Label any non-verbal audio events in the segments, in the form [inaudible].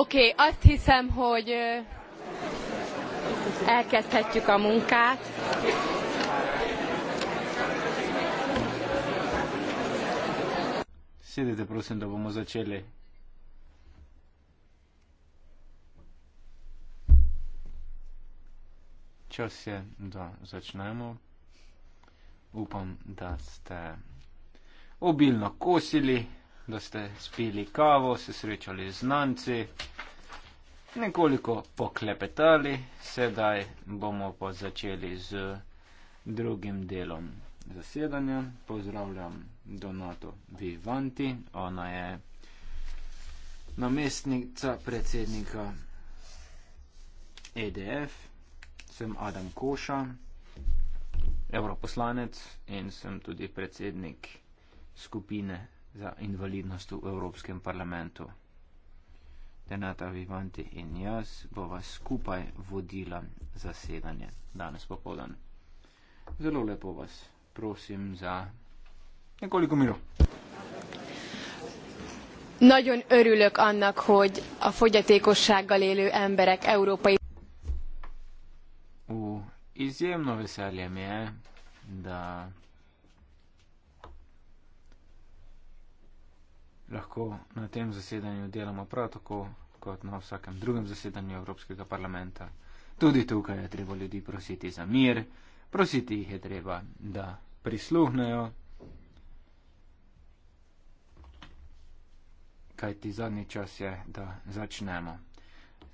Oké, okay, azt hiszem, hogy elkezdhetjük a munkát. Sedete, prosim, da bomo začeli. Čas je, da začnemo. Upam, da ste obilno kosili da ste spili kavo, se srečali z znanci, nekoliko poklepetali, sedaj bomo pa začeli z drugim delom zasedanja. Pozdravljam Donato Vivanti, ona je namestnica predsednika EDF, sem Adam Koša, europoslanec in sem tudi predsednik skupine za invalidnost v Evropskem parlamentu. Denata Vivanti in jaz bova skupaj vodila zasedanje danes popoldan. Zelo lepo vas prosim za nekoliko miru. Nagyon örülök annak, hogy a fogyatékossággal élő emberek európai. Ó, izjemno veseljem je, da lahko na tem zasedanju delamo prav tako kot na vsakem drugem zasedanju Evropskega parlamenta. Tudi tukaj je treba ljudi prositi za mir, prositi jih je treba, da prisluhnejo. Kaj ti zadnji čas je, da začnemo.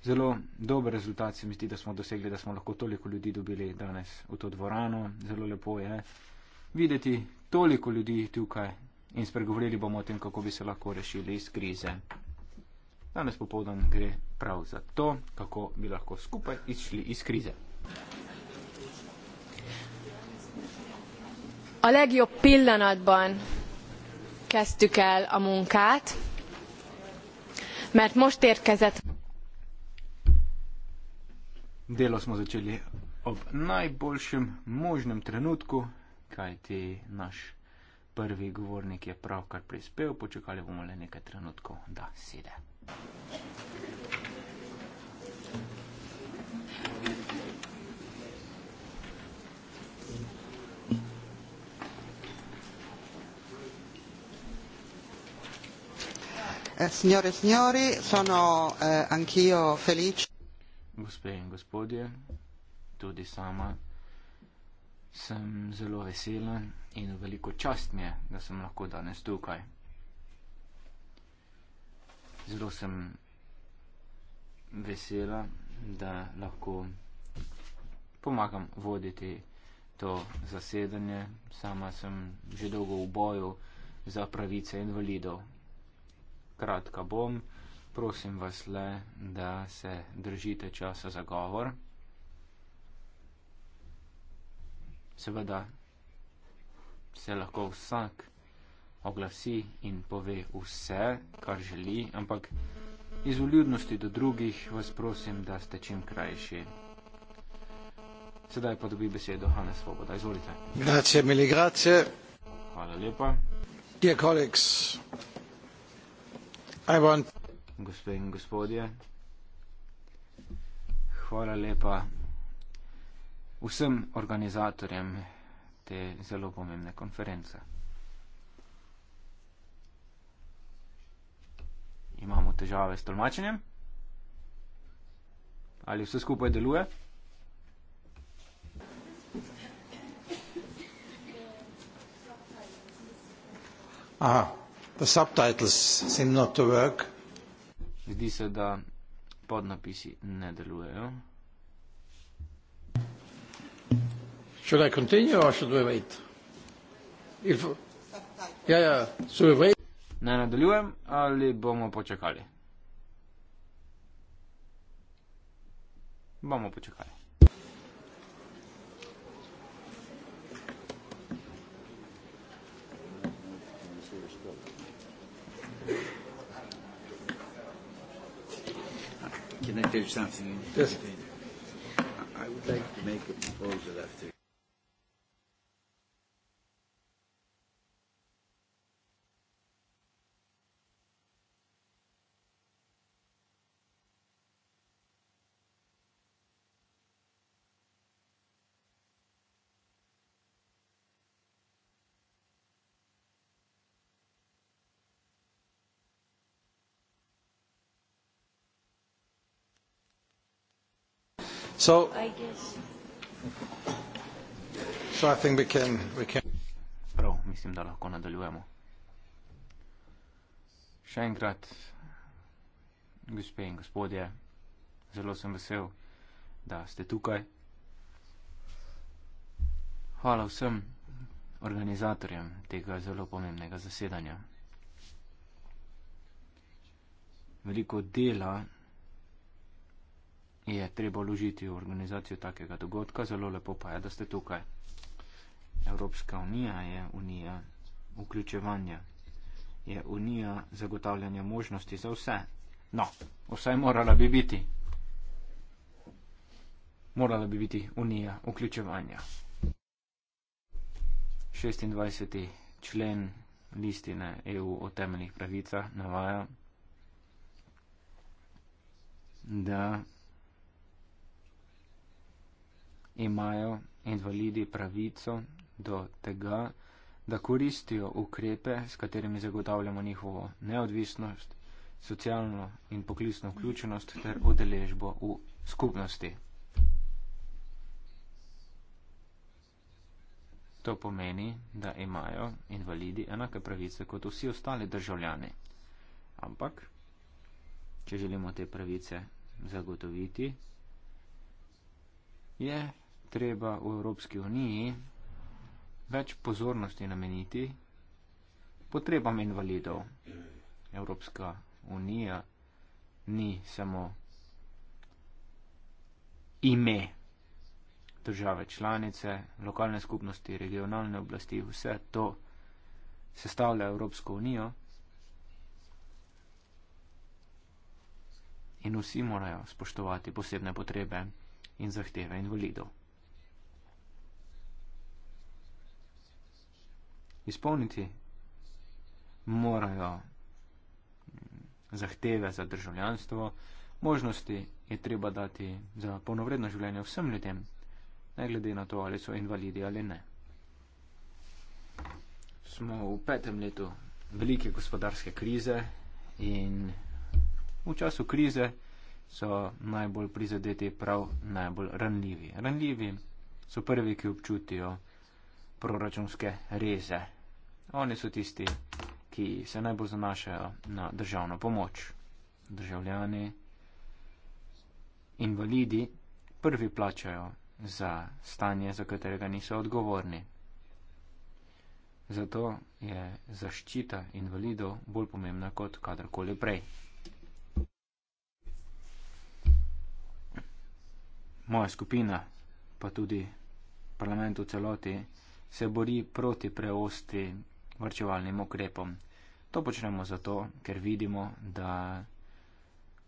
Zelo dober rezultat se mi zdi, da smo dosegli, da smo lahko toliko ljudi dobili danes v to dvorano. Zelo lepo je videti toliko ljudi tukaj in spregovorili bomo o tem, kako bi se lahko rešili iz krize. Danes popoldan gre prav za to, kako bi lahko skupaj izšli iz krize. A legjobb pillanatban kezdtük el a munkát, mert most érkezett. Delo smo začeli ob najboljšem možnem trenutku, kajti naš prvi govornik je pravkar prispel, počakali bomo le nekaj trenutkov, da sede. Eh, signore e signori, sono eh, anch'io felice. Gospe in gospodje, tudi sama sem zelo vesela in veliko čast mi je, da sem lahko danes tukaj. Zelo sem vesela, da lahko pomagam voditi to zasedanje. Sama sem že dolgo v boju za pravice invalidov. Kratka bom, prosim vas le, da se držite časa za govor. Seveda se lahko vsak oglasi in pove vse, kar želi, ampak iz uljudnosti do drugih vas prosim, da ste čim krajši. Sedaj pa dobi besedo Hane Svoboda. Izvolite. Grazie, mili, grazie. Hvala lepa. Dear colleagues, I want... Gospe in gospodje, hvala lepa vsem organizatorjem te zelo pomembne konference. Imamo težave s tolmačenjem. Ali vse skupaj deluje? Aha, the subtitles seem not to work. Zdi se, da podnapisi ne delujejo. Should I continue or should we wait? If, yeah, yeah. Should we wait? Ne nadaljujem ali bomo počakali? Bomo počakali. Can I tell you something? Yes. I would like to make a proposal after. So I guess. So I think we can we can. Prav, mislim, da lahko nadaljujemo. Še enkrat, gospe in gospodje, zelo sem vesel, da ste tukaj. Hvala vsem organizatorjem tega zelo pomembnega zasedanja. Veliko dela je treba vložiti v organizacijo takega dogodka, zelo lepo pa je, da ste tukaj. Evropska unija je unija vključevanja, je unija zagotavljanja možnosti za vse. No, vsaj morala bi biti. Morala bi biti unija vključevanja. 26. člen listine EU o temeljnih pravicah navaja, da imajo invalidi pravico do tega, da koristijo ukrepe, s katerimi zagotavljamo njihovo neodvisnost, socialno in poklicno vključenost ter udeležbo v skupnosti. To pomeni, da imajo invalidi enake pravice kot vsi ostali državljani. Ampak, če želimo te pravice zagotoviti, je treba v Evropski uniji več pozornosti nameniti potrebam invalidov. Evropska unija ni samo ime države članice, lokalne skupnosti, regionalne oblasti, vse to sestavlja Evropsko unijo in vsi morajo spoštovati posebne potrebe in zahteve invalidov. izpolniti morajo mm, zahteve za državljanstvo, možnosti je treba dati za polnovredno življenje vsem ljudem, ne glede na to, ali so invalidi ali ne. Smo v petem letu velike gospodarske krize in v času krize so najbolj prizadeti prav najbolj ranljivi. Ranljivi so prvi, ki občutijo proračunske reze. Oni so tisti, ki se najbolj zanašajo na državno pomoč. Državljani, invalidi prvi plačajo za stanje, za katerega niso odgovorni. Zato je zaščita invalidov bolj pomembna kot kadarkoli prej. Moja skupina, pa tudi parlament v celoti, se bori proti preosti vrčevalnim ukrepom. To počnemo zato, ker vidimo, da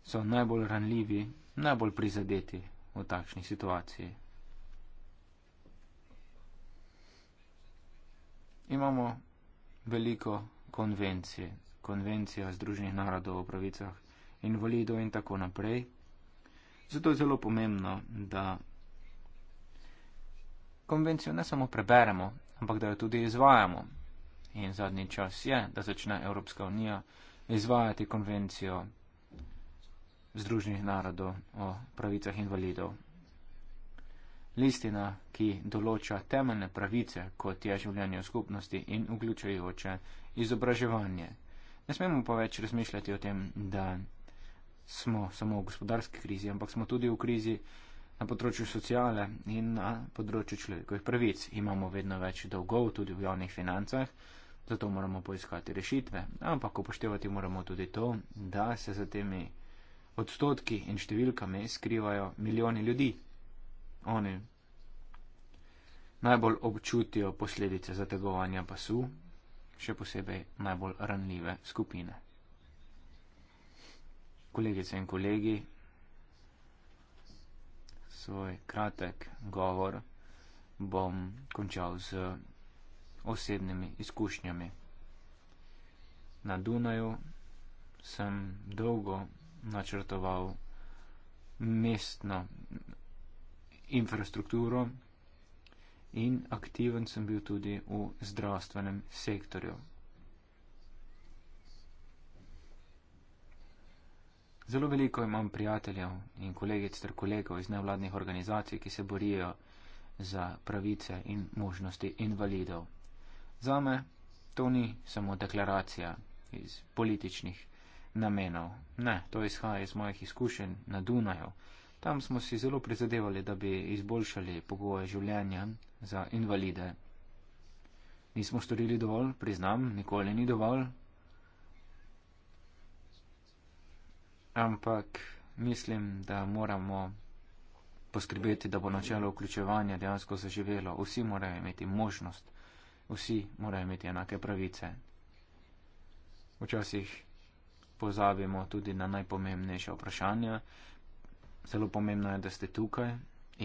so najbolj ranljivi, najbolj prizadeti v takšni situaciji. Imamo veliko konvencij, konvencija Združenih narodov o pravicah invalidov in tako naprej. Zato je zelo pomembno, da konvencijo ne samo preberemo, ampak da jo tudi izvajamo. In zadnji čas je, da začne Evropska unija izvajati konvencijo Združenih narodov o pravicah invalidov. Listina, ki določa temeljne pravice, kot je življenje v skupnosti in vključujoče izobraževanje. Ne smemo pa več razmišljati o tem, da smo samo v gospodarski krizi, ampak smo tudi v krizi na področju sociale in na področju človekovih pravic. Imamo vedno več dolgov tudi v javnih financah, zato moramo poiskati rešitve. Ampak upoštevati moramo tudi to, da se za temi odstotki in številkami skrivajo milijoni ljudi. Oni najbolj občutijo posledice zategovanja pasu, še posebej najbolj ranljive skupine. Kolegice in kolegi, svoj kratek govor bom končal z osebnimi izkušnjami. Na Dunaju sem dolgo načrtoval mestno infrastrukturo in aktiven sem bil tudi v zdravstvenem sektorju. Zelo veliko imam prijateljev in kolegic ter kolegov iz nevladnih organizacij, ki se borijo za pravice in možnosti invalidov. Za me to ni samo deklaracija iz političnih namenov. Ne, to izhaja iz mojih izkušenj na Dunaju. Tam smo si zelo prizadevali, da bi izboljšali pogoje življenja za invalide. Nismo storili dovolj, priznam, nikoli ni dovolj. Ampak mislim, da moramo poskrbeti, da bo načelo vključevanja dejansko zaživelo. Vsi morajo imeti možnost vsi morajo imeti enake pravice. Včasih pozabimo tudi na najpomembnejša vprašanja. Zelo pomembno je, da ste tukaj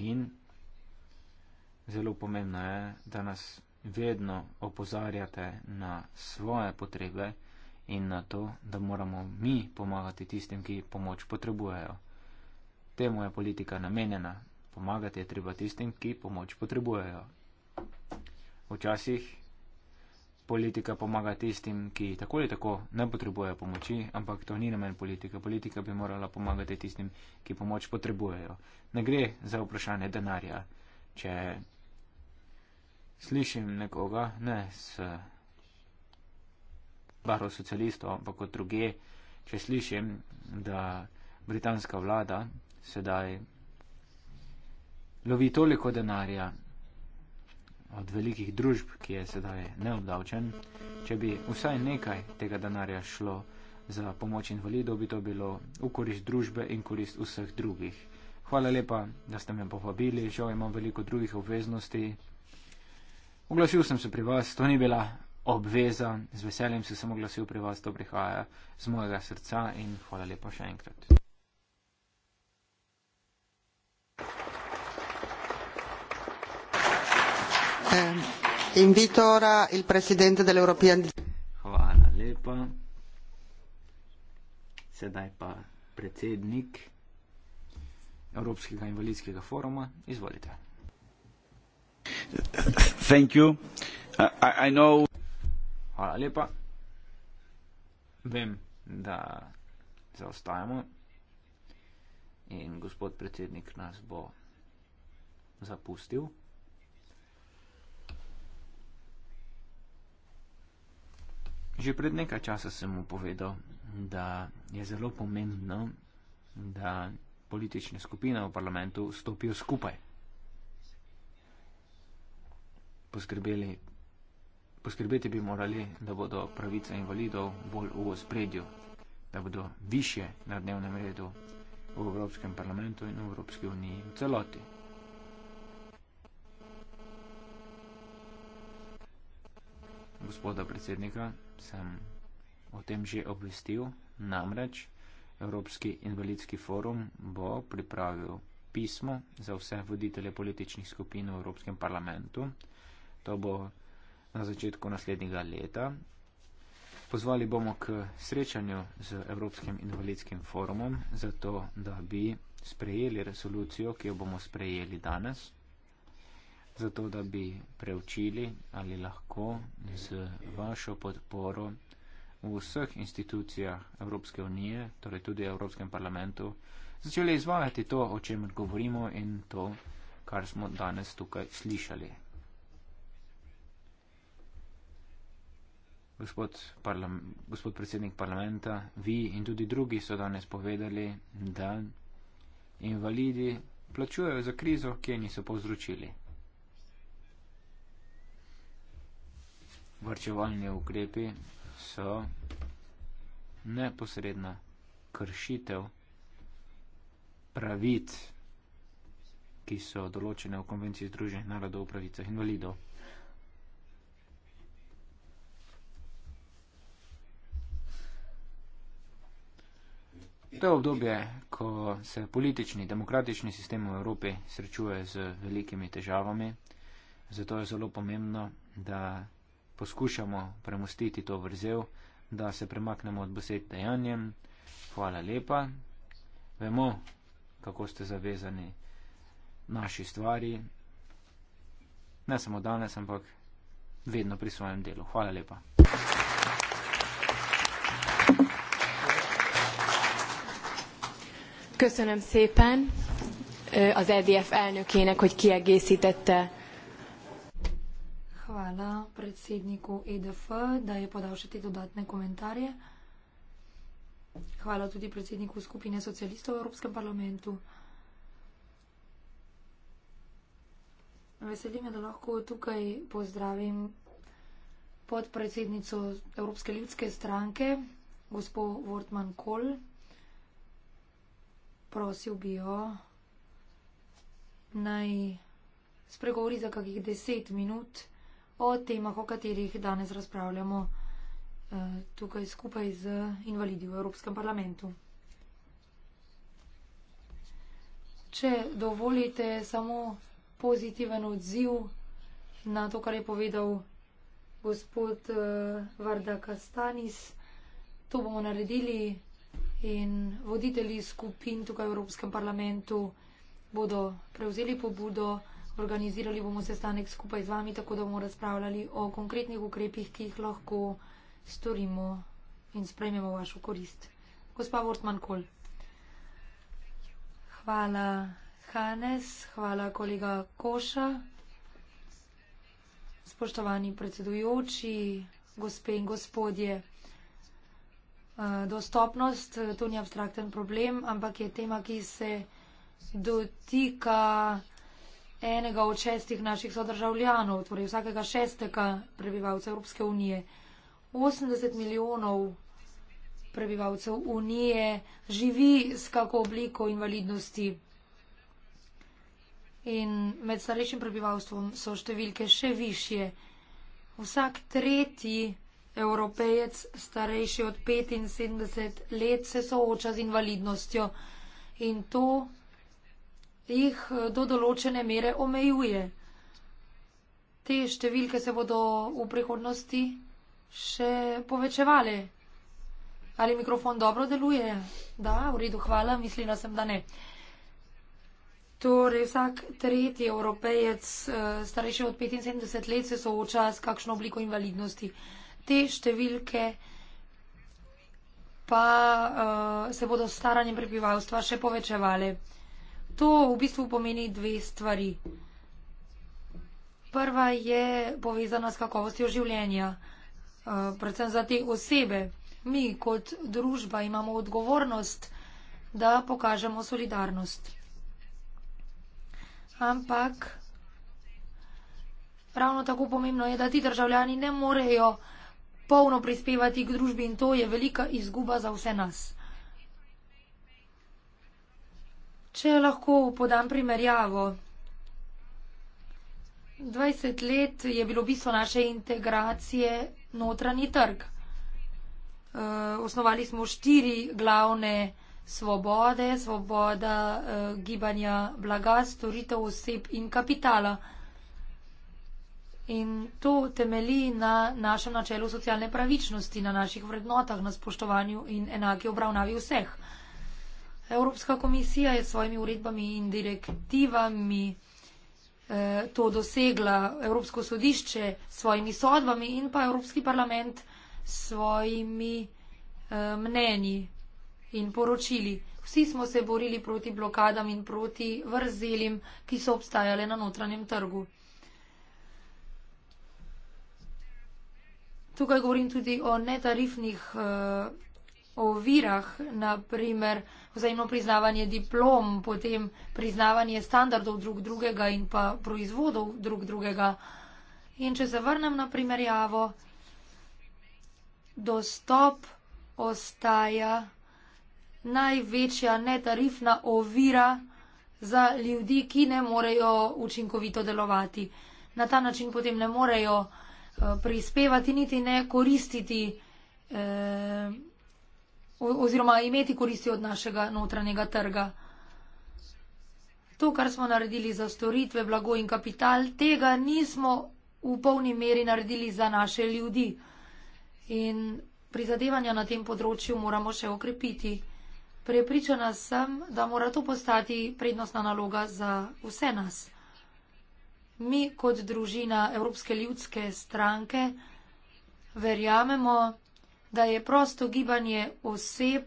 in zelo pomembno je, da nas vedno opozarjate na svoje potrebe in na to, da moramo mi pomagati tistim, ki pomoč potrebujejo. Temu je politika namenjena. Pomagati je treba tistim, ki pomoč potrebujejo. Včasih politika pomaga tistim, ki tako ali tako ne potrebujejo pomoči, ampak to ni namen politike. Politika bi morala pomagati tistim, ki pomoč potrebujejo. Ne gre za vprašanje denarja. Če slišim nekoga, ne s baro socialistov, ampak kot druge, če slišim, da britanska vlada sedaj lovi toliko denarja od velikih družb, ki je sedaj neobdavčen. Če bi vsaj nekaj tega denarja šlo za pomoč invalidov, bi to bilo v korist družbe in korist vseh drugih. Hvala lepa, da ste me povabili, žal imam veliko drugih obveznosti. Oglasil sem se pri vas, to ni bila obveza, z veseljem sem se oglasil pri vas, to prihaja z mojega srca in hvala lepa še enkrat. Eh, invito ora il presidente dell'European. Hvala lepa. Sedaj pa predsednik Evropskega invalidskega foruma. Izvolite. Thank you. I, I know. Hvala lepa. Vem, da zaostajamo in gospod predsednik nas bo zapustil. Že pred nekaj časa sem mu povedal, da je zelo pomembno, da politične skupine v parlamentu stopijo skupaj. Poskrbeli, poskrbeti bi morali, da bodo pravice invalidov bolj v ospredju, da bodo više na dnevnem redu v Evropskem parlamentu in v Evropski uniji v celoti. Gospoda predsednika, sem o tem že obvestil, namreč Evropski invalidski forum bo pripravil pismo za vse voditelje političnih skupin v Evropskem parlamentu. To bo na začetku naslednjega leta. Pozvali bomo k srečanju z Evropskim invalidskim forumom, zato da bi sprejeli resolucijo, ki jo bomo sprejeli danes zato da bi preučili, ali lahko z vašo podporo v vseh institucijah Evropske unije, torej tudi Evropskem parlamentu, začeli izvajati to, o čemer govorimo in to, kar smo danes tukaj slišali. Gospod, parlam, gospod predsednik parlamenta, vi in tudi drugi so danes povedali, da invalidi plačujejo za krizo, ki je niso povzročili. vrčevalni ukrepi so neposredna kršitev pravic, ki so določene v konvenciji Združenih narodov o pravicah invalidov. To je obdobje, ko se politični, demokratični sistem v Evropi srečuje z velikimi težavami, zato je zelo pomembno, da poskušamo premustiti to vrzel, da se premaknemo od besed dejanjem. Hvala lepa. Vemo, kako ste zavezani naši stvari. Ne samo danes, ampak vedno pri svojem delu. Hvala lepa. Köszönöm szépen az EDF elnökének, hogy kiegészítette hvala predsedniku EDF, da je podal še te dodatne komentarje. Hvala tudi predsedniku skupine socialistov v Evropskem parlamentu. Veseli me, da lahko tukaj pozdravim podpredsednico Evropske ljudske stranke, gospod Wortman Kohl. Prosil bi jo, naj spregovori za kakih deset minut o temah, o katerih danes razpravljamo eh, tukaj skupaj z invalidi v Evropskem parlamentu. Če dovolite samo pozitiven odziv na to, kar je povedal gospod eh, Varda Kastanis, to bomo naredili in voditelji skupin tukaj v Evropskem parlamentu bodo prevzeli pobudo Organizirali bomo sestanek skupaj z vami, tako da bomo razpravljali o konkretnih ukrepih, ki jih lahko storimo in sprejmemo v vašo korist. Gospa Wortman Kol. Hvala Hanes, hvala kolega Koša. Spoštovani predsedujoči, gospe in gospodje, eh, dostopnost to ni abstrakten problem, ampak je tema, ki se dotika enega od šestih naših sodržavljanov, torej vsakega šestega prebivalca Evropske unije. 80 milijonov prebivalcev unije živi s kako obliko invalidnosti. In med starejšim prebivalstvom so številke še višje. Vsak tretji evropejec starejši od 75 let se sooča z invalidnostjo. In to jih eh, do določene mere omejuje. Te številke se bodo v prihodnosti še povečevale. Ali mikrofon dobro deluje? Da, v redu, hvala, mislila sem, da ne. Torej, vsak tretji evropejec eh, starejši od 75 let se sooča s kakšno obliko invalidnosti. Te številke pa uh, se bodo s staranjem prebivalstva še povečevale. To v bistvu pomeni dve stvari. Prva je povezana s kakovostjo življenja, eh, predvsem za te osebe. Mi kot družba imamo odgovornost, da pokažemo solidarnost. Ampak ravno tako pomembno je, da ti državljani ne morejo polno prispevati k družbi in to je velika izguba za vse nas. Če lahko podam primerjavo, 20 let je bilo bistvo naše integracije notranji trg. Eh, osnovali smo štiri glavne svobode, svoboda eh, gibanja blaga, storitev oseb in kapitala. In to temeli na našem načelu socialne pravičnosti, na naših vrednotah, na spoštovanju in enaki obravnavi vseh. Evropska komisija je s svojimi uredbami in direktivami eh, to dosegla, Evropsko sodišče s svojimi sodbami in pa Evropski parlament s svojimi eh, mnenji in poročili. Vsi smo se borili proti blokadam in proti vrzelim, ki so obstajale na notranjem trgu. Tukaj govorim tudi o netarifnih eh, ovirah, naprimer, vzajemno priznavanje diplom, potem priznavanje standardov drug drugega in pa proizvodov drug drugega. In če se vrnem na primerjavo, dostop ostaja največja netarifna ovira za ljudi, ki ne morejo učinkovito delovati. Na ta način potem ne morejo eh, prispevati niti ne koristiti. Eh, oziroma imeti koristi od našega notranjega trga. To, kar smo naredili za storitve, blago in kapital, tega nismo v polni meri naredili za naše ljudi. In prizadevanja na tem področju moramo še okrepiti. Prepričana sem, da mora to postati prednostna naloga za vse nas. Mi kot družina Evropske ljudske stranke verjamemo, da je prosto gibanje oseb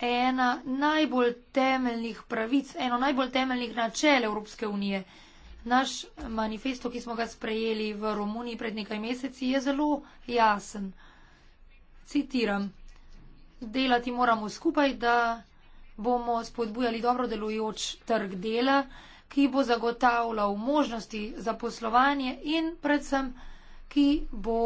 ena najbolj temeljnih pravic, eno najbolj temeljnih načel Evropske unije. Naš manifesto, ki smo ga sprejeli v Romuniji pred nekaj meseci, je zelo jasen. Citiram. Delati moramo skupaj, da bomo spodbujali dobro delujoč trg dela, ki bo zagotavljal možnosti za poslovanje in predvsem, ki bo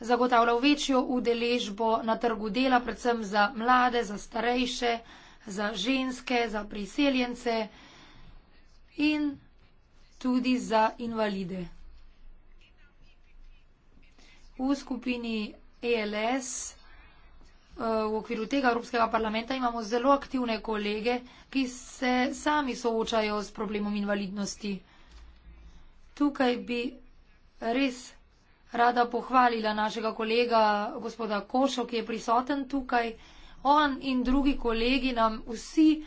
zagotavljal večjo udeležbo na trgu dela, predvsem za mlade, za starejše, za ženske, za priseljence in tudi za invalide. V skupini ELS eh, v okviru tega Evropskega parlamenta imamo zelo aktivne kolege, ki se sami soočajo s problemom invalidnosti. Tukaj bi res rada pohvalila našega kolega gospoda Košo, ki je prisoten tukaj. On in drugi kolegi nam vsi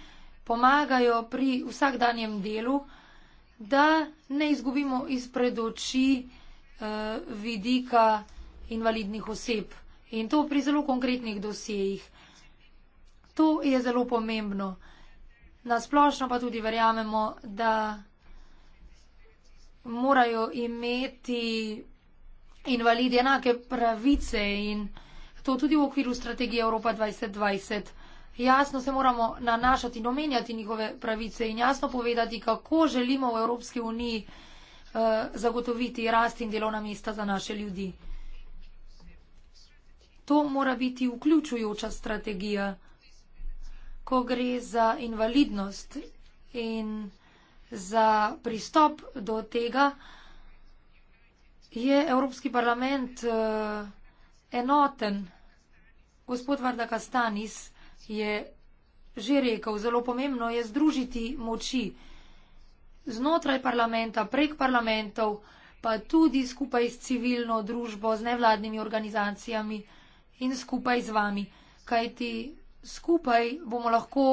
pomagajo pri vsakdanjem delu, da ne izgubimo izpred oči eh, vidika invalidnih oseb. In to pri zelo konkretnih dosejih. To je zelo pomembno. Nasplošno pa tudi verjamemo, da morajo imeti invalidi enake pravice in to tudi v okviru strategije Evropa 2020. Jasno se moramo nanašati in omenjati njihove pravice in jasno povedati, kako želimo v Evropski uniji eh, zagotoviti rast in delovna mesta za naše ljudi. To mora biti vključujoča strategija, ko gre za invalidnost in za pristop do tega, da se Je Evropski parlament uh, enoten? Gospod Vardaka Stanis je že rekel, zelo pomembno je združiti moči znotraj parlamenta, prek parlamentov, pa tudi skupaj s civilno družbo, z nevladnimi organizacijami in skupaj z vami. Kajti skupaj bomo lahko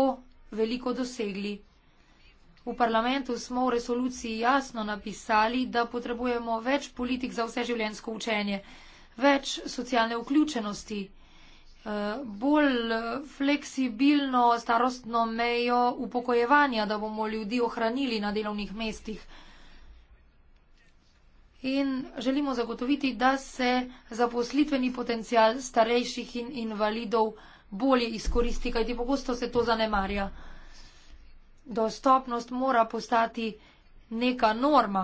veliko dosegli. V parlamentu smo v resoluciji jasno napisali, da potrebujemo več politik za vse življensko učenje, več socialne vključenosti, eh, bolj fleksibilno starostno mejo upokojevanja, da bomo ljudi ohranili na delovnih mestih. In želimo zagotoviti, da se zaposlitveni potencial starejših in invalidov bolje izkoristi, kajti pogosto se to zanemarja dostopnost mora postati neka norma,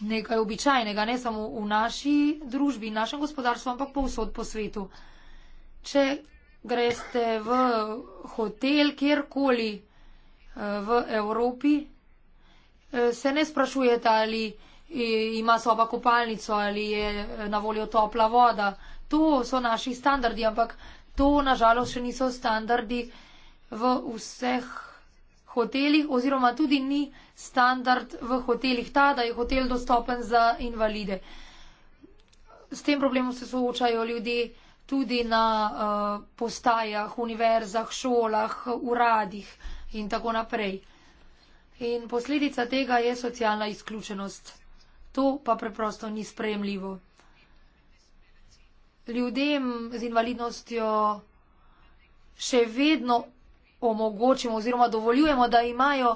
nekaj običajnega, ne samo v naši družbi, našem gospodarstvu, ampak povsod po svetu. Če greste v hotel, kjerkoli eh, v Evropi, eh, se ne sprašujete, ali eh, ima soba kopalnico, ali je na voljo topla voda. To so naši standardi, ampak to nažalost še niso standardi v vseh hotelih oziroma tudi ni standard v hotelih ta, da je hotel dostopen za invalide. S tem problemom se soočajo ljudje tudi na uh, postajah, univerzah, šolah, uradih in tako naprej. In posledica tega je socialna izključenost. To pa preprosto ni spremljivo. Ljudem z invalidnostjo še vedno omogočimo oziroma dovoljujemo, da imajo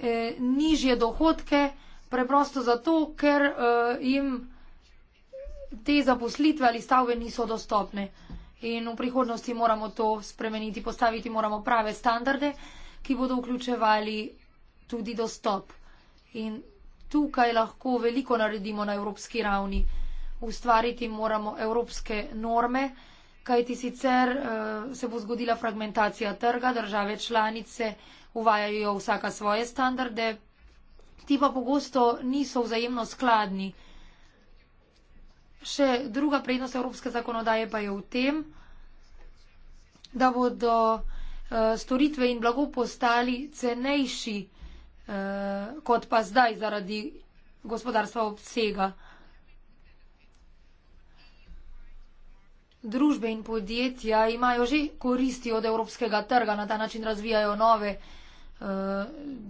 eh, nižje dohodke, preprosto zato, ker eh, jim te zaposlitve ali stavbe niso dostopne. In v prihodnosti moramo to spremeniti, postaviti moramo prave standarde, ki bodo vključevali tudi dostop. In tukaj lahko veliko naredimo na evropski ravni. Ustvariti moramo evropske norme kajti sicer uh, se bo zgodila fragmentacija trga, države članice uvajajo vsaka svoje standarde, ti pa pogosto niso vzajemno skladni. Še druga prednost evropske zakonodaje pa je v tem, da bodo uh, storitve in blago postali cenejši uh, kot pa zdaj zaradi gospodarstva obsega. Uh, družbe in podjetja imajo že koristi od evropskega trga, na ta način razvijajo nove uh,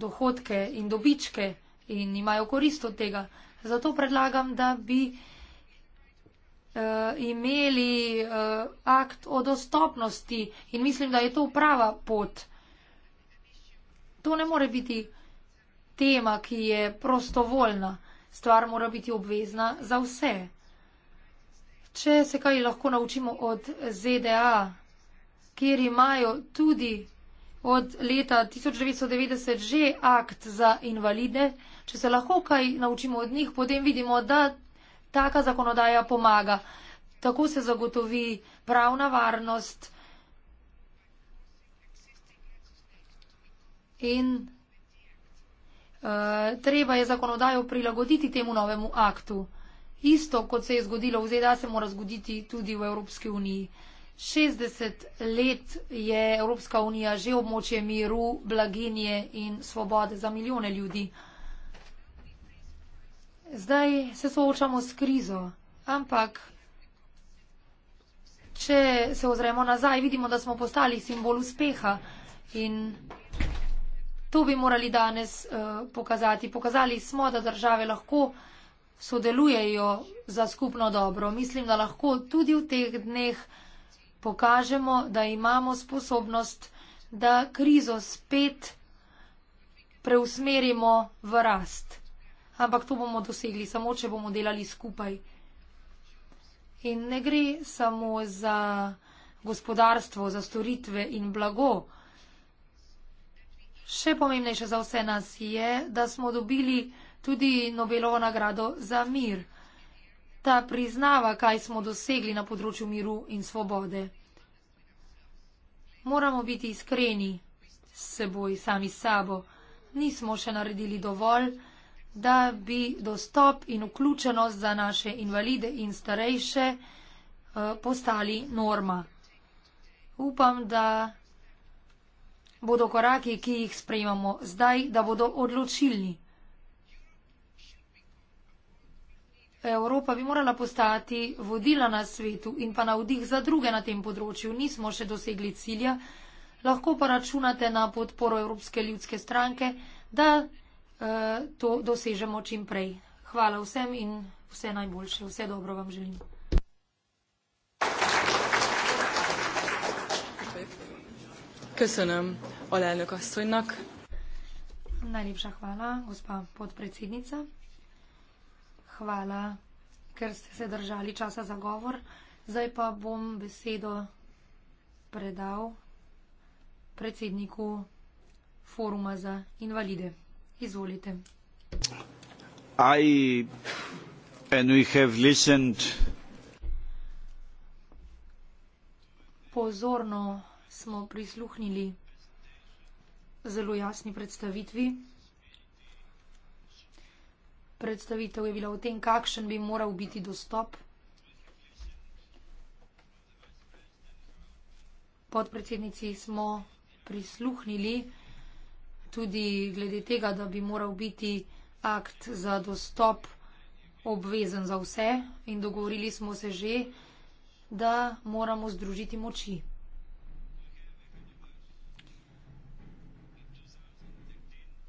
dohodke in dobičke in imajo korist od tega. Zato predlagam, da bi uh, imeli uh, akt o dostopnosti in mislim, da je to prava pot. To ne more biti tema, ki je prostovoljna. Stvar mora biti obvezna za vse. Če se kaj lahko naučimo od ZDA, kjer imajo tudi od leta 1990 že akt za invalide, če se lahko kaj naučimo od njih, potem vidimo, da taka zakonodaja pomaga. Tako se zagotovi pravna varnost in uh, treba je zakonodajo prilagoditi temu novemu aktu. Isto, kot se je zgodilo v ZDA, se mora zgoditi tudi v Evropski uniji. 60 let je Evropska unija že območje miru, blaginje in svobode za milijone ljudi. Zdaj se soočamo s krizo, ampak če se ozremo nazaj, vidimo, da smo postali simbol uspeha in to bi morali danes uh, pokazati. Pokazali smo, da države lahko sodelujejo za skupno dobro. Mislim, da lahko tudi v teh dneh pokažemo, da imamo sposobnost, da krizo spet preusmerimo v rast. Ampak to bomo dosegli samo, če bomo delali skupaj. In ne gre samo za gospodarstvo, za storitve in blago. Še pomembnejše za vse nas je, da smo dobili tudi Nobelovo nagrado za mir. Ta priznava, kaj smo dosegli na področju miru in svobode. Moramo biti iskreni s seboj, sami sabo. Nismo še naredili dovolj, da bi dostop in vključenost za naše invalide in starejše eh, postali norma. Upam, da bodo koraki, ki jih sprejemamo zdaj, da bodo odločilni. Evropa bi morala postati vodila na svetu in pa navdih za druge na tem področju. Nismo še dosegli cilja, lahko pa računate na podporo Evropske ljudske stranke, da eh, to dosežemo čim prej. Hvala vsem in vse najboljše. Vse dobro vam želim. Köszönöm, alelnök asszonynak. Najlépse hvala, gospa podpredsednica. Hvala, ker ste se držali časa za govor. Zdaj pa bom besedo predal predsedniku foruma za invalide. Izvolite. I, and we have listened. Pozorno smo prisluhnili zelo jasni predstavitvi predstavitev je bila o tem, kakšen bi moral biti dostop. Podpredsednici smo prisluhnili tudi glede tega, da bi moral biti akt za dostop obvezen za vse in dogovorili smo se že, da moramo združiti moči.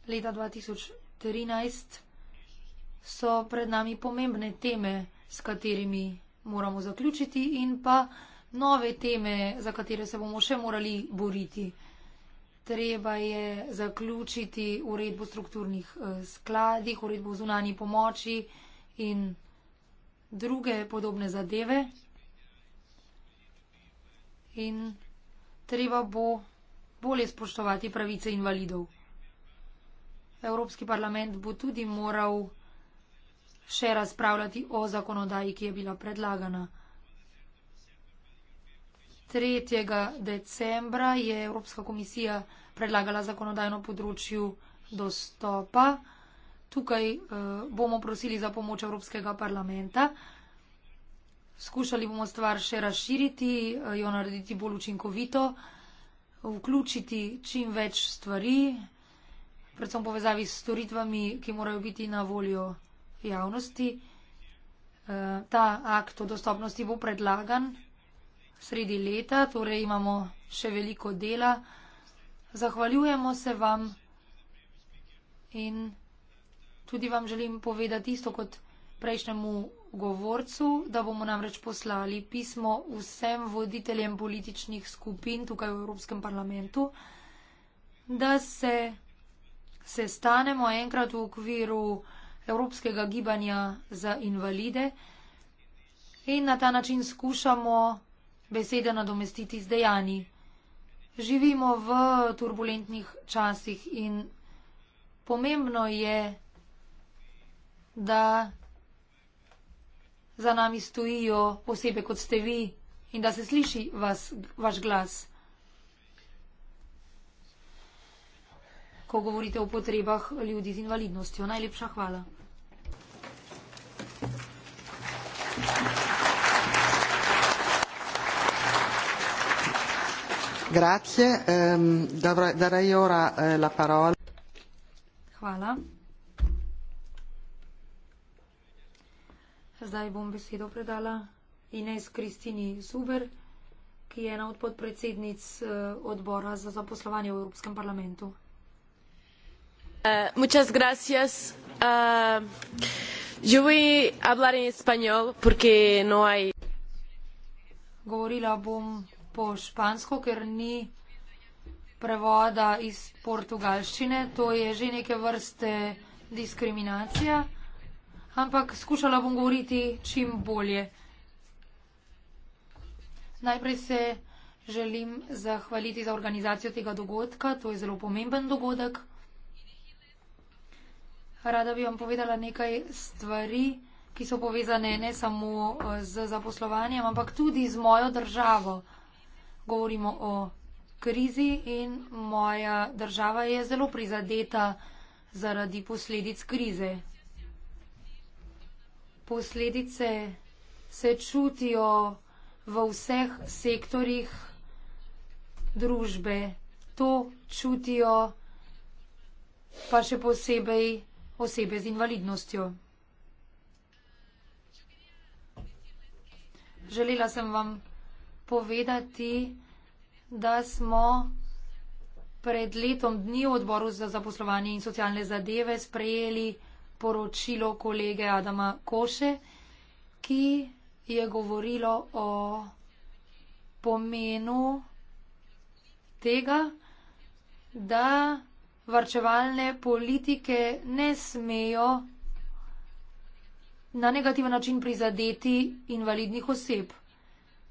Leta 2013 so pred nami pomembne teme, s katerimi moramo zaključiti in pa nove teme, za katere se bomo še morali boriti. Treba je zaključiti uredbo strukturnih eh, skladih, uredbo zunanji pomoči in druge podobne zadeve. In treba bo bolje spoštovati pravice invalidov. Evropski parlament bo tudi moral še razpravljati o zakonodaji, ki je bila predlagana. 3. decembra je Evropska komisija predlagala zakonodajno področju dostopa. Tukaj uh, bomo prosili za pomoč Evropskega parlamenta. Skušali bomo stvar še razširiti, eh, jo narediti bolj učinkovito, vključiti čim več stvari, predvsem povezavi s storitvami, ki morajo biti na voljo javnosti. Eh, ta akt o dostopnosti bo predlagan sredi leta, torej imamo še veliko dela. Zahvaljujemo se vam in tudi vam želim povedati isto kot prejšnjemu govorcu, da bomo namreč poslali pismo vsem voditeljem političnih skupin tukaj v Evropskem parlamentu, da se sestanemo enkrat v okviru uh, Evropskega gibanja za invalide in na ta način skušamo besede nadomestiti z dejani. Živimo v turbulentnih časih in pomembno je, da za nami stojijo osebe kot ste vi in da se sliši vas, vaš glas. Ko govorite o potrebah ljudi z invalidnostjo. Najlepša hvala. Grazie. Um, ehm, dovrei, darei ora eh, la parola. Hvala. Zdaj bom besedo predala Ines Kristini Zuber, ki je ena od podpredsednic eh, odbora za zaposlovanje v Evropskem parlamentu. Uh, muchas gracias. Uh, yo voy a hablar en español porque no hay. Govorila bom po špansko, ker ni prevoda iz portugalščine. To je že neke vrste diskriminacija. Ampak skušala bom govoriti čim bolje. Najprej se želim zahvaliti za organizacijo tega dogodka. To je zelo pomemben dogodek. Rada bi vam povedala nekaj stvari, ki so povezane ne samo eh, z zaposlovanjem, ampak tudi z mojo državo govorimo o krizi in moja država je zelo prizadeta zaradi posledic krize. Posledice se čutijo v vseh sektorjih družbe. To čutijo pa še posebej osebe z invalidnostjo. Želela sem vam povedati, da smo pred letom dni v odboru za zaposlovanje in socialne zadeve sprejeli poročilo kolege Adama Koše, ki je govorilo o pomenu tega, da varčevalne politike ne smejo na negativen način prizadeti invalidnih oseb.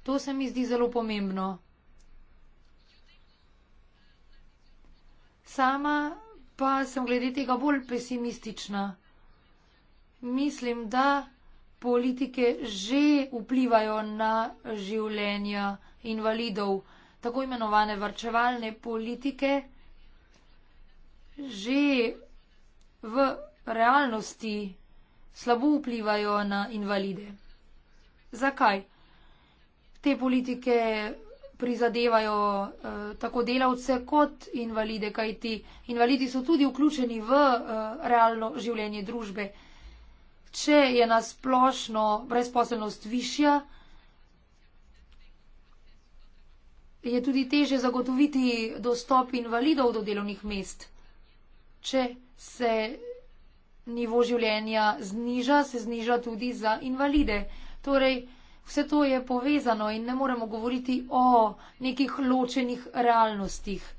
To se mi zdi zelo pomembno. Sama pa sem glede tega bolj pesimistična. Mislim, da politike že vplivajo na življenja invalidov. Tako imenovane varčevalne politike že v realnosti slabo vplivajo na invalide. Zakaj? te politike prizadevajo eh, tako delavce kot invalide, kajti invalidi so tudi vključeni v eh, realno življenje družbe. Če je nasplošno brezposelnost višja, je tudi teže zagotoviti dostop invalidov do delovnih mest. Če se nivo življenja zniža, se zniža tudi za invalide. Torej, vse to je povezano in ne moremo govoriti o nekih ločenih realnostih.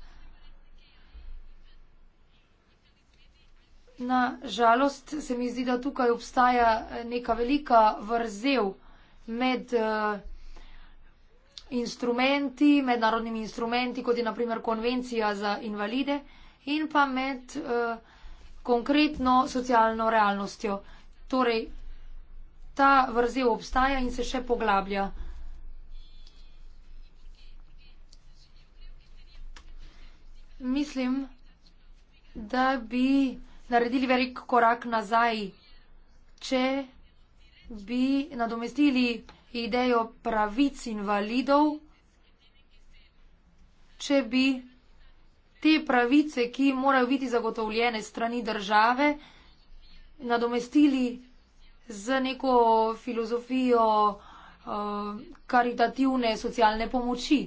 Na žalost se mi zdi, da tukaj obstaja neka velika vrzel med eh, instrumenti, mednarodnimi instrumenti, kot je naprimer konvencija za invalide in pa med eh, konkretno socialno realnostjo. Torej, ta vrzel obstaja in se še poglablja. Mislim, da bi naredili velik korak nazaj, če bi nadomestili idejo pravic invalidov, če bi te pravice, ki morajo biti zagotovljene strani države, nadomestili z neko filozofijo uh, karitativne socialne pomoči.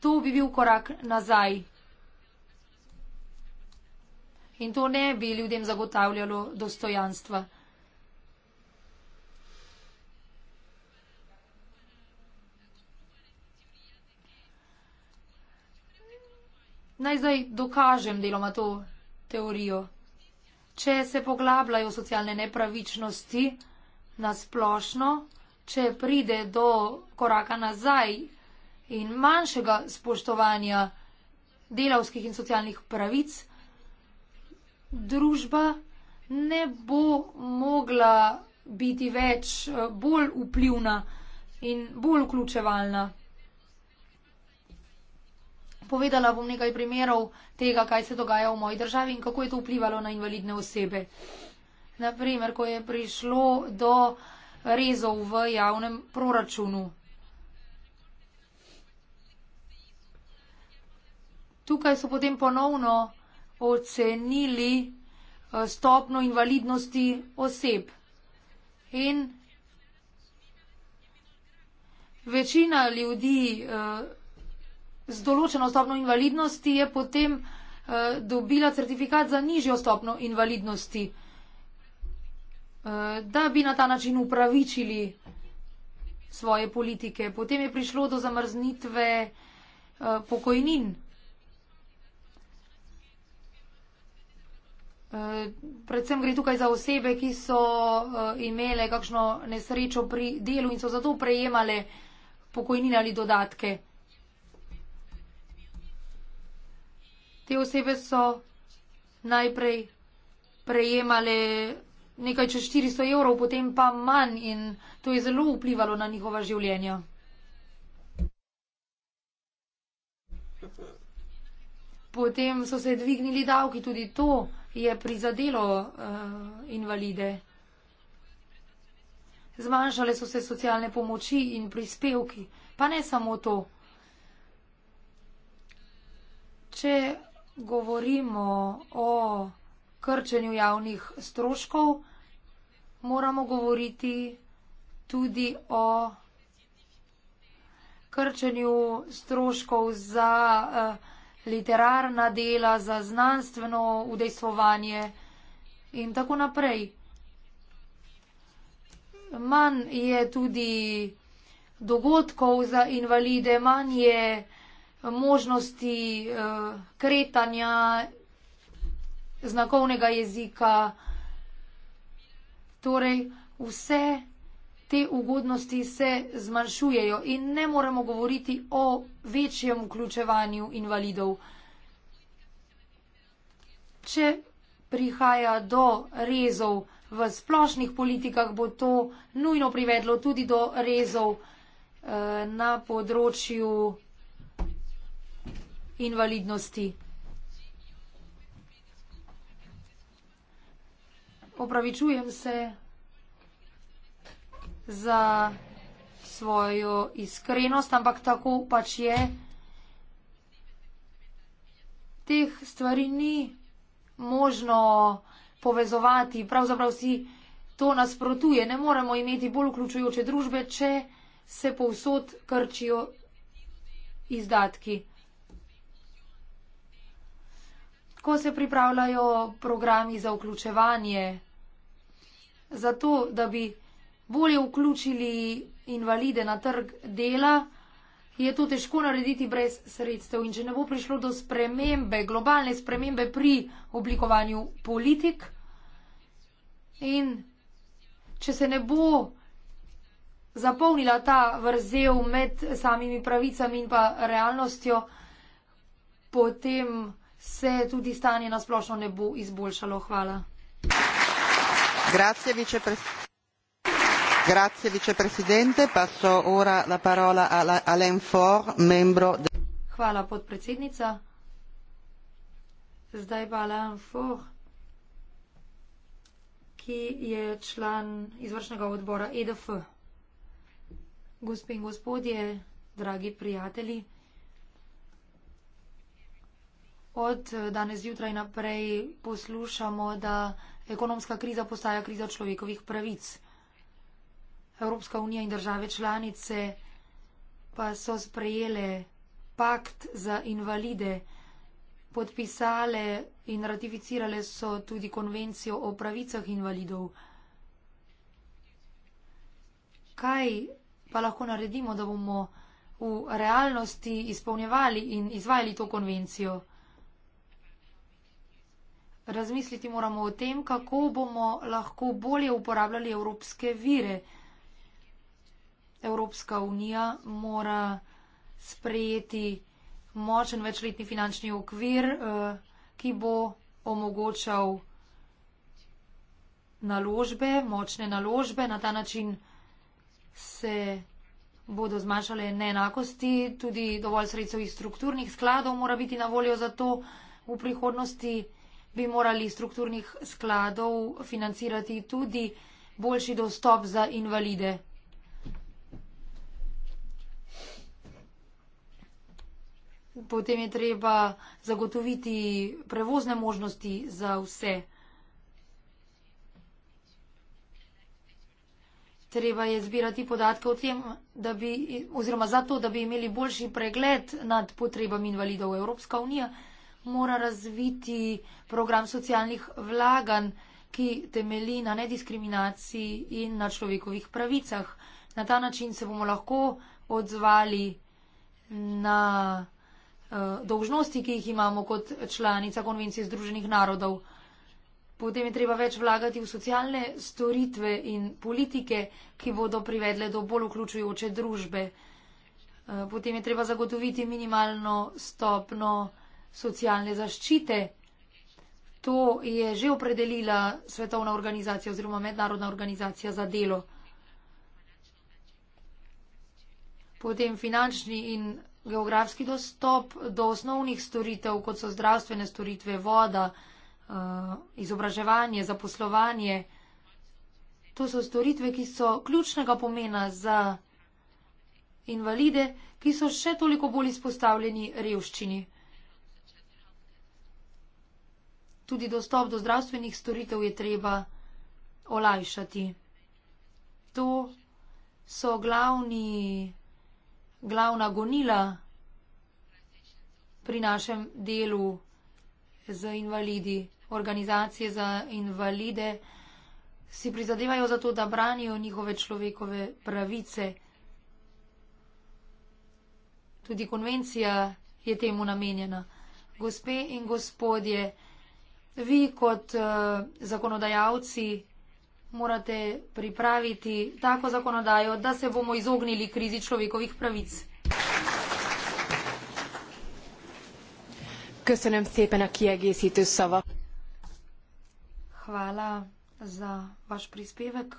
To bi bil korak nazaj. In to ne bi ljudem zagotavljalo dostojanstva. Naj zdaj dokažem deloma to teorijo če se poglabljajo socialne nepravičnosti na splošno, če pride do koraka nazaj in manjšega spoštovanja delavskih in socialnih pravic, družba ne bo mogla biti več eh, bolj vplivna in bolj vključevalna. Povedala bom nekaj primerov tega, kaj se dogaja v moji državi in kako je to vplivalo na invalidne osebe. Naprimer, ko je prišlo do rezov v javnem proračunu. Tukaj so potem ponovno ocenili eh, stopno invalidnosti oseb. In večina ljudi. Uh, z določeno stopno invalidnosti je potem uh, dobila certifikat za nižjo stopno invalidnosti, uh, da bi na ta način upravičili svoje politike. Potem je prišlo do zamrznitve uh, pokojnin. Predvsem gre tukaj za osebe, ki so imele kakšno nesrečo pri delu in so zato prejemale pokojnine ali dodatke. te osebe so najprej prejemale nekaj čez 400 evrov, potem pa manj in to je zelo vplivalo na njihova življenja. Potem so se dvignili davki, tudi to je prizadelo uh, invalide. Zmanjšale so se socialne pomoči in prispevki, pa ne samo to. Če govorimo o krčenju javnih stroškov, moramo govoriti tudi o krčenju stroškov za eh, literarna dela, za znanstveno udejstvovanje in tako naprej. Manj je tudi dogodkov za invalide, manj je možnosti eh, kretanja, znakovnega jezika, torej vse te ugodnosti se zmanjšujejo in ne moremo govoriti o večjem vključevanju invalidov. Če prihaja do rezov v splošnih politikah, bo to nujno privedlo tudi do rezov eh, na področju invalidov invalidnosti. Opravičujem se za svojo iskrenost, ampak tako pač je. Teh stvari ni možno povezovati, pravzaprav si to nasprotuje. Ne moremo imeti bolj vključujoče družbe, če se povsod krčijo izdatki. ko se pripravljajo programi za vključevanje, zato da bi bolje vključili invalide na trg dela, je to težko narediti brez sredstev. In če ne bo prišlo do spremembe, globalne spremembe pri oblikovanju politik in če se ne bo zapolnila ta vrzel med samimi pravicami in pa realnostjo, potem se tudi stanje na splošno ne bo izboljšalo. Hvala. Grazie, Grazie, vicepresidente. Passo ora la parola a Alain Faure, membro de... Hvala, podpredsednica. Zdaj pa Alain Faure, ki je član izvršnega odbora EDF. Gospe in gospodje, dragi prijatelji, od eh, danes zjutraj naprej poslušamo, da ekonomska kriza postaja kriza človekovih pravic. Evropska unija in države članice pa so sprejele pakt za invalide, podpisale in ratificirale so tudi konvencijo o pravicah invalidov. Kaj pa lahko naredimo, da bomo v realnosti izpolnjevali in izvajali to konvencijo? Razmisliti moramo o tem, kako bomo lahko bolje uporabljali evropske vire. Evropska unija mora sprejeti močen večletni finančni okvir, eh, ki bo omogočal naložbe, močne naložbe. Na ta način se bodo zmanjšale neenakosti, tudi dovolj sredstev iz strukturnih skladov mora biti na voljo za to v prihodnosti bi morali strukturnih skladov financirati tudi boljši dostop za invalide. Potem je treba zagotoviti prevozne možnosti za vse. Treba je zbirati podatke o tem, da bi, oziroma zato, da bi imeli boljši pregled nad potrebami invalidov Evropska unija mora razviti program socialnih vlaganj, ki temeli na nediskriminaciji in na človekovih pravicah. Na ta način se bomo lahko odzvali na uh, eh, dožnosti, ki jih imamo kot članica Konvencije Združenih narodov. Potem je treba več vlagati v socialne storitve in politike, ki bodo privedle do bolj vključujoče družbe. Eh, potem je treba zagotoviti minimalno stopno socialne zaščite. To je že opredelila svetovna organizacija oziroma mednarodna organizacija za delo. Potem finančni in geografski dostop do osnovnih storitev, kot so zdravstvene storitve, voda, eh, izobraževanje, zaposlovanje. To so storitve, ki so ključnega pomena za invalide, ki so še toliko bolj izpostavljeni revščini. tudi dostop do zdravstvenih storitev je treba olajšati. To so glavni, glavna gonila pri našem delu z invalidi. Organizacije za invalide si prizadevajo za to, da branijo njihove človekove pravice. Tudi konvencija je temu namenjena. Gospe in gospodje, vi kot uh, zakonodajalci morate pripraviti tako zakonodajo, da se bomo izognili krizi človekovih pravic. Köszönöm szépen a kiegészítő szava. Hvala za vaš prispevek.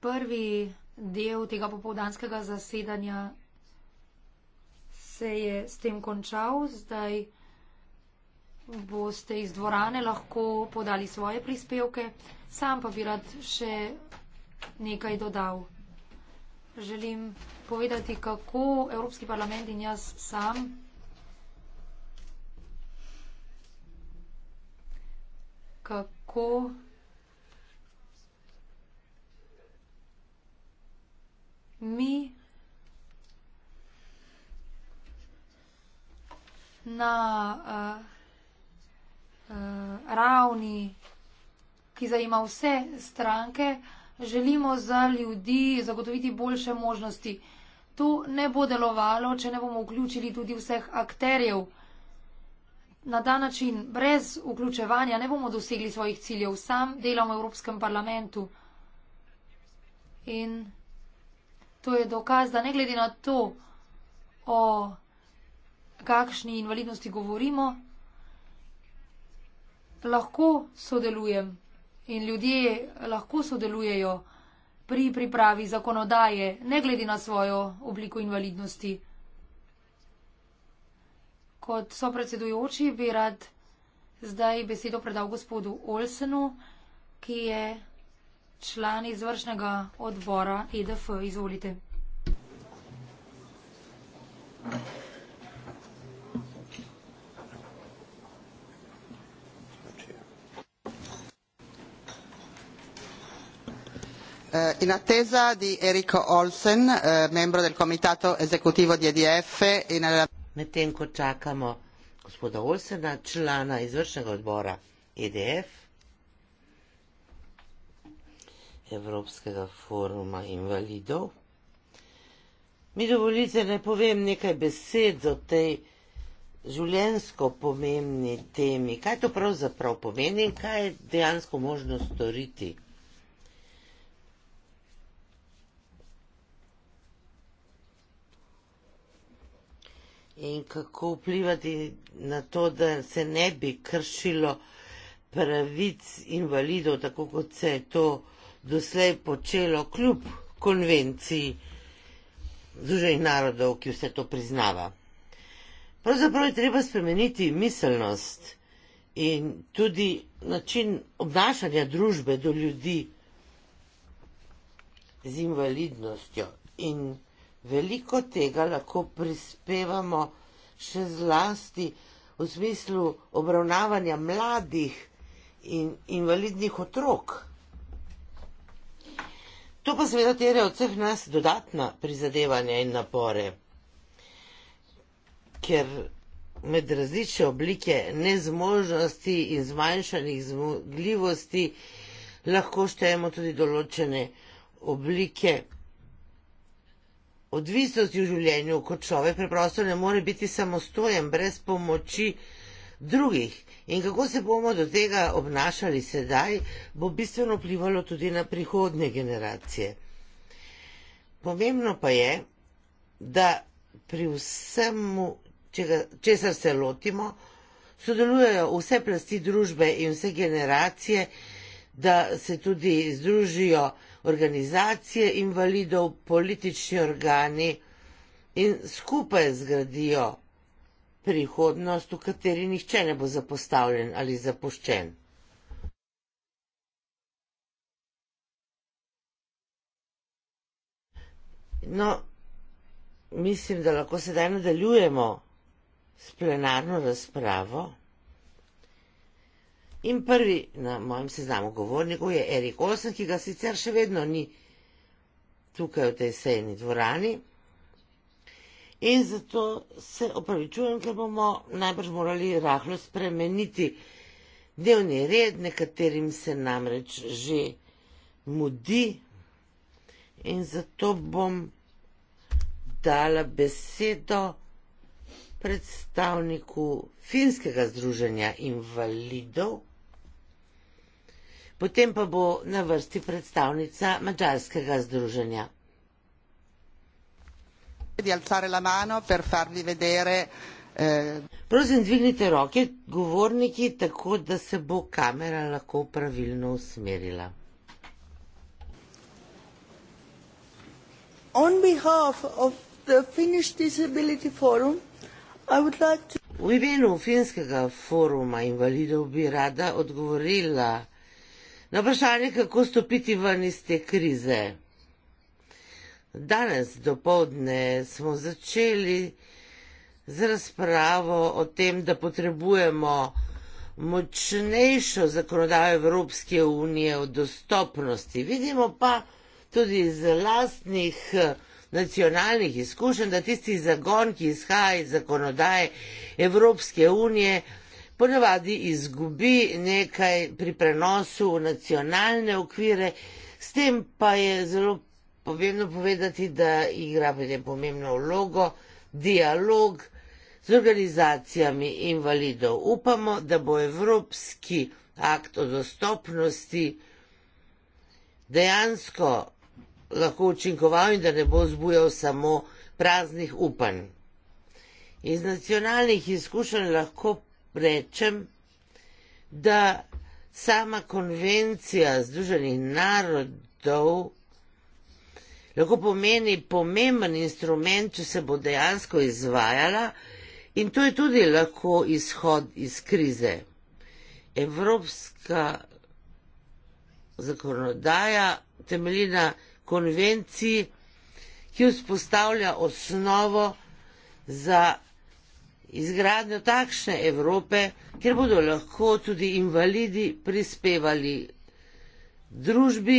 Prvi del tega popovdanskega zasedanja se je s tem končal, zdaj boste iz dvorane lahko podali svoje prispevke, sam pa bi rad še nekaj dodal. Želim povedati, kako Evropski parlament in jaz sam kako mi na uh, uh, ravni, ki zajema vse stranke, želimo za ljudi zagotoviti boljše možnosti. To ne bo delovalo, če ne bomo vključili tudi vseh akterjev. Na ta način, brez vključevanja, ne bomo dosegli svojih ciljev. Sam delam v Evropskem parlamentu. In to je dokaz, da ne glede na to, o. Oh, kakšni invalidnosti govorimo, lahko sodelujem in ljudje lahko sodelujejo pri pripravi zakonodaje, ne glede na svojo obliko invalidnosti. Kot so predsedujoči, bi rad zdaj besedo predal gospodu Olsenu, ki je član izvršnega odbora EDF. Izvolite. Thank you. Eh, in attesa di Eriko Olsen, eh, membro del comitato esecutivo di EDF. In... Medtem ko čakamo gospoda Olsena, člana izvršnega odbora EDF, Evropskega foruma invalidov, mi dovolite, da povem nekaj besed o tej življensko pomembni temi. Kaj to pravzaprav pomeni in kaj je dejansko možno storiti? In kako vplivati na to, da se ne bi kršilo pravic invalidov, tako kot se je to doslej počelo, kljub konvenciji Združenih narodov, ki vse to priznava. Pravzaprav je treba spremeniti miselnost in tudi način obnašanja družbe do ljudi z invalidnostjo. In veliko tega lahko prispevamo, še zlasti v smislu obravnavanja mladih in invalidnih otrok. To pa seveda terja od vseh nas dodatna prizadevanja in napore, ker med različne oblike nezmožnosti in zmanjšanih zmogljivosti lahko štejemo tudi določene oblike odvisnosti v življenju, ko človek preprosto ne more biti samostojen brez pomoči drugih. In kako se bomo do tega obnašali sedaj, bo bistveno vplivalo tudi na prihodne generacije. Pomembno pa je, da pri vsem, česar se lotimo, sodelujejo vse plasti družbe in vse generacije, da se tudi združijo organizacije invalidov, politični organi in skupaj zgradijo prihodnost, v kateri nihče ne bo zapostavljen ali zapuščen. No, mislim, da lahko sedaj nadaljujemo s plenarno razpravo. In prvi na mojem seznamu govornikov je Erik Olsen, ki ga sicer še vedno ni tukaj v tej sejni dvorani. In zato se opravičujem, ker bomo najbrž morali rahlo spremeniti dnevni red, nekaterim se namreč že mudi. In zato bom dala besedo predstavniku Finskega združenja invalidov. Potem pa bo na vrsti predstavnica mačarskega združenja. Eh, Prosim, dvignite roke, govorniki, tako da se bo kamera lahko pravilno usmerila. V imenu finskega foruma invalidov bi rada odgovorila na vprašanje, kako stopiti ven iz te krize. Danes do povdne smo začeli z razpravo o tem, da potrebujemo močnejšo zakonodajo Evropske unije o dostopnosti. Vidimo pa tudi iz lastnih eh, nacionalnih izkušenj, da tisti zagon, ki izhaja iz zakonodaje Evropske unije, ponavadi izgubi nekaj pri prenosu v nacionalne okvire, s tem pa je zelo pomembno povedati, da igra velje pomembno vlogo dialog z organizacijami invalidov. Upamo, da bo Evropski akt o dostopnosti dejansko lahko učinkoval in da ne bo zbujal samo praznih upanj. Iz nacionalnih izkušenj lahko rečem, da sama konvencija Združenih narodov lahko pomeni pomemben instrument, če se bo dejansko izvajala in to je tudi lahko izhod iz krize. Evropska zakonodaja temelji na konvenciji, ki vzpostavlja osnovo za izgradnjo takšne Evrope, kjer bodo lahko tudi invalidi prispevali družbi,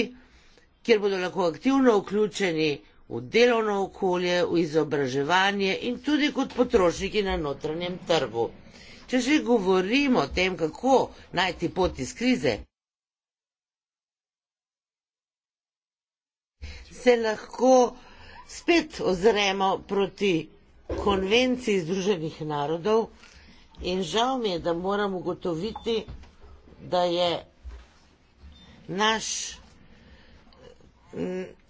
kjer bodo lahko aktivno vključeni v delovno okolje, v izobraževanje in tudi kot potrošniki na notranjem trgu. Če že govorimo o tem, kako najti pot iz krize, se lahko spet ozremo proti konvenciji Združenih narodov in žal mi je, da moram ugotoviti, da je naš,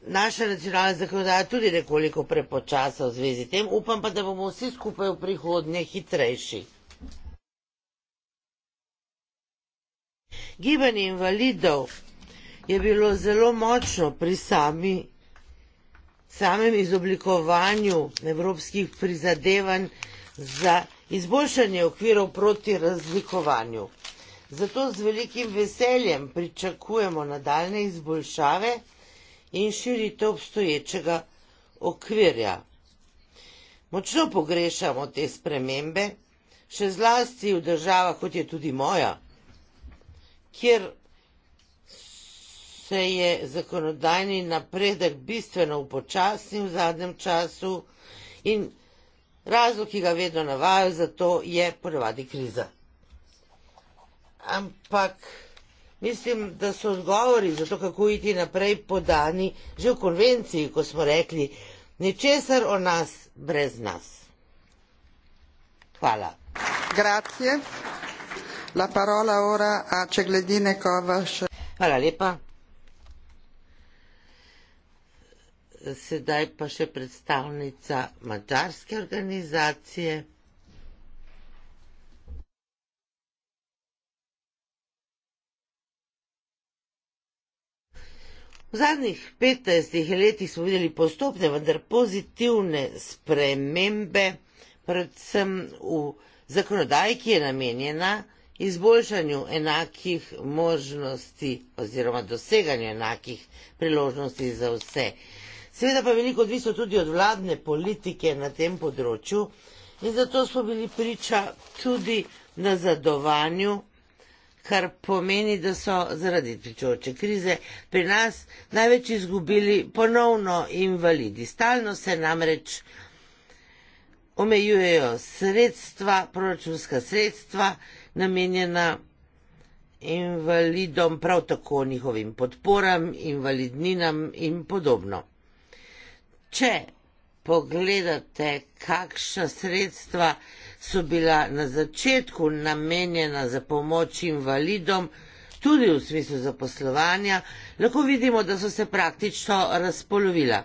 naša nacionalna zakonodaja tudi nekoliko prepočasa v zvezi tem, upam pa, da bomo vsi skupaj v prihodnje hitrejši. Gibanje invalidov je bilo zelo močno pri sami samem izoblikovanju evropskih prizadevanj za izboljšanje okvirov proti razlikovanju. Zato z velikim veseljem pričakujemo nadaljne izboljšave in širitev obstoječega okvirja. Močno pogrešamo te spremembe, še zlasti v državah, kot je tudi moja, kjer se je zakonodajni napredek bistveno upočasnil v zadnjem času in razlog, ki ga vedno navajajo za to, je ponovadi kriza. Ampak mislim, da so odgovori za to, kako iti naprej, podani že v konvenciji, ko smo rekli, ničesar o nas brez nas. Hvala. Grazie. La parola ora a Cegledine Kovaš. Hvala lepa. sedaj pa še predstavnica mačarske organizacije. V zadnjih 15 letih smo videli postopne, vendar pozitivne spremembe, predvsem v zakonodaji, ki je namenjena izboljšanju enakih možnosti oziroma doseganju enakih priložnosti za vse. Seveda pa je veliko odvisno tudi od vladne politike na tem področju in zato smo bili priča tudi na zadovanju, kar pomeni, da so zaradi pričoče krize pri nas največ izgubili ponovno invalidi. Stalno se namreč omejujejo sredstva, proračunska sredstva, namenjena invalidom, prav tako njihovim podporam, invalidninam in podobno če pogledate, kakšna sredstva so bila na začetku namenjena za pomoč invalidom, tudi v smislu zaposlovanja, lahko vidimo, da so se praktično razpolovila.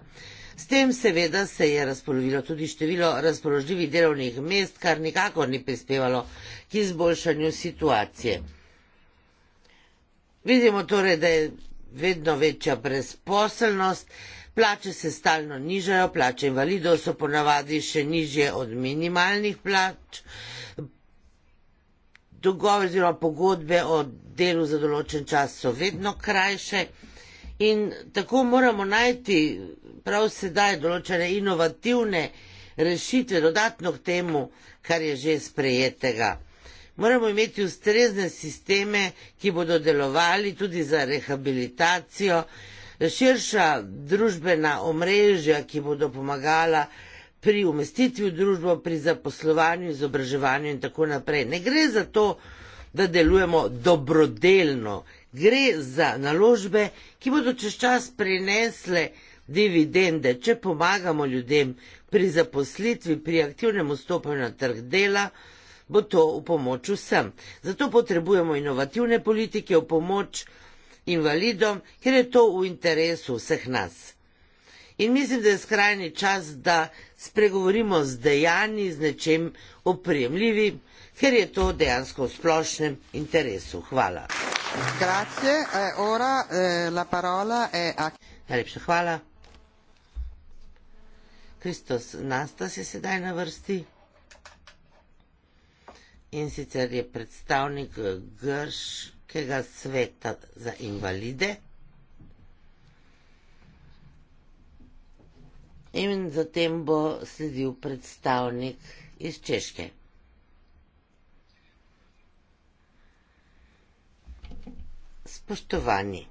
S tem seveda se je razpolovilo tudi število razpoložljivih delovnih mest, kar nikakor ni prispevalo k izboljšanju situacije. Vidimo torej, da je vedno večja brezposelnost, Plače se stalno nižajo, plače invalidov so ponavadi še nižje od minimalnih plač. Dogovori oziroma pogodbe o delu za določen čas so vedno krajše in tako moramo najti prav sedaj določene inovativne rešitve dodatno k temu, kar je že sprejetega. Moramo imeti ustrezne sisteme, ki bodo delovali tudi za rehabilitacijo, širša družbena omrežja, ki bodo pomagala pri umestitvi v družbo, pri zaposlovanju, izobraževanju in tako naprej. Ne gre za to, da delujemo dobrodelno, gre za naložbe, ki bodo čez čas prinesle dividende, če pomagamo ljudem pri zaposlitvi, pri aktivnem vstopanju na trg dela, bo to v pomoč vsem. Zato potrebujemo inovativne politike v pomoč invalidom, ker je to v interesu vseh nas. In mislim, da je skrajni čas, da spregovorimo z dejanji, z nečem opremljivim, ker je to dejansko v splošnem interesu. Hvala. Grazie, eh, ora, eh, parola, eh, a... Najlepša hvala. Kristos Nastas je sedaj na vrsti. In sicer je predstavnik Grš. Evropskega sveta za invalide. In zatem bo sledil predstavnik iz Češke. Spoštovani,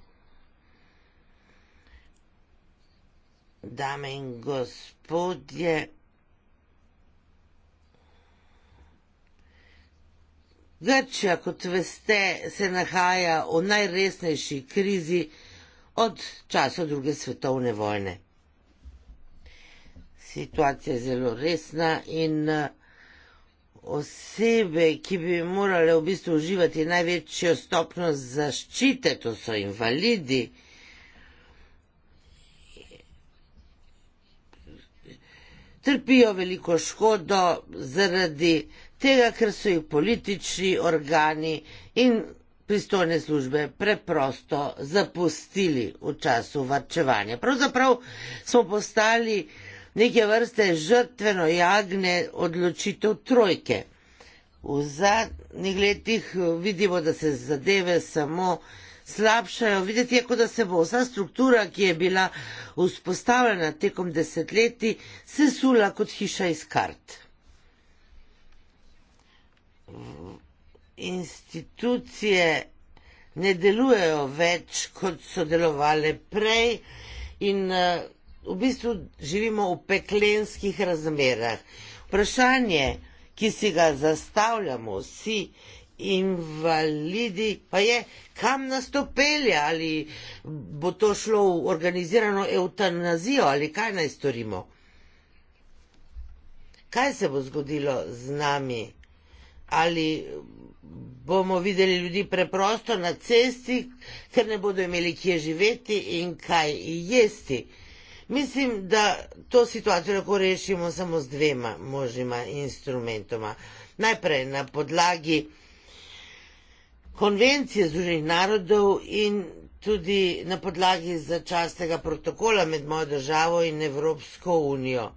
dame in gospodje, Grčija, kot veste, se nahaja v najresnejši krizi od časa druge svetovne vojne. Situacija je zelo resna in osebe, ki bi morale v bistvu uživati največjo stopno zaščite, to so invalidi, trpijo veliko škodo zaradi tega, ker so jih politični organi in pristojne službe preprosto zapustili v času varčevanja. Pravzaprav smo postali neke vrste žrtveno jagne odločitev trojke. V zadnjih letih eh, vidimo, da se zadeve samo slabšajo. Videti je, kot da se bo vsa struktura, ki je bila vzpostavljena tekom desetletij, sesula kot hiša iz kart institucije ne delujejo več, kot so delovale prej, in uh, v bistvu živimo v peklenskih razmerah. Vprašanje, ki si ga zastavljamo vsi invalidi, pa je, kam nas to pelje, ali bo to šlo v organizirano eutanazijo, ali kaj naj storimo. Kaj se bo zgodilo z nami, ali bomo videli ljudi preprosto na cesti, ker ne bodo imeli kje živeti in kaj jesti. Mislim, da to situacijo lahko rešimo samo z dvema možnima instrumentoma. Najprej na podlagi konvencije Združenih narodov in tudi na podlagi začastnega protokola med mojo državo in Evropsko unijo.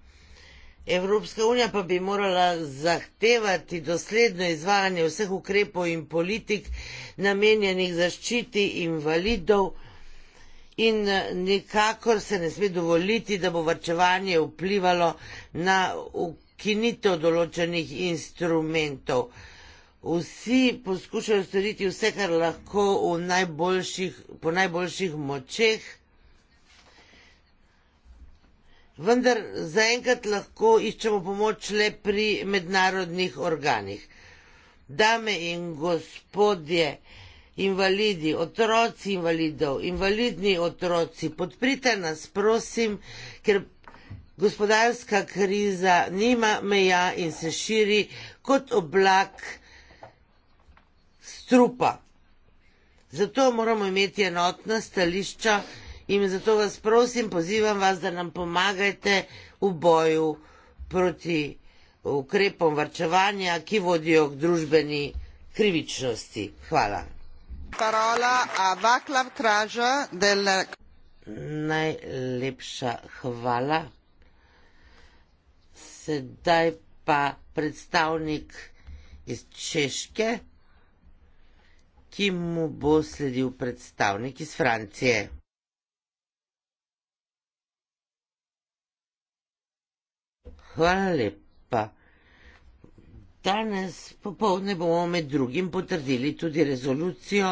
Evropska unija pa bi morala zahtevati dosledno izvajanje vseh ukrepov in politik namenjenih zaščiti invalidov in eh, nikakor se ne sme dovoliti, da bo varčevanje vplivalo na ukinitev določenih instrumentov. Vsi poskušajo storiti vse, kar lahko v najboljših, po najboljših močeh, vendar zaenkrat lahko iščemo pomoč le pri mednarodnih organih. Dame in gospodje, invalidi, otroci invalidov, invalidni otroci, podprite nas, prosim, ker gospodarska kriza nima meja in se širi kot oblak strupa. Zato moramo imeti enotna stališča, in zato vas prosim, pozivam vas, da nam pomagajte v boju proti ukrepom varčevanja, ki vodijo k družbeni krivičnosti. Hvala. Parola Avaklav Kraža del... Najlepša hvala. Sedaj pa predstavnik iz Češke, ki mu bo sledil predstavnik iz Francije. Hvala lepa. Danes popovdne bomo med drugim potrdili tudi rezolucijo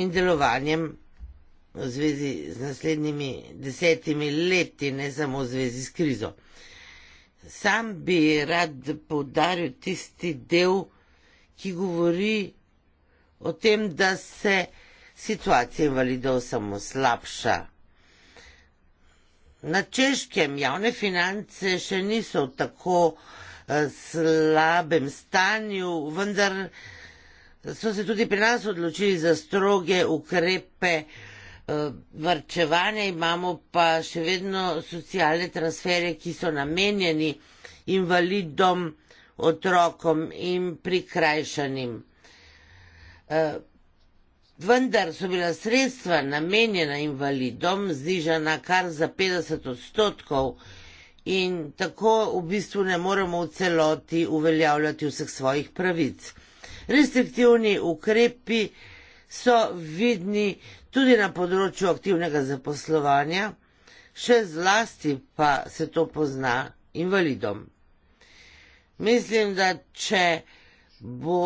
in delovanjem v zvezi z naslednjimi desetimi leti, ne samo v zvezi s krizo. Sam bi rad povdaril tisti del, ki govori o tem, da se situacija invalidov samo slabša na češkem javne finance še niso v tako eh, slabem stanju, vendar so se tudi pri nas odločili za stroge ukrepe eh, varčevanja, imamo pa še vedno socialne transfere, ki so namenjeni invalidom, otrokom in prikrajšanim. Eh, vendar so bila sredstva namenjena invalidom znižana kar za 50 odstotkov in tako v bistvu ne moremo v celoti uveljavljati vseh svojih pravic. Restriktivni ukrepi so vidni tudi na področju aktivnega zaposlovanja, še zlasti pa se to pozna invalidom. Mislim, da če bo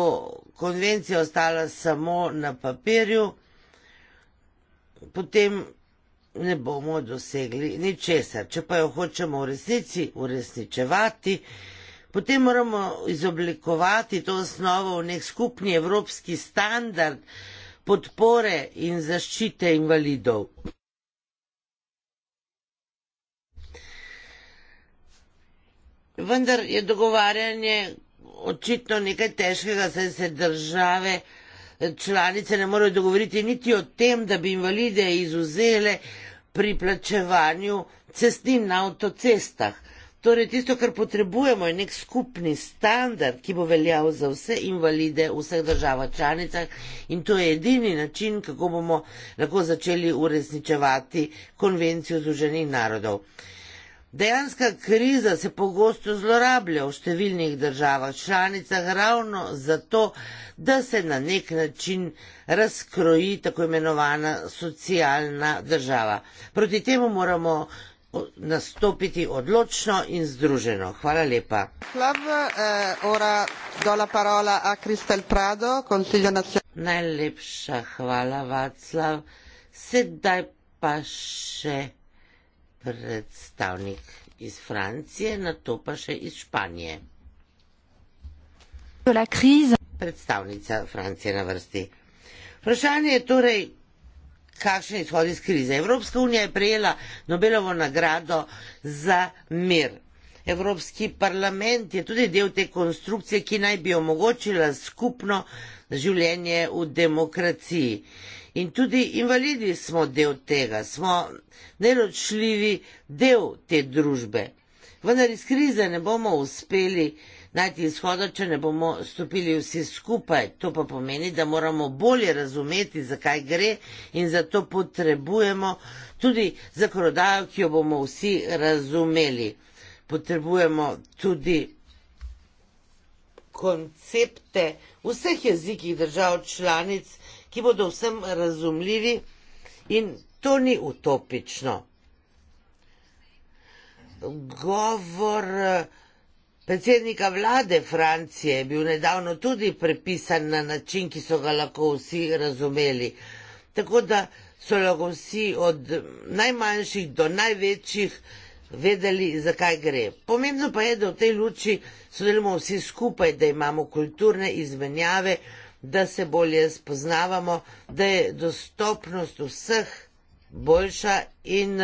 konvencija ostala samo na papirju, potem ne bomo dosegli ničesar. Če pa jo hočemo v resnici uresničevati, potem moramo izoblikovati to osnovo v nek skupni evropski standard podpore in zaščite invalidov. Vendar je dogovarjanje očitno nekaj težkega, saj se države eh, članice ne morejo dogovoriti niti o tem, da bi invalide izuzele pri plačevanju cestnin na avtocestah. Torej, tisto, kar potrebujemo, je nek skupni standard, ki bo veljal za vse invalide v vseh državah članicah in to je edini način, kako bomo lahko začeli uresničevati konvencijo Združenih narodov. Dejanska kriza se pogosto zlorablja v številnih državah članicah ravno zato, da se na nek način razkroji tako imenovana socialna država. Proti temu moramo nastopiti odločno in združeno. Hvala lepa. Eh, Najlepša hvala, Vaclav. Sedaj pa še predstavnik iz Francije, na to pa še iz Španije. Predstavnica Francije na vrsti. Vprašanje je torej, kakšen izhod iz krize. Evropska unija je prejela Nobelovo nagrado za mir. Evropski parlament je tudi del te konstrukcije, ki naj bi omogočila skupno življenje v demokraciji. In tudi invalidi smo del tega, smo neločljivi del te družbe. Vendar iz krize ne bomo uspeli najti izhoda, če ne bomo stopili vsi skupaj. To pa pomeni, da moramo bolje razumeti, zakaj gre in zato potrebujemo tudi zakonodajo, ki jo bomo vsi razumeli. Potrebujemo tudi koncepte vseh jezikih držav članic, ki bodo vsem razumljivi in to ni utopično. Govor eh, predsednika vlade Francije je bil nedavno tudi prepisan na način, ki so ga lahko vsi razumeli. Tako da so lahko vsi od najmanjših do največjih vedeli, zakaj gre. Pomembno pa je, da v tej luči sodelujemo vsi skupaj, da imamo kulturne izmenjave, da se bolje spoznavamo, da je dostopnost vseh boljša in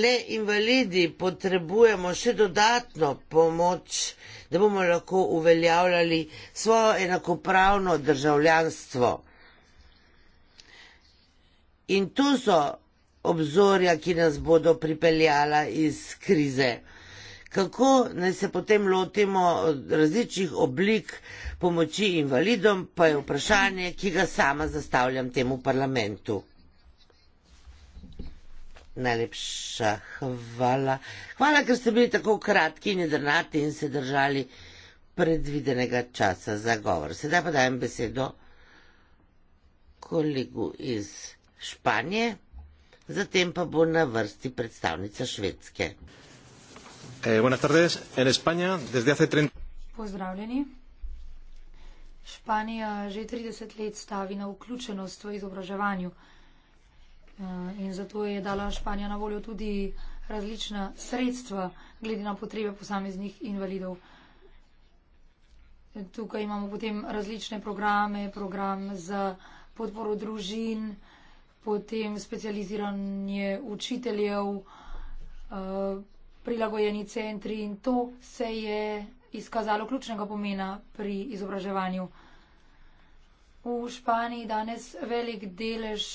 le invalidi potrebujemo še dodatno pomoč, da bomo lahko uveljavljali svojo enakopravno državljanstvo. In to so obzorja, ki nas bodo pripeljala iz krize kako naj se potem lotimo različnih oblik pomoči invalidom, pa je vprašanje, ki ga sama zastavljam temu parlamentu. Najlepša hvala. Hvala, ker ste bili tako kratki in jedrnati in se držali predvidenega časa za govor. Sedaj pa dajem besedo kolegu iz Španije, zatem pa bo na vrsti predstavnica Švedske. Eh, buenas tardes. En España, desde hace 30 Pozdravljeni. Španija že 30 let stavi na vključenost v izobraževanju eh, in zato je dala Španija na voljo tudi različna sredstva glede na potrebe posameznih invalidov. Tukaj imamo potem različne programe, program za podporo družin, potem specializiranje učiteljev, eh, prilagojeni centri in to se je izkazalo ključnega pomena pri izobraževanju. V Španiji danes velik delež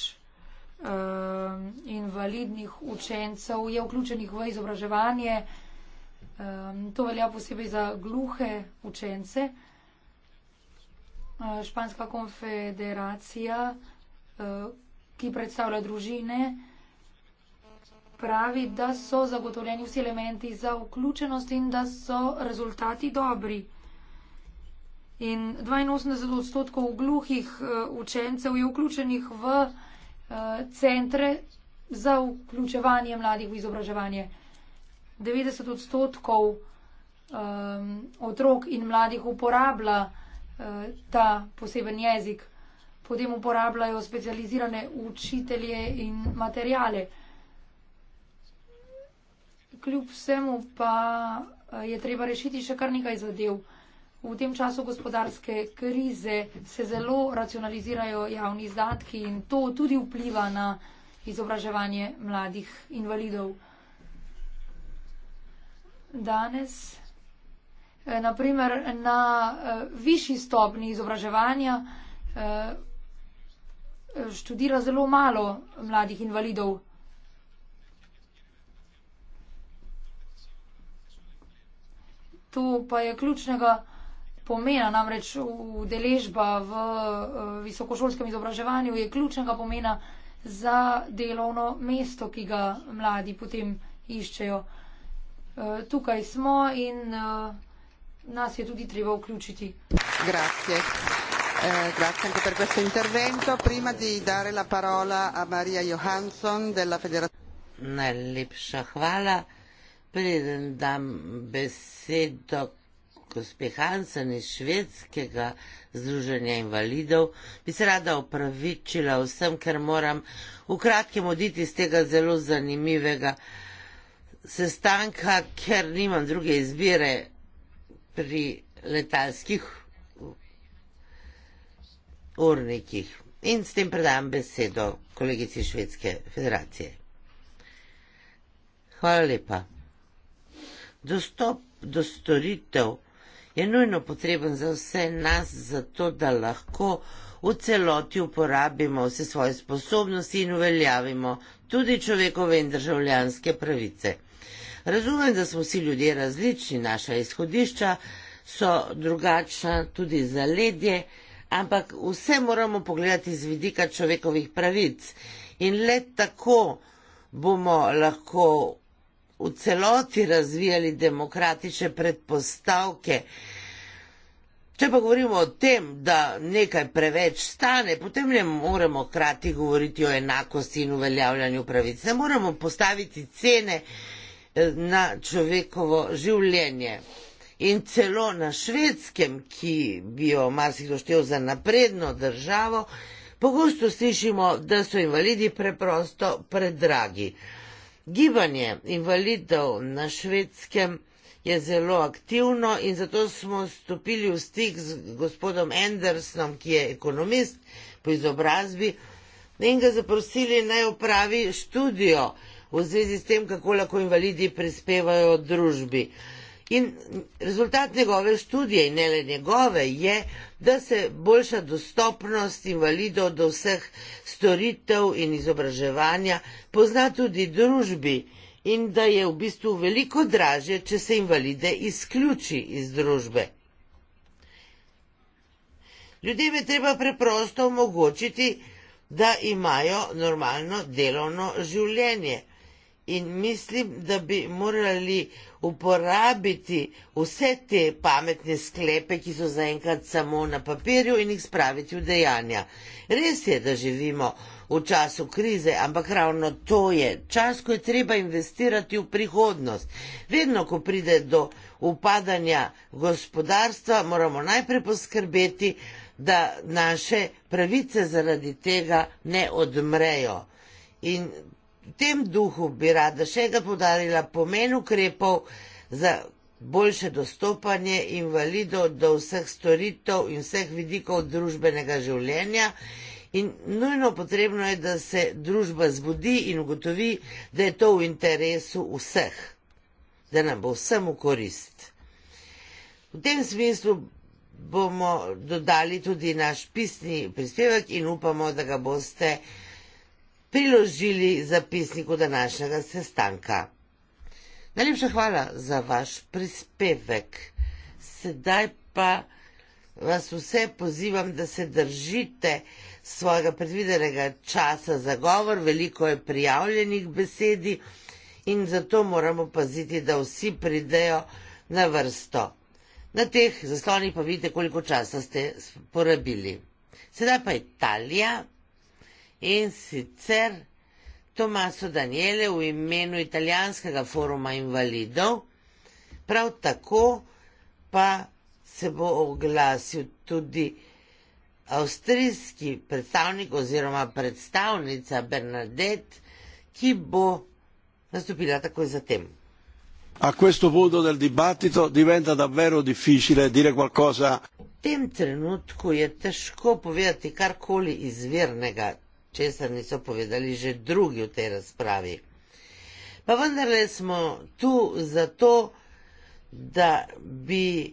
um, invalidnih učencev je vključenih v izobraževanje. Um, to velja posebej za gluhe učence. Eh, Španska konfederacija, uh, ki predstavlja družine, uh, pravi, da so zagotovljeni vsi elementi za vključenost in da so rezultati dobri. In 82 odstotkov gluhih eh, učencev je vključenih v eh, centre za vključevanje mladih v izobraževanje. 90 odstotkov ehm, otrok in mladih uporablja eh, ta poseben jezik. Potem uporabljajo specializirane učitelje in materijale kljub vsemu pa eh, je treba rešiti še kar nekaj zadev. V tem času gospodarske krize se zelo racionalizirajo javni izdatki in to tudi vpliva na izobraževanje mladih invalidov. Danes, naprimer, eh, na eh, višji stopni izobraževanja študira zelo malo mladih invalidov. tu pa je ključnega pomena, namreč udeležba v eh, visokošolskem izobraževanju je ključnega pomena za delovno mesto, ki ga mladi potem iščejo. Eh, tukaj smo in eh, nas je tudi treba vključiti. Grazie. Eh, grazie anche per questo intervento. Prima di dare la parola a Maria Johansson della Federazione. Najlepša hvala preden dam besedo gospe Hansen iz Švedskega združenja invalidov, bi se rada opravičila vsem, ker moram v kratkem oditi iz tega zelo zanimivega sestanka, ker nimam druge izbire pri letalskih urnikih. In s tem predam besedo kolegici Švedske federacije. Hvala lepa. Dostop do storitev je nujno potreben za vse nas, zato da lahko v celoti uporabimo vse svoje sposobnosti in uveljavimo tudi človekove in državljanske pravice. Razumem, da smo vsi ljudje različni, naša izhodišča so drugačna, tudi zaledje, ampak vse moramo pogledati z vidika človekovih pravic in le tako bomo lahko v celoti razvijali demokratične predpostavke. Če pa govorimo o tem, da nekaj preveč stane, potem ne moremo krati govoriti o enakosti in uveljavljanju pravic. Ne moremo postaviti cene eh, na človekovo življenje. In celo na švedskem, ki bi jo marsikdo štel za napredno državo, pogosto slišimo, da so invalidi preprosto predragi. Gibanje invalidov na švedskem je zelo aktivno in zato smo stopili v stik z gospodom Andersnom, ki je ekonomist po izobrazbi, in ga zaprosili naj upravi študijo v zvezi s tem, kako lahko invalidi prispevajo družbi. In rezultat njegove študije in ne le njegove je, da se boljša dostopnost invalidov do vseh storitev in izobraževanja pozna tudi družbi in da je v bistvu veliko draže, če se invalide izključi iz družbe. Ljudem je treba preprosto omogočiti, da imajo normalno delovno življenje in mislim, da bi morali uporabiti vse te pametne sklepe, ki so zaenkrat samo na papirju in jih spraviti v dejanja. Res je, da živimo v času krize, ampak ravno to je čas, ko je treba investirati v prihodnost. Vedno, ko pride do upadanja gospodarstva, moramo najprej poskrbeti, da naše pravice zaradi tega ne odmrejo. In V tem duhu bi rada še enkrat podarila pomen ukrepov za boljše dostopanje invalidov do vseh storitev in vseh vidikov družbenega življenja. In nujno potrebno je, da se družba zbudi in ugotovi, da je to v interesu vseh, da nam bo vsem v korist. V tem smislu bomo dodali tudi naš pisni prispevek in upamo, da ga boste priložili zapisniku današnjega sestanka. Najlepša hvala za vaš prispevek. Sedaj pa vas vse pozivam, da se držite svojega predvidenega časa za govor, veliko je prijavljenih besedi in zato moramo paziti, da vsi pridejo na vrsto. Na teh zaslonih pa vidite, koliko časa ste porabili. Sedaj pa Italija in sicer Tomaso Daniele v imenu italijanskega foruma invalidov, prav tako pa se bo oglasil tudi avstrijski predstavnik oziroma predstavnica Bernadette, ki bo nastopila takoj zatem. A questo punto del dibattito diventa davvero difficile dire qualcosa. V tem trenutku je težko povedati karkoli izvirnega, česar niso povedali že drugi v tej razpravi. Pa vendarle smo tu zato, da bi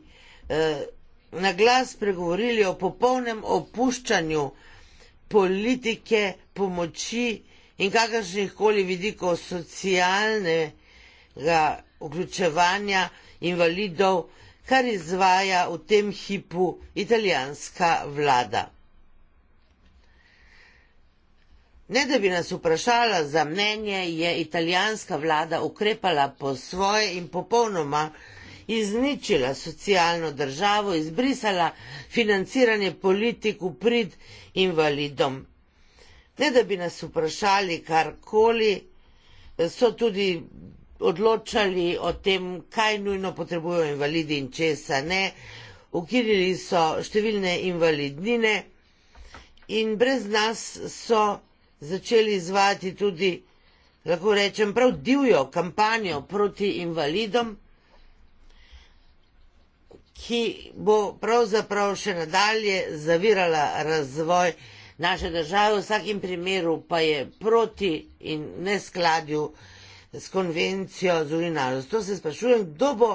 eh, na glas pregovorili o popolnem opuščanju politike, pomoči in kakršnih koli vidikov socialnega vključevanja invalidov, kar izvaja v tem hipu italijanska vlada. Ne da bi nas vprašala za mnenje, je italijanska vlada ukrepala po svoje in popolnoma izničila socialno državo, izbrisala financiranje politik v prid invalidom. Ne da bi nas vprašali karkoli, so tudi odločali o tem, kaj nujno potrebujejo invalidi in česa ne, ukinili so številne invalidnine in brez nas so začeli izvati tudi, lahko rečem, prav divjo kampanjo proti invalidom, ki bo pravzaprav še nadalje zavirala razvoj naše države, v vsakem primeru pa je proti in neskladju s konvencijo z originalnost. To se sprašujem, kdo bo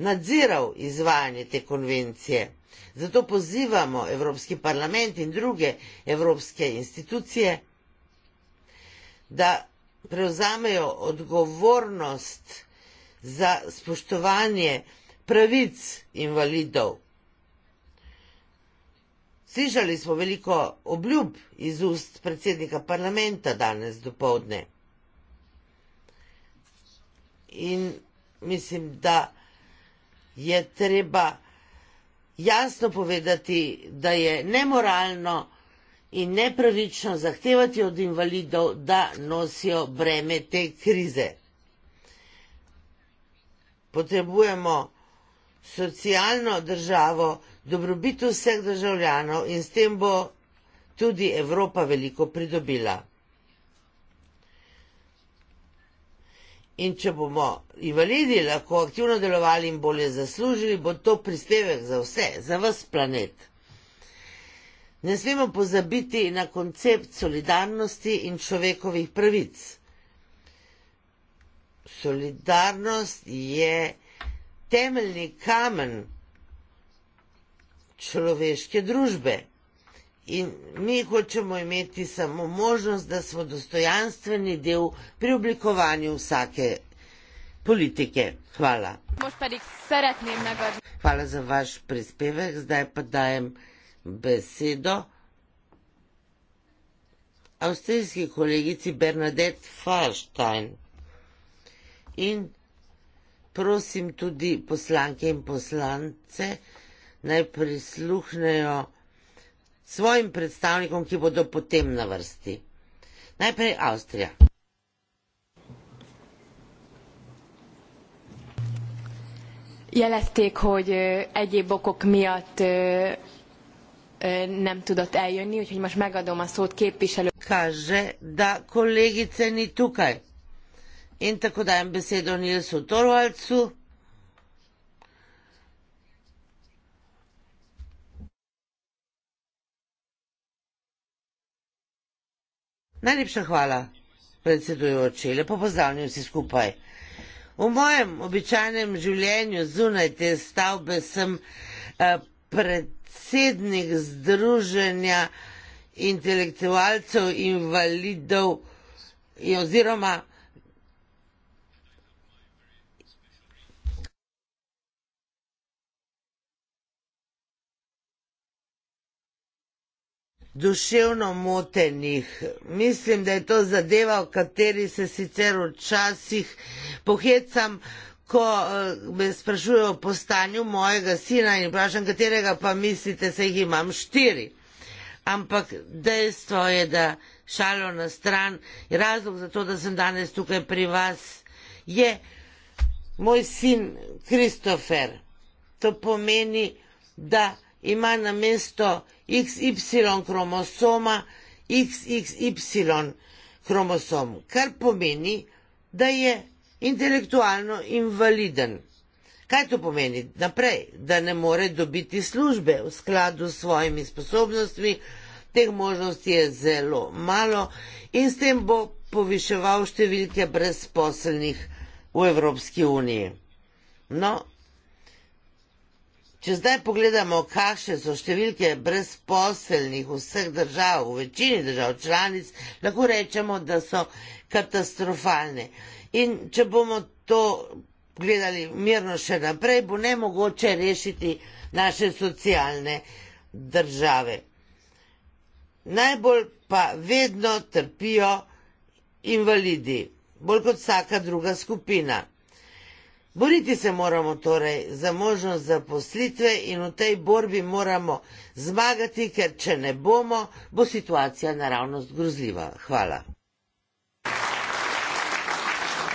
nadziral izvajanje te konvencije. Zato pozivamo Evropski parlament in druge evropske institucije, da prevzamejo odgovornost za spoštovanje pravic invalidov. Slišali smo veliko obljub iz ust predsednika parlamenta danes do povdne. In mislim, da je treba jasno povedati, da je nemoralno, in nepravično zahtevati od invalidov, da nosijo breme te krize. Potrebujemo socialno državo, dobrobit vseh državljanov in s tem bo tudi Evropa veliko pridobila. In če bomo invalidi lahko aktivno delovali in bolje zaslužili, bo to prispevek za vse, za vas planet. Ne smemo pozabiti na koncept solidarnosti in človekovih pravic. Solidarnost je temeljni kamen človeške družbe in mi hočemo imeti samo možnost, da smo dostojanstveni del pri oblikovanju vsake politike. Hvala. Hvala za vaš prispevek, zdaj pa dajem besedo avstrijski kolegici Bernadette Feuerstein in prosim tudi poslanke in poslance, naj prisluhnejo svojim predstavnikom, ki bodo potem na vrsti. Najprej Avstrija. Jelezték, hogy egyéb okok miatt nem tudott eljönni, úgyhogy most megadom a szót képviselő. Kaže, da kolegice ni tukaj. In tako dajem besedo Nilsu Torvaldcu. Najlepša hvala, predsedujoči. Lepo pozdravljeni vsi skupaj. V mojem običajnem življenju zunaj te stavbe sem uh, pred predsednik Združenja intelektualcev invalidov oziroma duševno motenih. Mislim, da je to zadeva, o kateri se sicer včasih pohecam, ko eh, me sprašujejo po stanju mojega sina in vprašam, katerega pa mislite, se jih imam štiri. Ampak dejstvo je, da šalo na stran, razlog za to, da sem danes tukaj pri vas, je moj sin Kristofer. To pomeni, da ima na mesto XY kromosoma XXY kromosom, kar pomeni, da je intelektualno invaliden. Kaj to pomeni? Naprej, da ne more dobiti službe v skladu s svojimi sposobnostmi, teh možnosti je zelo malo in s tem bo poviševal številke brezposelnih v Evropski uniji. No, če zdaj pogledamo, kakšne so številke brezposelnih vseh držav, v večini držav članic, lahko rečemo, da so katastrofalne in če bomo to gledali mirno še naprej, bo ne mogoče rešiti naše socialne države. Najbolj pa vedno trpijo invalidi, bolj kot vsaka druga skupina. Boriti se moramo torej za možnost zaposlitve in v tej borbi moramo zmagati, ker če ne bomo, bo situacija naravnost grozljiva. Hvala.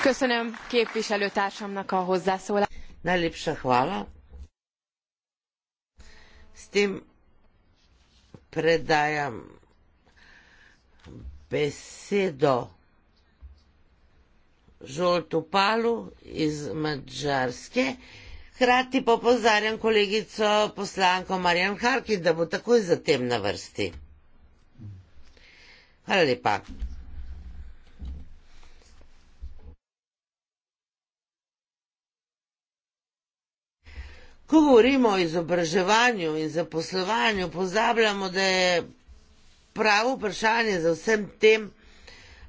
Köszönöm képviselőtársamnak a hozzászólást. Najlepša hvala. S tem predajam besedo Žoltu Palu iz Mačarske. Hrati pa pozarjam kolegico poslanko Marjan Harki, da bo takoj zatem na vrsti. Hvala lepa. Ko govorimo o izobraževanju in zaposlovanju, pozabljamo, da je pravo vprašanje za vsem tem,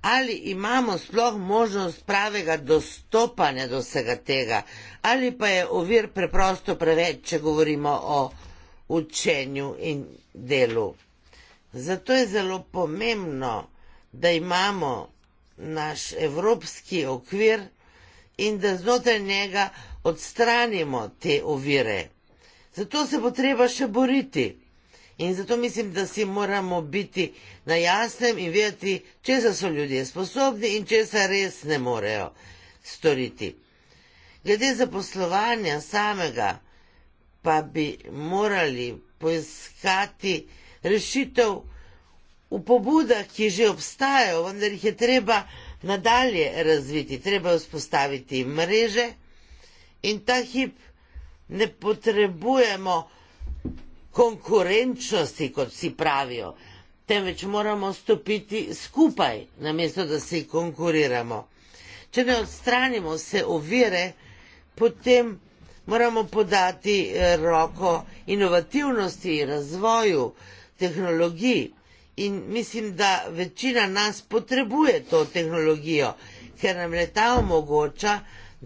ali imamo sploh možnost pravega dostopanja do vsega tega, ali pa je ovir preprosto preveč, če govorimo o učenju in delu. Zato je zelo pomembno, da imamo naš evropski okvir in da znotraj njega odstranimo te ovire. Zato se bo treba še boriti. In zato mislim, da si moramo biti na jasnem in vedeti, česa so ljudje sposobni in česa res ne morejo storiti. Glede zaposlovanja samega pa bi morali poiskati rešitev v pobudah, ki že obstajajo, vendar jih je treba nadalje razviti, treba vzpostaviti mreže in ta hip ne potrebujemo konkurenčnosti, kot si pravijo, temveč moramo stopiti skupaj, namesto da se konkuriramo. Če ne odstranimo vse ovire, potem moramo podati eh, roko inovativnosti, razvoju, tehnologiji. In mislim, da večina nas potrebuje to tehnologijo, ker nam le ta omogoča,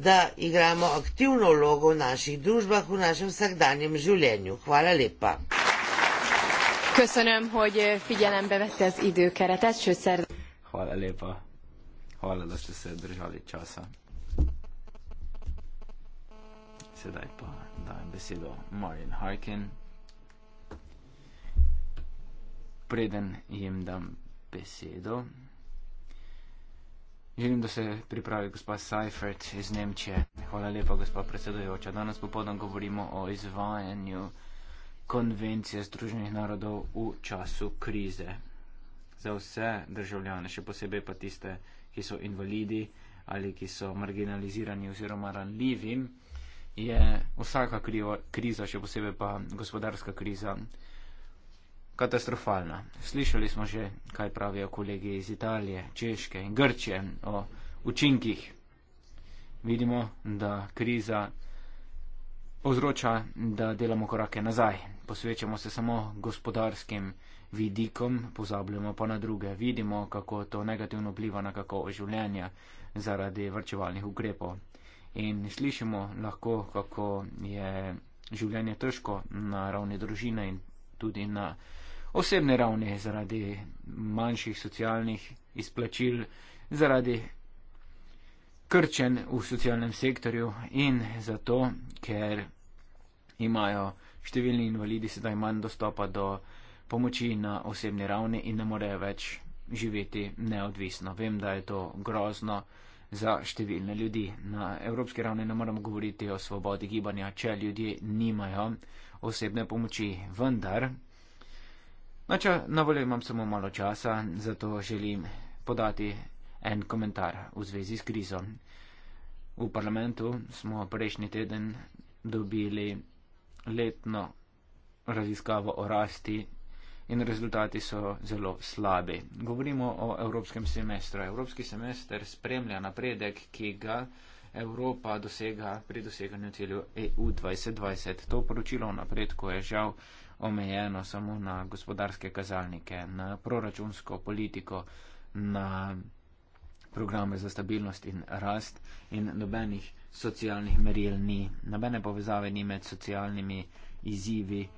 da igramo aktivno vlogo v naših družbah, v našem vsakdanjem življenju. Hvala lepa. Köszönöm, hogy figyelembe vette az időkeretet, sőt szerz... Hála lépa. Hála lesz, hogy szedrzsali császa. Szedaj pa, dajem beszédo Marin Harkin. Preden jem dam beszédo, Želim, da se pripravi gospa Seifert iz Nemčije. Hvala lepa, gospa predsedujoča. Danes popoldan govorimo o izvajanju konvencije Združenih narodov v času krize. Za vse državljane, še posebej pa tiste, ki so invalidi ali ki so marginalizirani oziroma ranljivi, je vsaka kriva, kriza, še posebej pa gospodarska kriza, katastrofalna. Slišali smo že, kaj pravijo kolegi iz Italije, Češke in Grčije o učinkih. Vidimo, da kriza povzroča, da delamo korake nazaj. Posvečamo se samo gospodarskim vidikom, pozabljamo pa na druge. Vidimo, kako to negativno vpliva na kakovo življenja zaradi vrčevalnih ukrepov. In slišimo lahko, kako je življenje težko na ravni družine in tudi na osebne ravni, zaradi manjših socialnih izplačil, zaradi krčen v socialnem sektorju in zato, ker imajo številni invalidi sedaj manj dostopa do pomoči na osebni ravni in ne morejo več živeti neodvisno. Vem, da je to grozno za številne ljudi. Na evropski ravni ne moramo govoriti o svobodi gibanja, če ljudje nimajo osebne pomoči, vendar No, če na voljo imam samo malo časa, zato želim podati en komentar v zvezi s krizo. V parlamentu smo prejšnji teden dobili letno raziskavo o rasti in rezultati so zelo slabi. Govorimo o evropskem semestru. Evropski semester spremlja napredek, ki ga Evropa dosega pri doseganju celju EU 2020. To poročilo o napredku je žal omejeno samo na gospodarske kazalnike, na proračunsko politiko, na programe za stabilnost in rast in nobenih socialnih meril ni, nobene povezave ni med socialnimi izzivi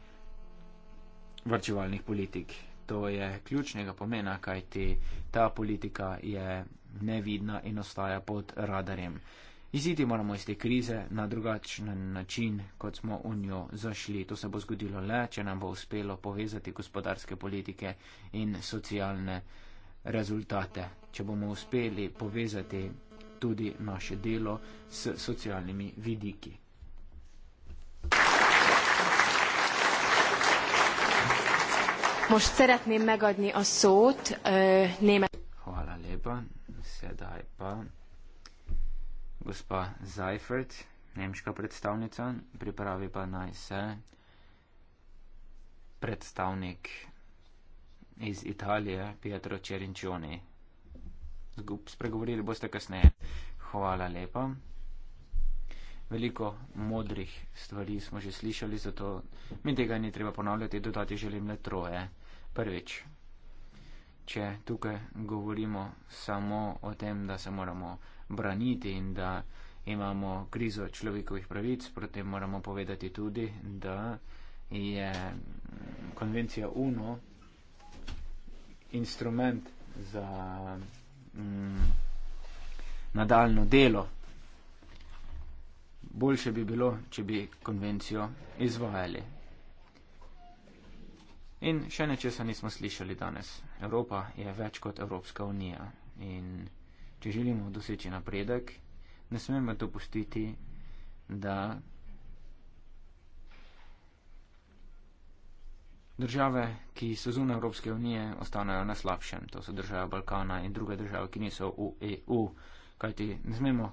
vrčevalnih politik. To je ključnega pomena, kajti ta politika je nevidna in ostaja pod radarjem. Iziti moramo iz te krize na drugačen način, kot smo v njo zašli. To se bo zgodilo le, če nam bo uspelo povezati gospodarske politike in socialne rezultate, če bomo uspeli povezati tudi naše delo s socialnimi vidiki. Hvala lepa. Sedaj pa gospa Seifert, nemška predstavnica, pripravi pa naj se predstavnik iz Italije, Pietro Cerincioni. Zgub, spregovorili boste kasneje. Hvala lepa. Veliko modrih stvari smo že slišali, zato mi tega ni treba ponavljati, dodati želim le troje. Prvič, če tukaj govorimo samo o tem, da se moramo braniti in da imamo krizo človekovih pravic, potem moramo povedati tudi, da je konvencija UNO instrument za mm, nadaljno delo. Boljše bi bilo, če bi konvencijo izvajali. In še nečesa nismo slišali danes. Evropa je več kot Evropska unija. In če želimo doseči napredek, ne smemo dopustiti, da države, ki so zunaj Evropske unije, ostanejo na slabšem. To so države Balkana in druge države, ki niso v EU. Kajti ne smemo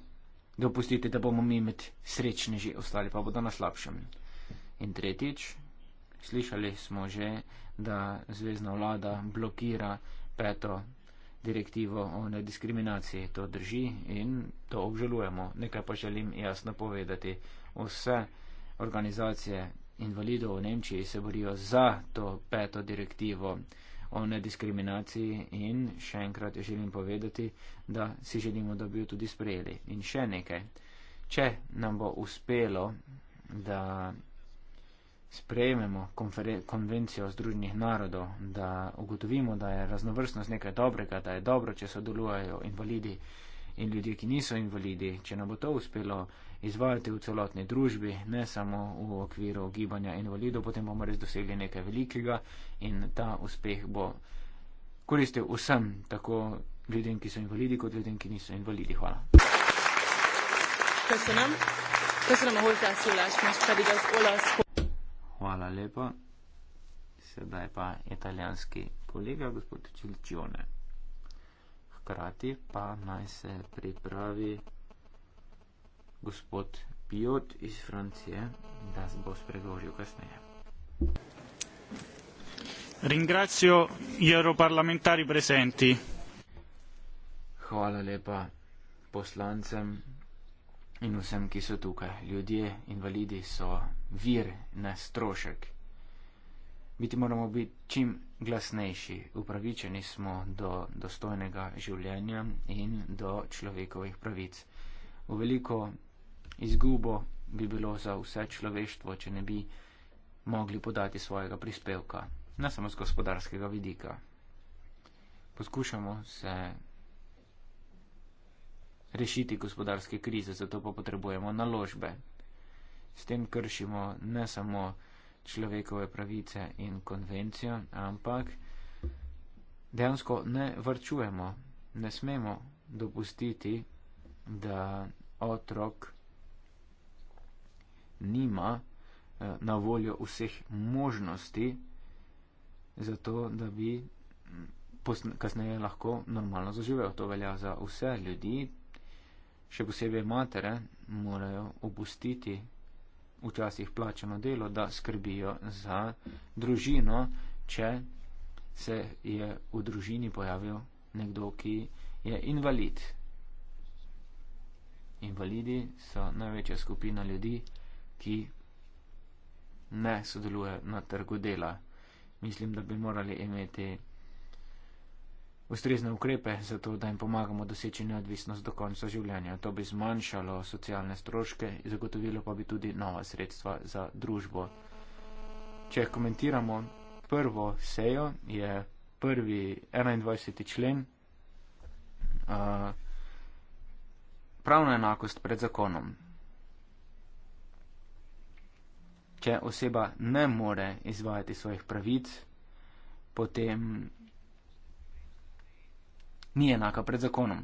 dopustiti, da bomo mi med srečneži, ostali pa bodo na slabšem. In tretjič, Slišali smo že, da zvezdna vlada blokira peto direktivo o nediskriminaciji. To drži in to obžalujemo. Nekaj pa želim jasno povedati. Vse organizacije invalidov v Nemčiji se borijo za to peto direktivo o nediskriminaciji in še enkrat želim povedati, da si želimo, da bi jo tudi sprejeli. In še nekaj. Če nam bo uspelo, da sprejmemo konvencijo Združenih narodov, da ugotovimo, da je raznovrstnost nekaj dobrega, da je dobro, če sodelujejo invalidi in ljudje, ki niso invalidi, če nam bo to uspelo izvajati v celotni družbi, ne samo v okviru gibanja invalidov, potem bomo res dosegli nekaj velikega in ta uspeh bo koristil vsem, tako ljudem, ki so invalidi, kot ljudem, ki niso invalidi. Hvala. Köszönöm. Köszönöm a hozzászólást most pedig az olasz. Hvala lepa. Sedaj pa italijanski kolega, gospod Čilčione. Hkrati pa naj se pripravi gospod Piot iz Francije, da se bo spredložil kasneje. Ringrazio gli europarlamentari presenti. Hvala lepa poslancem in vsem, ki so tukaj. Ljudje, invalidi so vir, ne strošek. Biti moramo biti čim glasnejši, upravičeni smo do dostojnega življenja in do človekovih pravic. V veliko izgubo bi bilo za vse človeštvo, če ne bi mogli podati svojega prispevka, ne samo z gospodarskega vidika. Poskušamo se rešiti gospodarske krize, zato pa potrebujemo naložbe. S tem kršimo ne samo človekove pravice in konvencijo, ampak dejansko ne vrčujemo, ne smemo dopustiti, da otrok nima eh, na voljo vseh možnosti, zato da bi kasneje lahko normalno zaživel. To velja za vse ljudi, še posebej matere, morajo opustiti včasih plačano delo, da skrbijo za družino, če se je v družini pojavil nekdo, ki je invalid. Invalidi so največja skupina ljudi, ki ne sodelujejo na trgu dela. Mislim, da bi morali imeti ustrezne ukrepe za to, da jim pomagamo doseči neodvisnost do konca življenja. To bi zmanjšalo socialne stroške in zagotovilo pa bi tudi nova sredstva za družbo. Če komentiramo prvo sejo, je prvi 21. člen uh, pravna enakost pred zakonom. Če oseba ne more izvajati svojih pravic, potem ni enaka pred zakonom.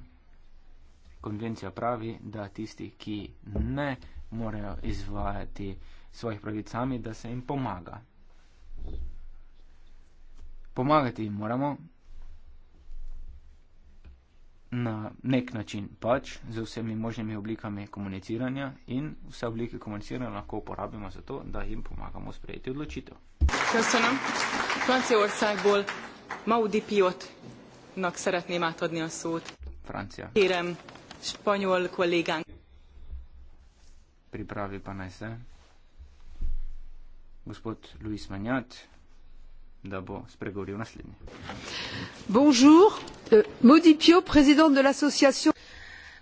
Konvencija pravi, da tisti, ki ne morejo izvajati svojih pravic sami, da se jim pomaga. Pomagati jim moramo na nek način pač z vsemi možnimi oblikami komuniciranja in vse oblike komuniciranja lahko uporabimo za to, da jim pomagamo sprejeti odločitev. Ker so nam Francija vsaj bolj malo dipijot Nak szeretném átadni a szót. Francia. Kérem, spanyol kollégánk. Pripravi pa naj se. Gospod Luis Manjat, da bo spregovoril naslednji. Bonjour, euh, Modi Pio, president de l'association.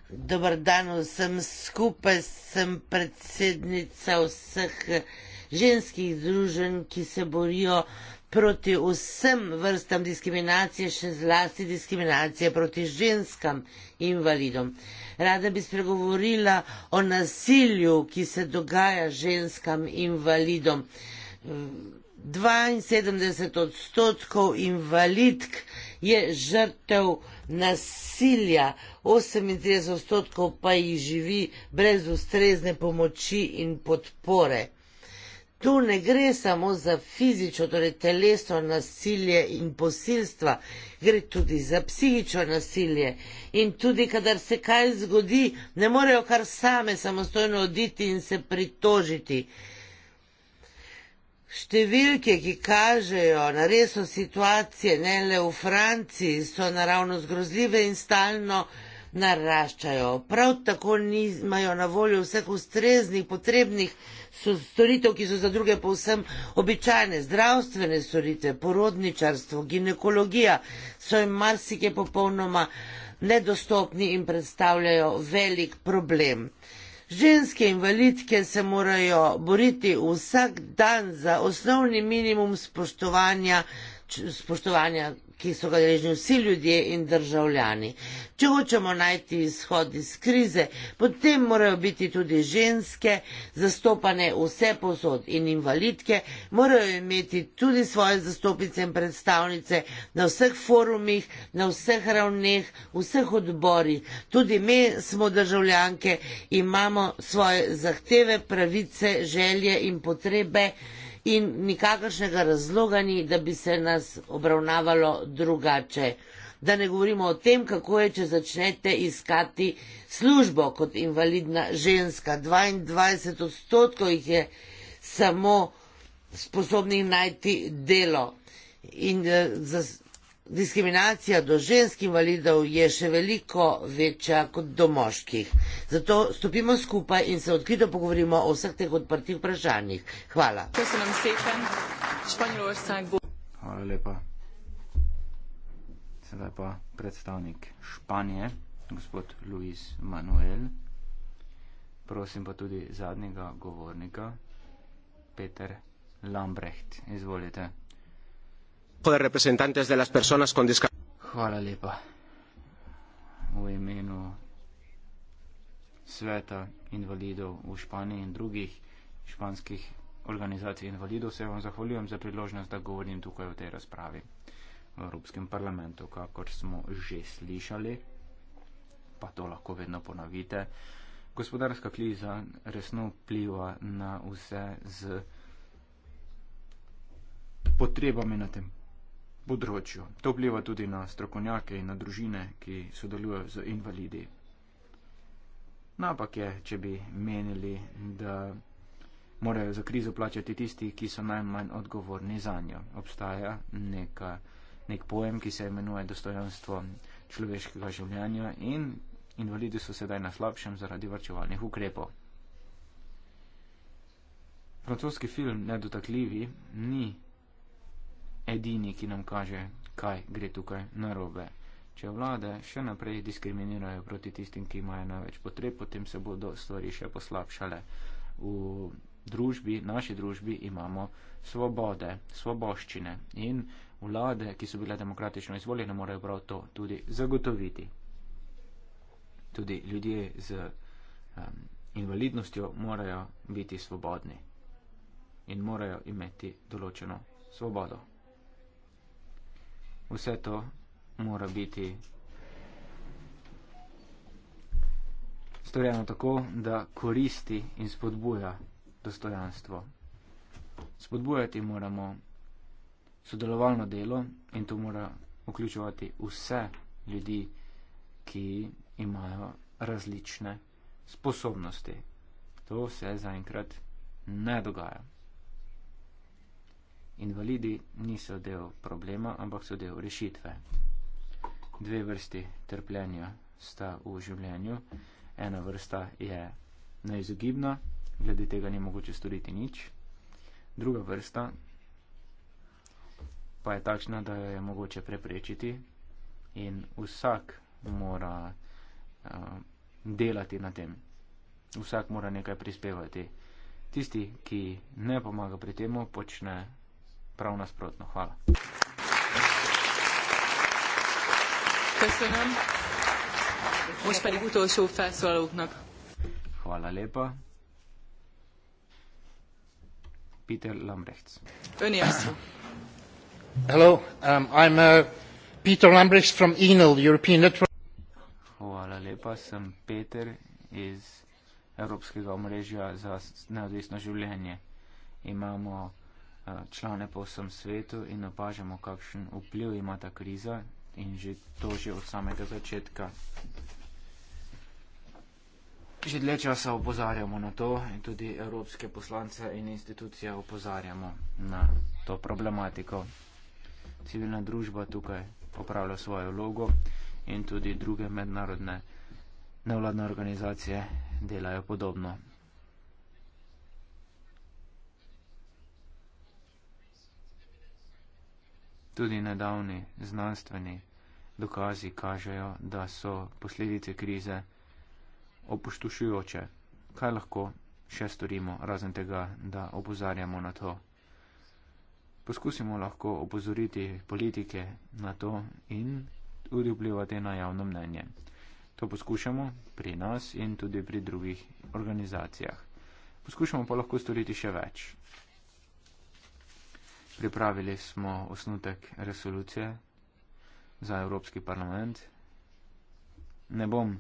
Dobar dan vsem skupaj, sem predsednica vseh ženskih združenj, ki se borijo proti vsem vrstam diskriminacije, še zlasti diskriminacije proti ženskam invalidom. Rada bi spregovorila o nasilju, ki se dogaja ženskam invalidom. 72 odstotkov invalidk je žrtev nasilja, 38 odstotkov pa jih živi brez ustrezne pomoči in podpore. Tu ne gre samo za fizično, torej telesno nasilje in posilstva, gre tudi za psihično nasilje. In tudi, kadar se kaj zgodi, ne morejo kar same samostojno oditi in se pritožiti. Številke, ki kažejo na resno situacijo, ne le v Franciji, so naravno zgrozljive in stalno naraščajo. Prav tako nimajo na voljo vseh ustreznih, potrebnih so storitev, ki so za druge povsem običajne, zdravstvene storitve, porodničarstvo, ginekologija, so jim marsike popolnoma nedostopni in predstavljajo velik problem. Ženske invalidke se morajo boriti vsak dan za osnovni minimum spoštovanja, spoštovanja ki so ga deležni vsi ljudje in državljani. Če hočemo najti izhod iz krize, potem morajo biti tudi ženske zastopane vse posod in invalidke morajo imeti tudi svoje zastopnice in predstavnice na vseh forumih, na vseh ravneh, vseh odborih. Tudi mi smo državljanke, imamo svoje zahteve, pravice, želje in potrebe in nikakršnega razloga ni, da bi se nas obravnavalo drugače. Da ne govorimo o tem, kako je, če začnete iskati službo kot invalidna ženska. 22 odstotkov jih je samo sposobnih najti delo. In eh, za, Diskriminacija do žensk invalidov je še veliko večja kot do moških. Zato stopimo skupaj in se odkrito pogovorimo o vseh teh odprtih vprašanjih. Hvala. Hvala lepa. Sedaj pa predstavnik Španije, gospod Luis Manuel. Prosim pa tudi zadnjega govornika, Peter Lambrecht. Izvolite trabajo de representantes de las personas con discapacidad. Hvala lepa. V imenu sveta invalidov v Španiji in drugih španskih organizacij invalidov se vam zahvaljujem za priložnost, da govorim tukaj o tej razpravi v Evropskem parlamentu, kakor smo že slišali, pa to lahko vedno ponovite. Gospodarska kriza resno vpliva na vse z potrebami na tem področju. To vpliva tudi na strokovnjake in na družine, ki sodelujejo z invalidi. Napak je, če bi menili, da morajo za krizo plačati tisti, ki so najmanj odgovorni za njo. Obstaja neka, nek pojem, ki se imenuje dostojanstvo človeškega življenja in invalidi so sedaj na slabšem zaradi varčevalnih ukrepov. Francoski film Nedotakljivi ni edini, ki nam kaže, kaj gre tukaj narobe. Če vlade še naprej diskriminirajo proti tistim, ki imajo največ potreb, potem se bodo stvari še poslabšale. V družbi, naši družbi imamo svobode, svoboščine in vlade, ki so bile demokratično izvoljene, morajo prav to tudi zagotoviti. Tudi ljudje z um, invalidnostjo morajo biti svobodni in morajo imeti določeno svobodo. Vse to mora biti storjeno tako, da koristi in spodbuja dostojanstvo. Spodbujati moramo sodelovalno delo in to mora vključevati vse ljudi, ki imajo različne sposobnosti. To se zaenkrat ne dogaja. Invalidi niso del problema, ampak so del rešitve. Dve vrsti trpljenja sta v življenju. Ena vrsta je neizogibna, glede tega ni mogoče storiti nič. Druga vrsta pa je takšna, da jo je mogoče preprečiti in vsak mora uh, delati na tem. Vsak mora nekaj prispevati. Tisti, ki ne pomaga pri tem, počne prav nasprotno. Hvala. Most pedig utolsó felszólalóknak. Hvala lépa. Peter Lambrechts. Öni Hello, um, I'm uh, Peter Lambrechts from ENIL, the European Network. Hvala lepa, sem Peter iz Evropskega omrežja za neodvisno življenje. Imamo Eh, člane po vsem svetu in opažamo, kakšen vpliv ima ta kriza in že to že od samega začetka. Že dlje časa opozarjamo na to in tudi evropske poslance in institucije opozarjamo na to problematiko. Civilna družba tukaj opravlja svojo vlogo in tudi druge mednarodne nevladne organizacije delajo podobno. Tudi nedavni znanstveni dokazi kažejo, da so posledice krize opuštušujoče. Kaj lahko še storimo, razen tega, da opozarjamo na to? Poskusimo lahko opozoriti politike na to in tudi vplivati na javno mnenje. To poskušamo pri nas in tudi pri drugih organizacijah. Poskušamo pa lahko storiti še več. Pripravili smo osnutek resolucije za Evropski parlament. Ne bom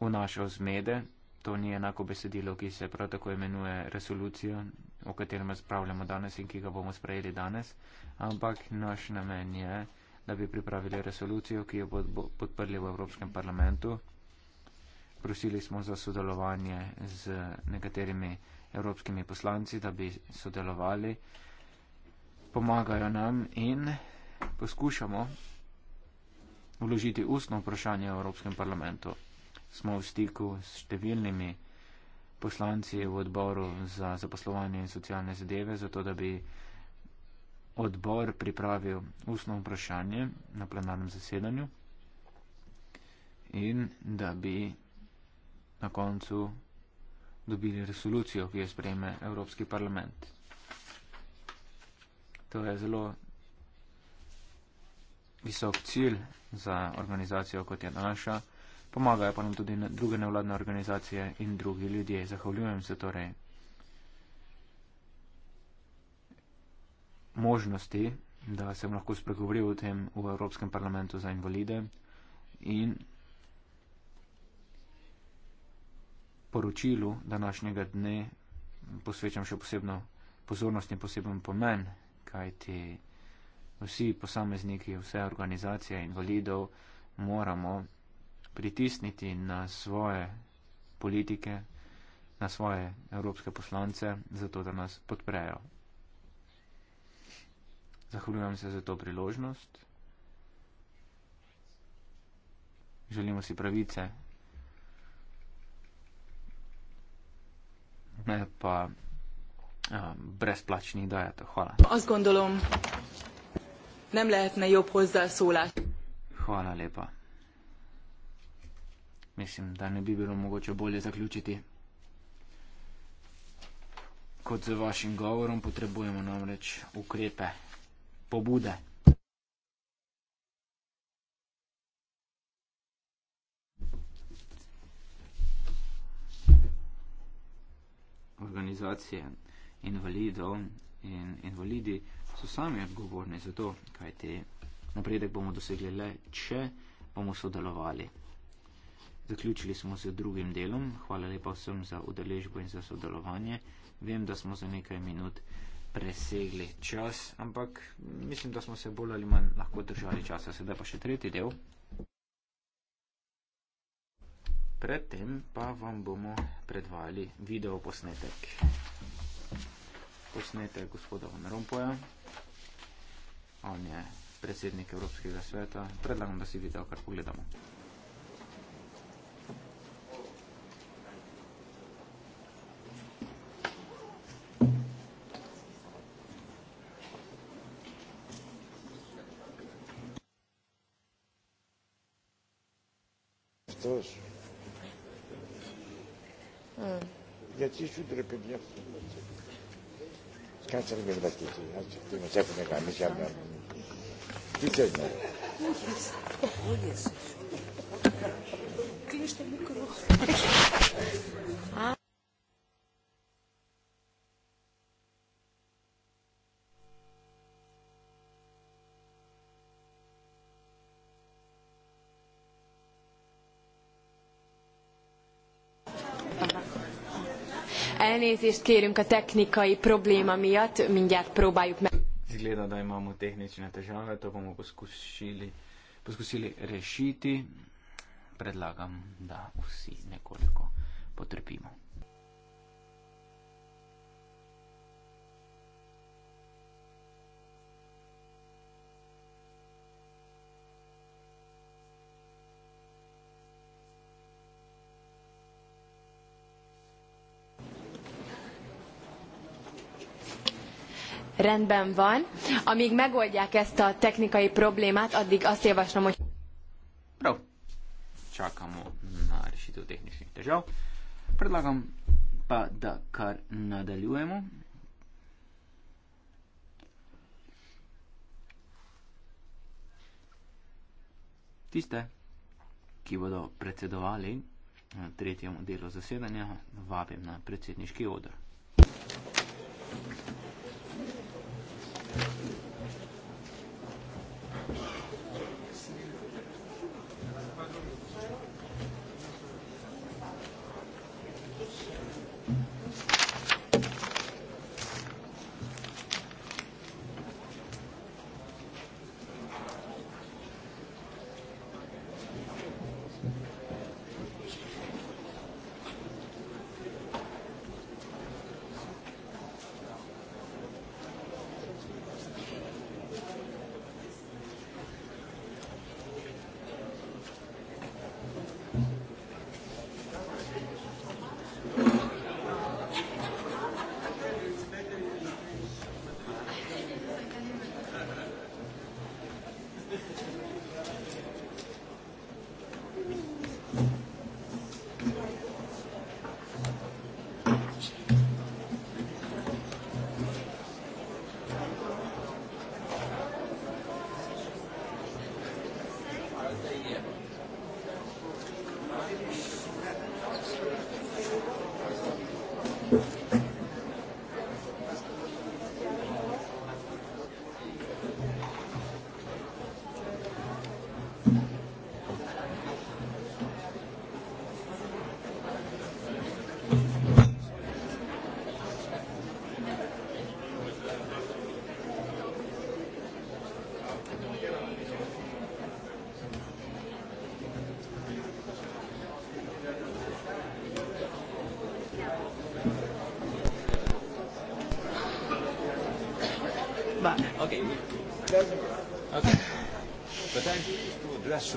vnašal zmede, to ni enako besedilo, ki se prav tako imenuje resolucija, o katerem spravljamo danes in ki ga bomo sprejeli danes, ampak naš namen je, da bi pripravili resolucijo, ki jo bo podprli v Evropskem parlamentu. Prosili smo za sodelovanje z nekaterimi evropskimi poslanci, da bi sodelovali, pomagajo nam in poskušamo vložiti ustno vprašanje v Evropskem parlamentu. Smo v stiku s številnimi poslanci v odboru za zaposlovanje in socialne zadeve, zato da bi odbor pripravil ustno vprašanje na plenarnem zasedanju in da bi na koncu dobili resolucijo, ki jo sprejme Evropski parlament. To je zelo visok cilj za organizacijo, kot je naša. Pomagajo pa nam tudi druge nevladne organizacije in drugi ljudje. Zahvaljujem se torej možnosti, da sem lahko spregovoril o tem v Evropskem parlamentu za invalide in poročilu današnjega dne posvečam še posebno pozornost in poseben pomen, kajti vsi posamezniki, vse organizacije invalidov moramo pritisniti na svoje politike, na svoje evropske poslance, zato da nas podprejo. Zahvaljujem se za to priložnost. Želimo si pravice ne, pa um, brezplačni dajete. Hvala. Azt gondolom, nem lehetne jobb hozzászólás. Hvala lepa. Mislim, da ne bi bilo mogoče bolje zaključiti. Kot z vašim govorom potrebujemo namreč ukrepe, pobude. organizacije invalidov in invalidi so sami odgovorni za to, kaj te napredek bomo dosegli le, če bomo sodelovali. Zaključili smo z drugim delom. Hvala lepa vsem za udeležbo in za sodelovanje. Vem, da smo za nekaj minut presegli čas, ampak mislim, da smo se bolj ali manj lahko držali časa. Sedaj pa še tretji del. Predtem pa vam bomo predvajali video posnetek. Posnetek gospoda Van Rompuja. On je predsednik Evropskega sveta. Predlagam, da si video kar pogledamo. si su arrepentimiento. Cáncer de la que me saco de la mesa. Dice el mar. Oye, ¿qué es el micrófono? elnézést kérünk a technikai probléma miatt, mindjárt próbáljuk meg. Zgleda, da imamo tehnične težave, ja, to bomo poskušili, poskušili rešiti. Predlagam, da vsi nekoliko potrpimo. Rendben van. Amíg megoldják ezt a technikai problémát, addig azt javaslom, hogy... Prav. Čakamo na rešitev tehničnih težav. Predlagam pa, da kar nadaljujemo. Tiste, ki bodo predsedovali tretjemu delu zasedanja, vabim na predsedniški odr. Thank you.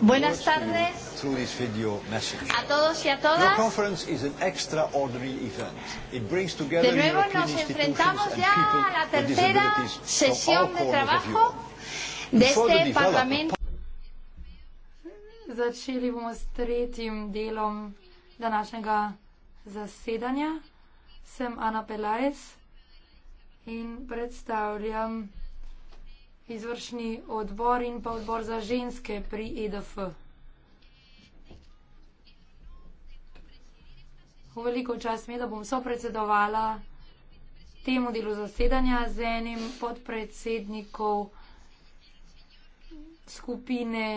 Buenas tardes a todos y a todas. De nuevo nos enfrentamos ya a la tercera sesión de trabajo de este Parlamento. Začeli bomo s tretjim delom današnjega zasedanja. Sem Ana Pelajs in predstavljam izvršni odbor in pa odbor za ženske pri EDF. Veliko čas mi je, da bom sopredsedovala temu delu zasedanja z enim podpredsednikov skupine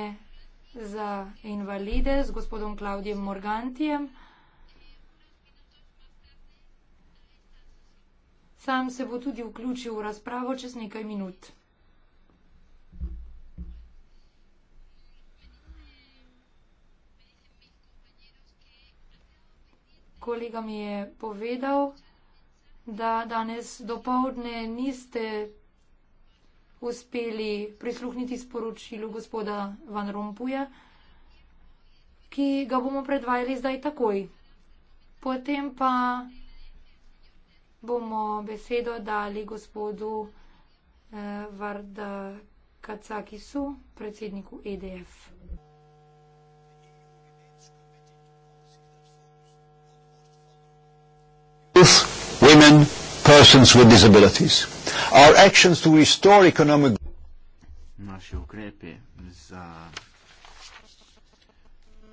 za invalide z gospodom Klaudijem Morgantijem. Sam se bo tudi vključil v razpravo čez nekaj minut. kolega mi je povedal, da danes dopovdne niste uspeli prisluhniti sporočilu gospoda Van Rompuja, ki ga bomo predvajali zdaj takoj. Potem pa bomo besedo dali gospodu eh, Varda Kacakisu, predsedniku EDF. and persons with disabilities. Our actions to restore economic naše ukrepe za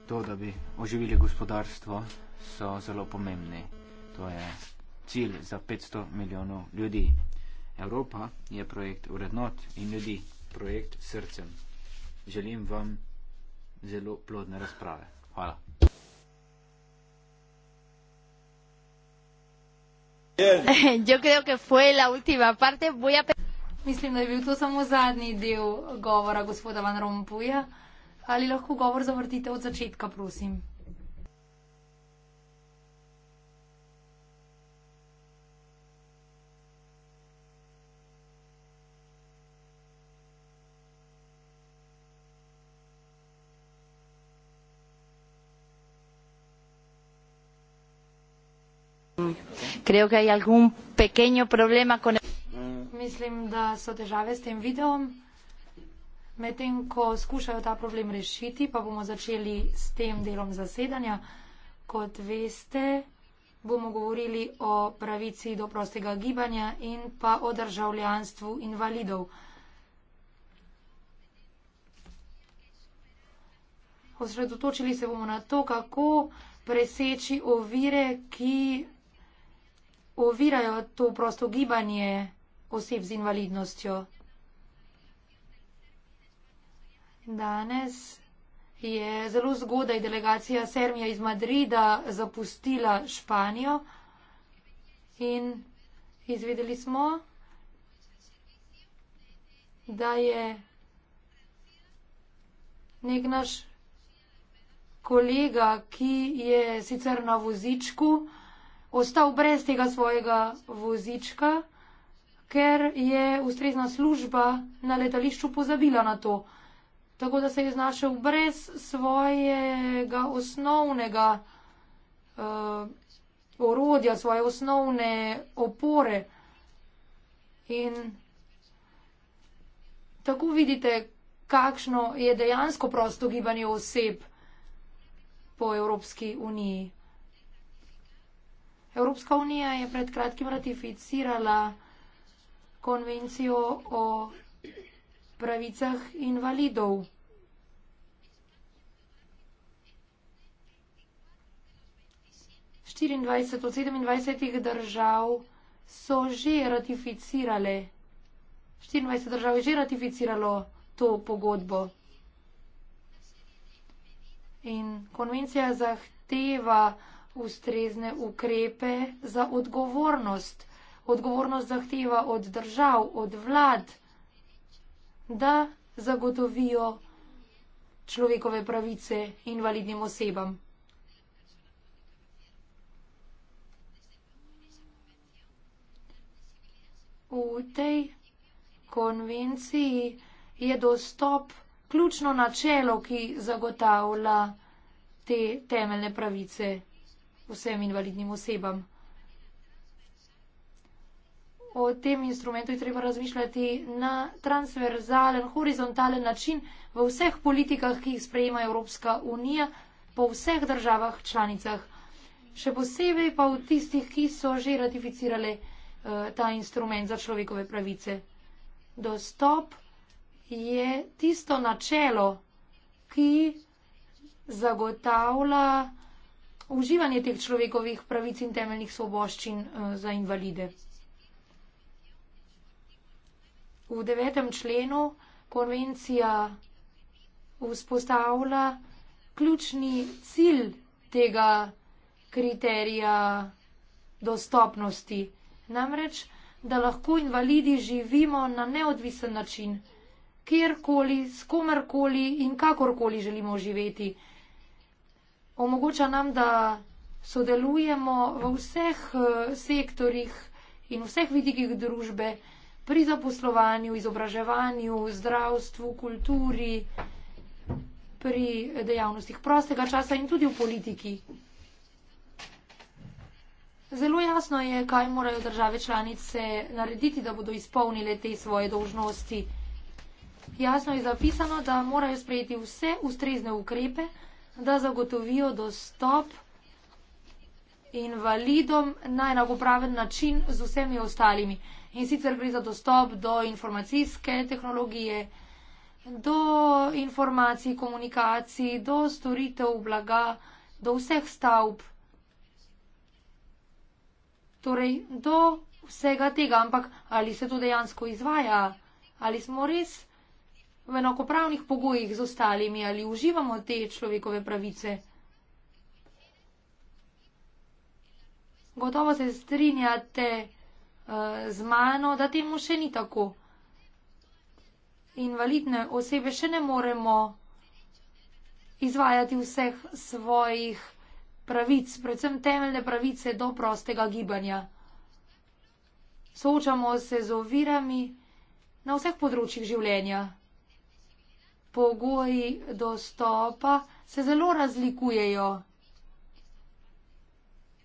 to, da bi oživili gospodarstvo, so zelo pomembni. To je cilj za 500 milijonov ljudi. Evropa je projekt urednot in ljudi, projekt srcem. Želim vam zelo plodne razprave. Hvala. [laughs] Yo creo que fue la última parte. Voy a... Mislim, da je bil to samo zadnji del govora gospoda Van Rompuja. Ali lahko govor zavrtite od začetka, prosim? Creo que hay algún pequeño problema con el... Mislim, da so težave s tem videom. Medtem, ko skušajo ta problem rešiti, pa bomo začeli s tem delom zasedanja. Kot veste, bomo govorili o pravici do prostega gibanja in pa o državljanstvu invalidov. Osredotočili se bomo na to, kako preseči ovire, ki ovirajo to prosto gibanje oseb z invalidnostjo. Danes je zelo zgodaj delegacija Sermija iz Madrida zapustila Španijo in izvedeli smo, da je nek naš kolega, ki je sicer na vozičku, ostal brez tega svojega vozička, ker je ustrezna služba na letališču pozabila na to. Tako da se je znašel brez svojega osnovnega uh, orodja, svoje osnovne opore. In tako vidite, kakšno je dejansko prosto gibanje oseb po Evropski uniji. Evropska unija je pred kratkim ratificirala konvencijo o pravicah invalidov. Od 27 držav so že ratificirale, 24 držav je že ratificiralo to pogodbo. In konvencija zahteva, ustrezne ukrepe za odgovornost. Odgovornost zahteva od držav, od vlad, da zagotovijo človekove pravice invalidnim osebam. V tej konvenciji je dostop ključno načelo, ki zagotavlja te temeljne pravice vsem invalidnim osebam. O tem instrumentu je treba razmišljati na transverzalen, horizontalen način v vseh politikah, ki jih sprejema Evropska unija po vseh državah članicah. Še posebej pa v tistih, ki so že ratificirale uh, ta instrument za človekove pravice. Dostop je tisto načelo, ki zagotavlja uživanje teh človekovih pravic in temeljnih svoboščin eh, za invalide. V devetem členu konvencija vzpostavlja ključni cilj tega kriterija dostopnosti. Namreč, da lahko invalidi živimo na neodvisen način, kjerkoli, s komerkoli in kakorkoli želimo živeti omogoča nam, da sodelujemo v vseh eh, sektorjih in vseh vidikih družbe pri zaposlovanju, izobraževanju, zdravstvu, kulturi, pri dejavnostih prostega časa in tudi v politiki. Zelo jasno je, kaj morajo države članice narediti, da bodo izpolnile te svoje dožnosti. Jasno je zapisano, da morajo sprejeti vse ustrezne ukrepe, da zagotovijo dostop invalidom na enakopraven način z vsemi ostalimi. In sicer gre za dostop do informacijske tehnologije, do informacij, komunikacij, do storitev, blaga, do vseh stavb. Torej, do vsega tega, ampak ali se to dejansko izvaja, ali smo res v enakopravnih pogojih z ostalimi ali uživamo te človekove pravice. Gotovo se strinjate uh, z mano, da temu še ni tako. Invalidne osebe še ne moremo izvajati vseh svojih pravic, predvsem temeljne pravice do prostega gibanja. Soočamo se z ovirami na vseh področjih življenja pogoji dostopa se zelo razlikujejo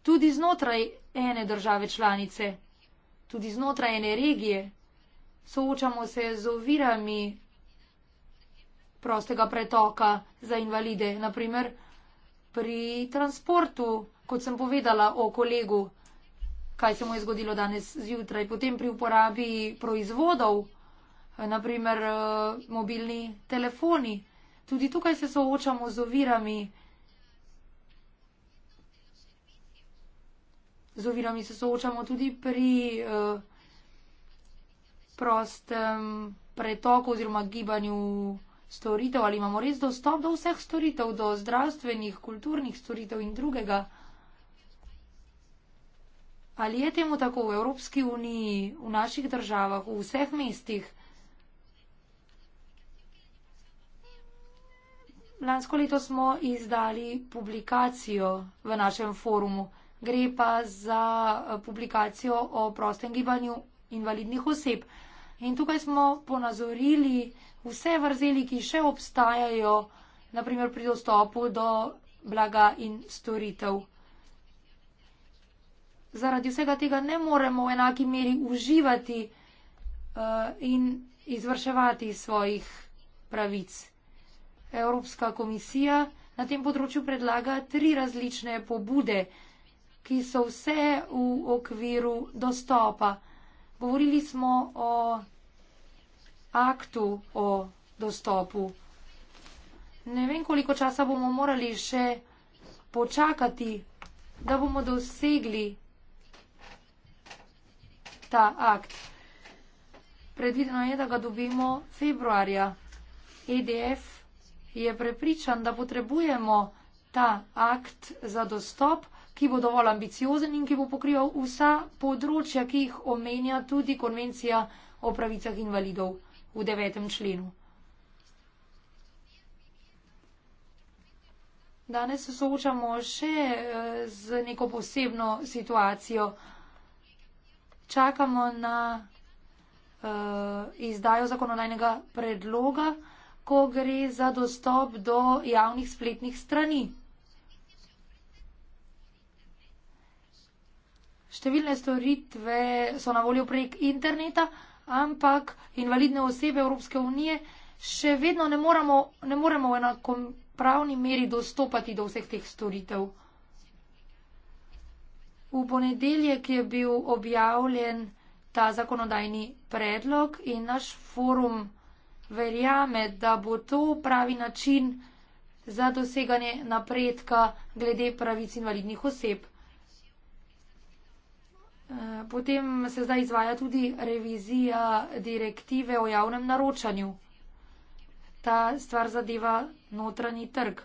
tudi znotraj ene države članice, tudi znotraj ene regije. Soočamo se z ovirami prostega pretoka za invalide, naprimer pri transportu, kot sem povedala o kolegu, kaj se mu je zgodilo danes zjutraj, potem pri uporabi proizvodov naprimer eh, mobilni telefoni. Tudi tukaj se soočamo z ovirami. Z ovirami se soočamo tudi pri eh, prostem pretoku oziroma gibanju storitev, ali imamo res dostop do vseh storitev, do zdravstvenih, kulturnih storitev in drugega. Ali je temu tako v Evropski uniji, v naših državah, v vseh mestih? Lansko leto smo izdali publikacijo v našem forumu. Gre pa za eh, publikacijo o prostem gibanju invalidnih oseb. In tukaj smo ponazorili vse vrzeli, ki še obstajajo, naprimer pri dostopu do blaga in storitev. Zaradi vsega tega ne moremo v enaki meri uživati uh, in izvrševati svojih pravic. Evropska komisija na tem področju predlaga tri različne pobude, ki so vse v okviru dostopa. Govorili smo o aktu o dostopu. Ne vem, koliko časa bomo morali še počakati, da bomo dosegli ta akt. Predvideno je, da ga dobimo februarja. EDF je prepričan, da potrebujemo ta akt za dostop, ki bo dovolj ambiciozen in ki bo pokrival vsa področja, ki jih omenja tudi konvencija o pravicah invalidov v devetem členu. Danes se soočamo še eh, z neko posebno situacijo. Čakamo na uh, izdajo zakonodajnega predloga ko gre za dostop do javnih spletnih strani. Številne storitve so na voljo prek interneta, ampak invalidne osebe Evropske unije še vedno ne, moramo, ne moremo v enakopravni meri dostopati do vseh teh storitev. V ponedeljek je bil objavljen ta zakonodajni predlog in naš forum verjame, da bo to pravi način za doseganje napredka glede pravic invalidnih oseb. Eh, potem se zdaj izvaja tudi revizija direktive o javnem naročanju. Ta stvar zadeva notranji trg.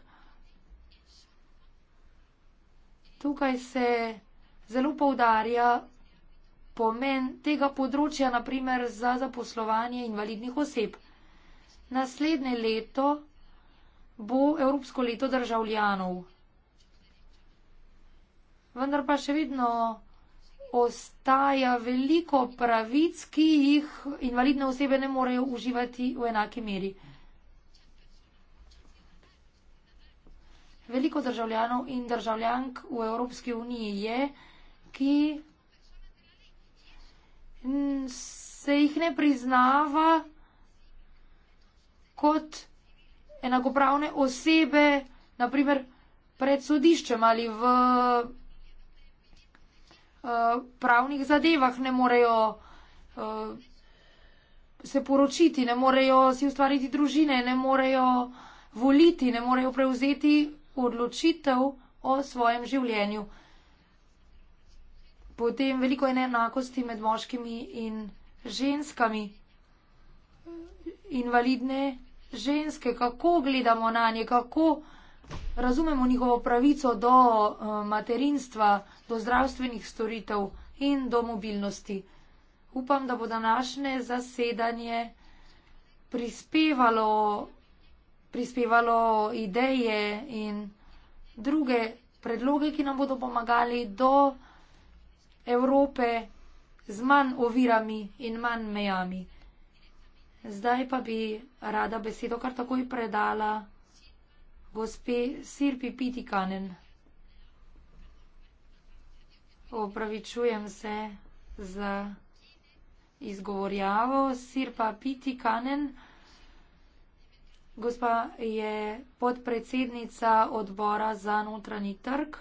Tukaj se zelo povdarja pomen tega področja, naprimer za zaposlovanje invalidnih oseb naslednje leto bo Evropsko leto državljanov. Vendar pa še vedno ostaja veliko pravic, ki jih invalidne osebe ne morejo uživati v enaki meri. Veliko državljanov in državljank v Evropski uniji je, ki se jih ne priznava, kot enakopravne osebe, naprimer pred sodiščem ali v uh, pravnih zadevah ne morejo uh, se poročiti, ne morejo si ustvariti družine, ne morejo voliti, ne morejo prevzeti odločitev o svojem življenju. Potem veliko je neenakosti med moškimi in ženskami. Invalidne ženske, kako gledamo na nje, kako razumemo njihovo pravico do eh, materinstva, do zdravstvenih storitev in do mobilnosti. Upam, da bo današnje zasedanje prispevalo, prispevalo ideje in druge predloge, ki nam bodo pomagali do Evrope z manj ovirami in manj mejami. Zdaj pa bi rada besedo kar takoj predala gospe Sirpi Pitikanen. Opravičujem se za izgovorjavo. Sirpa Pitikanen, gospa je podpredsednica odbora za notranji trg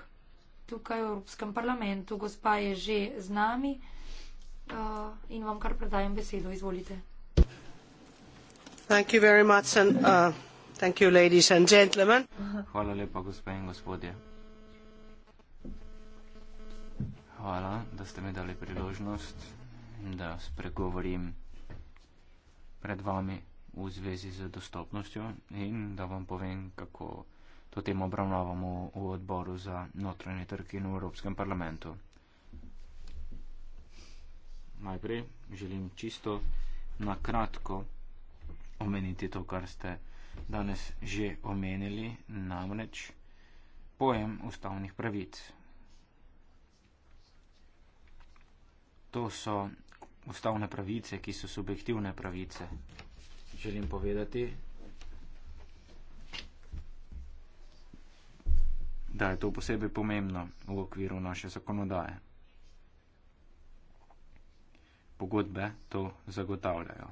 tukaj v Evropskem parlamentu. Gospa je že z nami uh, in vam kar predajam besedo. Izvolite. Uh, Hvala lepa, gospe in gospodje. Hvala, da ste mi dali priložnost, da spregovorim pred vami v zvezi z dostopnostjo in da vam povem, kako to temo obravnavamo v odboru za notranje trg in v Evropskem parlamentu. Najprej želim čisto na kratko omeniti to, kar ste danes že omenili, namreč pojem ustavnih pravic. To so ustavne pravice, ki so subjektivne pravice. Želim povedati, da je to posebej pomembno v okviru naše zakonodaje. Pogodbe to zagotavljajo.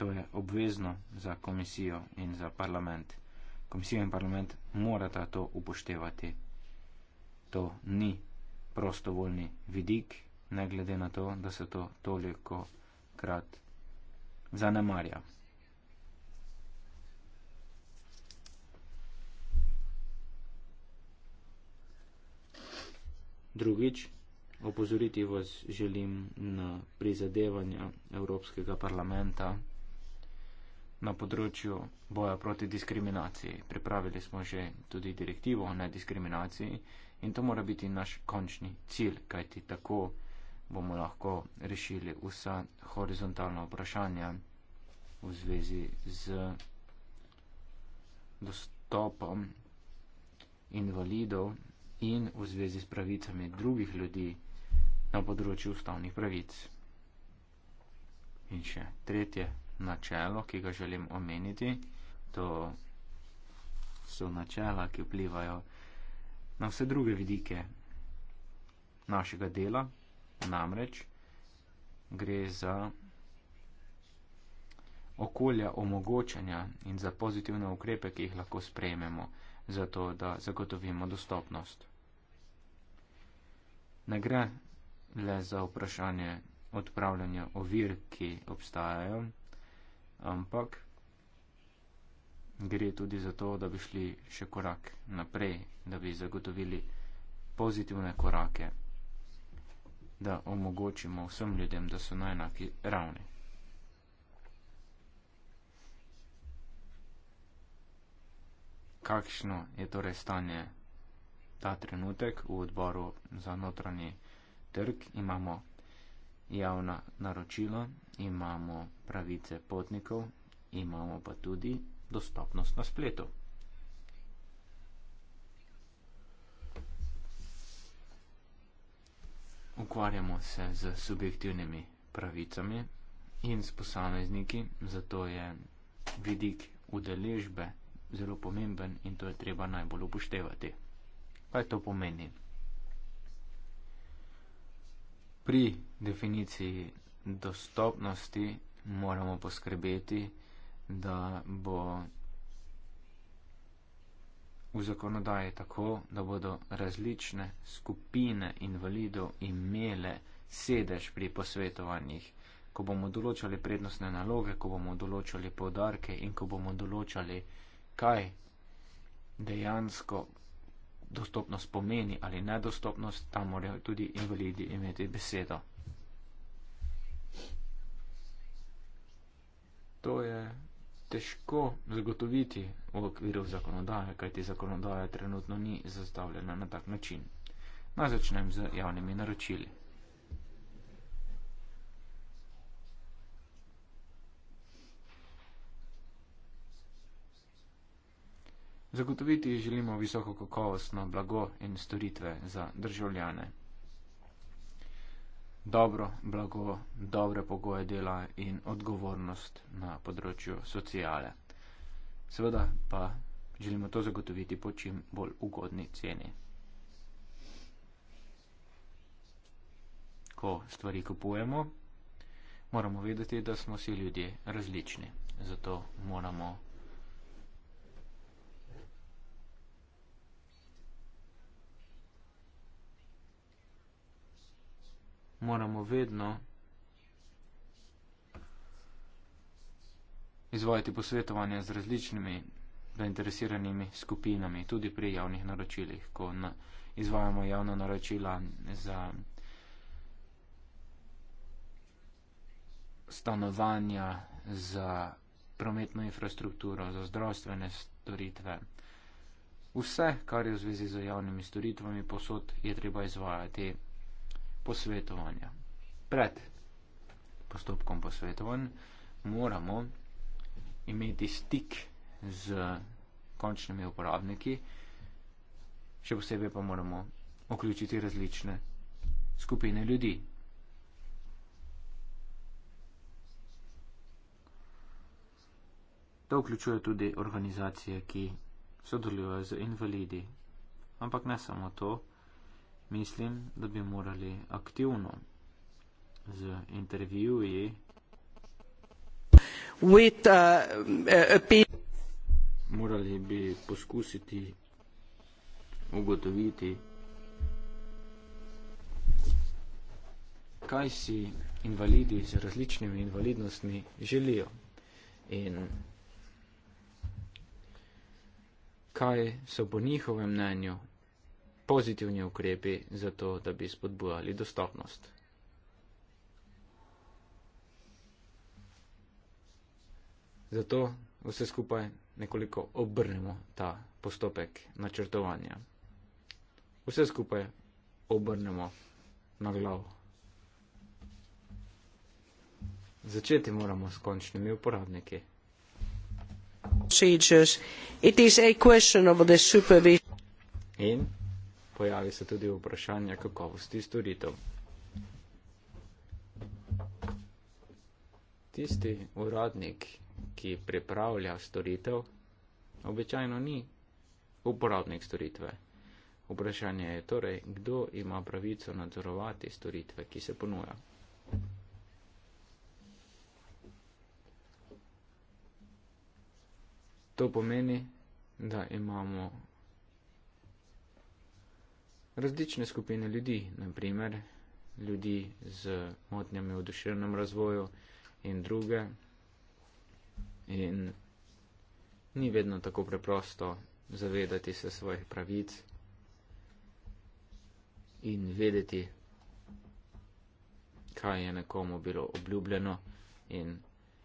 to je obvezno za komisijo in za parlament. Komisija in parlament morata to upoštevati. To ni prostovoljni vidik, ne glede na to, da se to toliko krat zanemarja. Drugič, opozoriti vas želim na prizadevanja Evropskega parlamenta na področju boja proti diskriminaciji. Pripravili smo že tudi direktivo o nediskriminaciji in to mora biti naš končni cilj, kajti tako bomo lahko rešili vsa horizontalna vprašanja v zvezi z dostopom invalidov in v zvezi s pravicami drugih ljudi na področju ustavnih pravic. In še tretje načelo, ki ga želim omeniti. To so načela, ki vplivajo na vse druge vidike našega dela. Namreč gre za okolja omogočanja in za pozitivne ukrepe, ki jih lahko sprejmemo, zato da zagotovimo dostopnost. Ne gre le za vprašanje odpravljanja ovir, ki obstajajo ampak gre tudi za to, da bi šli še korak naprej, da bi zagotovili pozitivne korake, da omogočimo vsem ljudem, da so na enaki ravni. Kakšno je torej stanje ta trenutek v odboru za notranji trg? Imamo javna naročila, imamo pravice potnikov, imamo pa tudi dostopnost na spletu. Ukvarjamo se z subjektivnimi pravicami in s posamezniki, zato je vidik udeležbe zelo pomemben in to je treba najbolj upoštevati. Kaj to pomeni? pri definiciji dostopnosti moramo poskrbeti, da bo v zakonodaji tako, da bodo različne skupine invalidov imele sedež pri posvetovanjih. Ko bomo določali prednostne naloge, ko bomo določali povdarke in ko bomo določali, kaj dejansko dostopnost pomeni ali nedostopnost, tam morajo tudi invalidi imeti besedo. To je težko zagotoviti v okviru zakonodaje, kajti zakonodaja trenutno ni zastavljena na tak način. Naj začnem z javnimi naročili. Zagotoviti želimo visoko kakovostno blago in storitve za državljane. Dobro blago, dobre pogoje dela in odgovornost na področju sociale. Seveda pa želimo to zagotoviti po čim bolj ugodni ceni. Ko stvari kupujemo, moramo vedeti, da smo vsi ljudje različni. Zato moramo moramo vedno izvajati posvetovanje z različnimi zainteresiranimi skupinami, tudi pri javnih naročilih, ko na, izvajamo javna naročila za stanovanja, za prometno infrastrukturo, za zdravstvene storitve. Vse, kar je v zvezi z javnimi storitvami, posod je treba izvajati posvetovanja. Pred postopkom posvetovanja moramo imeti stik z končnimi uporabniki, še posebej pa moramo vključiti različne skupine ljudi. To vključuje tudi organizacije, ki sodelujejo z invalidi. Ampak ne samo to mislim, da bi morali aktivno z intervjuji With, uh, uh morali bi poskusiti ugotoviti, kaj si invalidi z različnimi invalidnostmi želijo in kaj so po njihovem mnenju pozitivni ukrepi za to, da bi spodbujali dostopnost. Zato vse skupaj nekoliko obrnemo ta postopek načrtovanja. Vse skupaj obrnemo na glavo. Začeti moramo s končnimi uporabniki. In pojavi se tudi vprašanje kakovosti storitev. Tisti uradnik, ki pripravlja storitev, običajno ni uporabnik storitve. Vprašanje je torej, kdo ima pravico nadzorovati storitve, ki se ponuja. To pomeni, da imamo različne skupine ljudi, naprimer ljudi z motnjami v duševnem razvoju in druge. In ni vedno tako preprosto zavedati se svojih pravic in vedeti, kaj je nekomu bilo obljubljeno in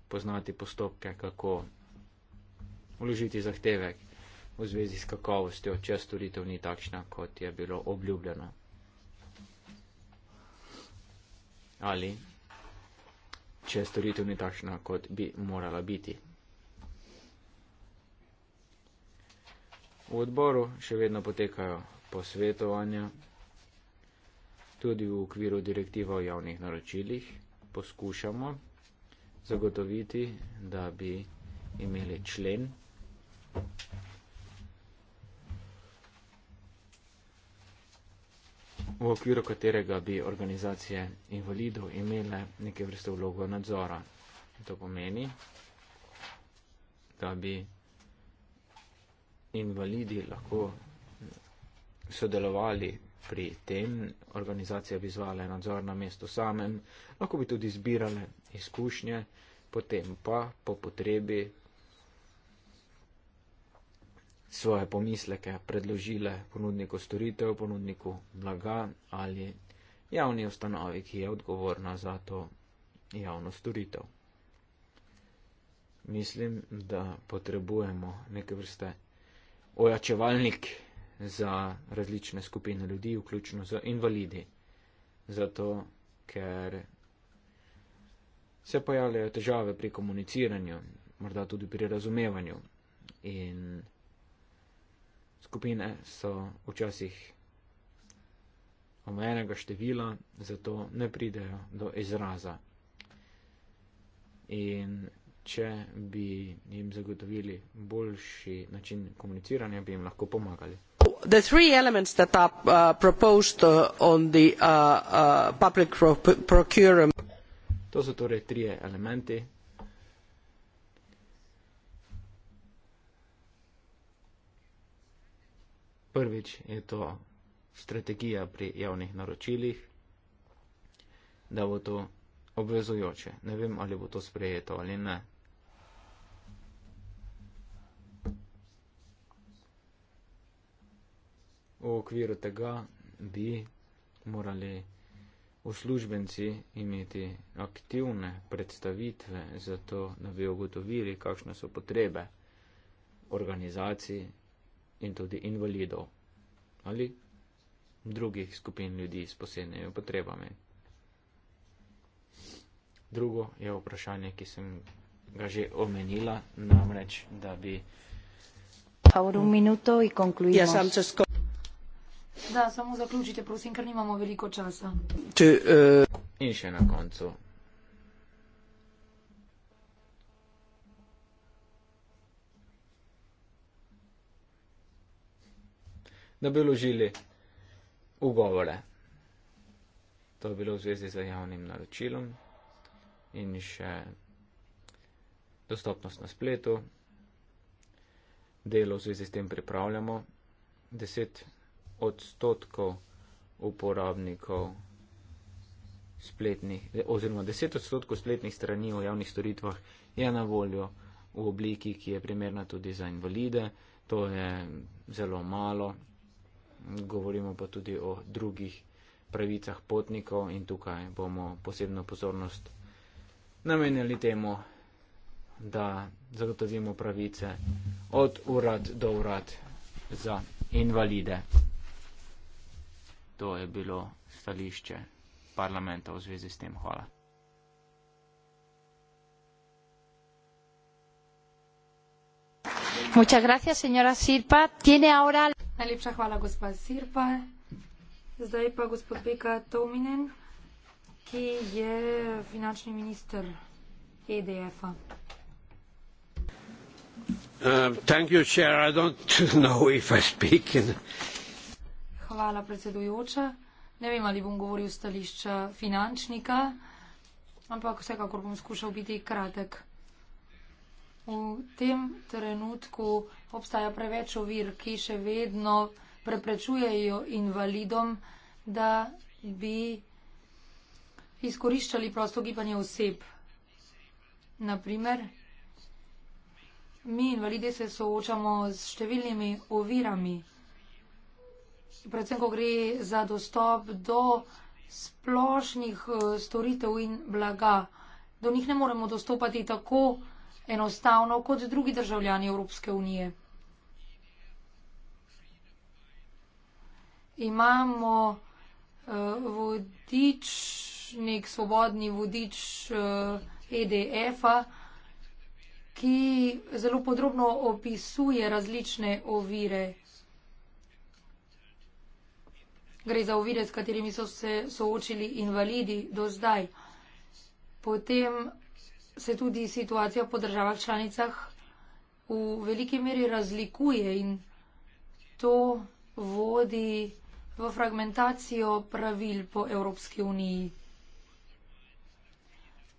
poznati postopke, kako vložiti zahtevek v zvezi s kakovostjo, če storitev ni takšna, kot je bilo obljubljeno. Ali če storitev ni takšna, kot bi morala biti. V odboru še vedno potekajo posvetovanja, tudi v okviru direktiva o javnih naročilih poskušamo zagotoviti, da bi imeli člen v okviru katerega bi organizacije invalidov imele neke vrste vlogo nadzora. To pomeni, da bi invalidi lahko sodelovali pri tem, organizacija bi zvala nadzor na mestu samem, lahko bi tudi zbirale izkušnje, potem pa po potrebi svoje pomisleke predložile ponudniku storitev, ponudniku blaga ali javni ustanovi, ki je odgovorna za to javno storitev. Mislim, da potrebujemo neke vrste ojačevalnik za različne skupine ljudi, vključno z invalidi, zato ker se pojavljajo težave pri komuniciranju, morda tudi pri razumevanju. In skupine so včasih omejenega števila, zato ne pridejo do izraza. In če bi jim zagotovili boljši način komuniciranja, bi jim lahko pomagali. The three elements that are uh, proposed uh, on the uh, uh, public pro procurement. To so torej tri elementi, Prvič je to strategija pri javnih naročilih, da bo to obvezujoče. Ne vem, ali bo to sprejeto ali ne. V okviru tega bi morali uslužbenci imeti aktivne predstavitve, zato da bi ugotovili, kakšne so potrebe organizacij in tudi invalidov ali drugih skupin ljudi s posebnimi potrebami. Drugo je vprašanje, ki sem ga že omenila, namreč, da bi. Ja, da, samo zaključite, prosim, ker nimamo veliko časa. Eh, in še na koncu da bi vložili ugovore. To je bilo v zvezi z javnim naročilom in še dostopnost na spletu. Delo v zvezi s tem pripravljamo. 10 odstotkov uporabnikov spletnih, oziroma 10 odstotkov spletnih strani v javnih storitvah je na voljo v obliki, ki je primerna tudi za invalide. To je zelo malo govorimo pa tudi o drugih pravicah potnikov in tukaj bomo posebno pozornost namenjali temu, da zagotovimo pravice od urad do urad za invalide. To je bilo stališče parlamenta v zvezi s tem. Hvala. Muchas gracias, señora Sirpa. Tiene ahora. Najlepša hvala, gospa Sirpa. Zdaj pa gospod Beka Tominen, ki je finančni minister EDF-a. Um, [laughs] hvala, predsedujoča. Ne vem, ali bom govoril stališča finančnika, ampak vsekakor bom skušal biti kratek v tem trenutku obstaja preveč ovir, ki še vedno preprečujejo invalidom, da bi izkoriščali prosto gibanje oseb. Naprimer, mi invalidi se soočamo s številnimi ovirami, predvsem ko gre za dostop do splošnih eh, storitev in blaga. Do njih ne moremo dostopati tako, enostavno kot drugi državljani Evropske unije. Imamo uh, vodič, nek svobodni vodič uh, eh, EDF-a, ki zelo podrobno opisuje različne ovire. Gre za ovire, s katerimi so se soočili invalidi do zdaj. Potem se tudi situacija po državah članicah v veliki meri razlikuje in to vodi v fragmentacijo pravil po Evropski uniji.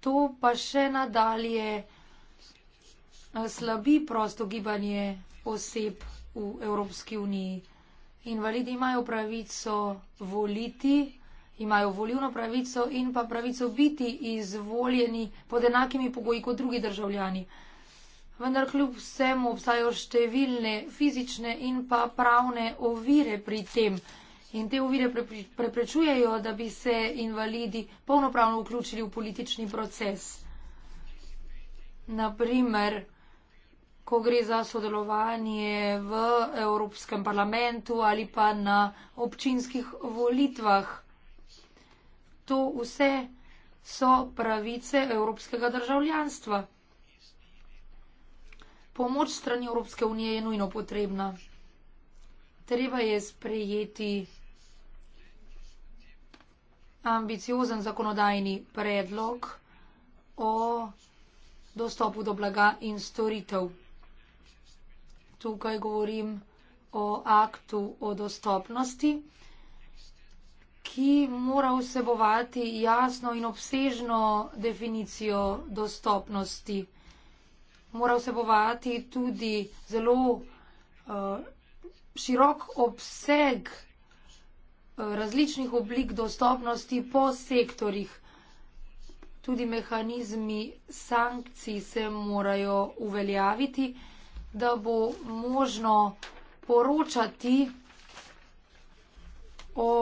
To pa še nadalje eh, slabi prosto gibanje oseb v Evropski uniji. Invalidi imajo pravico voliti, imajo volilno pravico in pa pravico biti izvoljeni pod enakimi pogoji kot drugi državljani. Vendar kljub vsemu obstajajo številne fizične in pa pravne ovire pri tem. In te ovire preprečujejo, da bi se invalidi polnopravno vključili v politični proces. Naprimer, ko gre za sodelovanje v Evropskem parlamentu ali pa na občinskih volitvah to vse so pravice evropskega državljanstva. Pomoč strani Evropske unije je nujno potrebna. Treba je sprejeti ambiciozen zakonodajni predlog o dostopu do blaga in storitev. Tukaj govorim o aktu o dostopnosti ki mora vsebovati jasno in obsežno definicijo dostopnosti. Mora vsebovati tudi zelo uh, širok obseg uh, različnih oblik dostopnosti po sektorjih. Tudi mehanizmi sankcij se morajo uveljaviti, da bo možno poročati o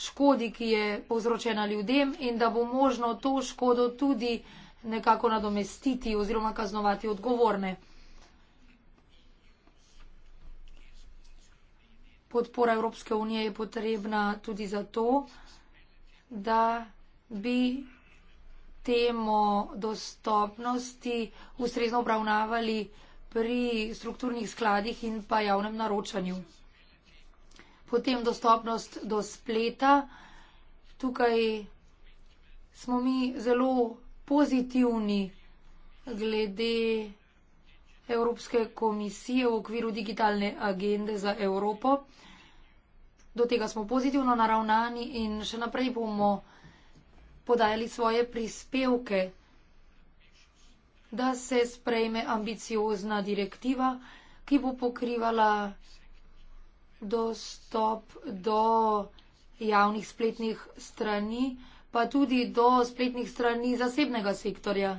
škodi, ki je povzročena ljudem in da bo možno to škodo tudi nekako nadomestiti oziroma kaznovati odgovorne. Podpora Evropske unije je potrebna tudi zato, da bi temo dostopnosti ustrezno obravnavali pri strukturnih skladih in pa javnem naročanju potem dostopnost do spleta. Tukaj smo mi zelo pozitivni glede Evropske komisije v okviru digitalne agende za Evropo. Do tega smo pozitivno naravnani in še naprej bomo podajali svoje prispevke, da se sprejme ambiciozna direktiva, ki bo pokrivala dostop do javnih spletnih strani, pa tudi do spletnih strani zasebnega sektorja.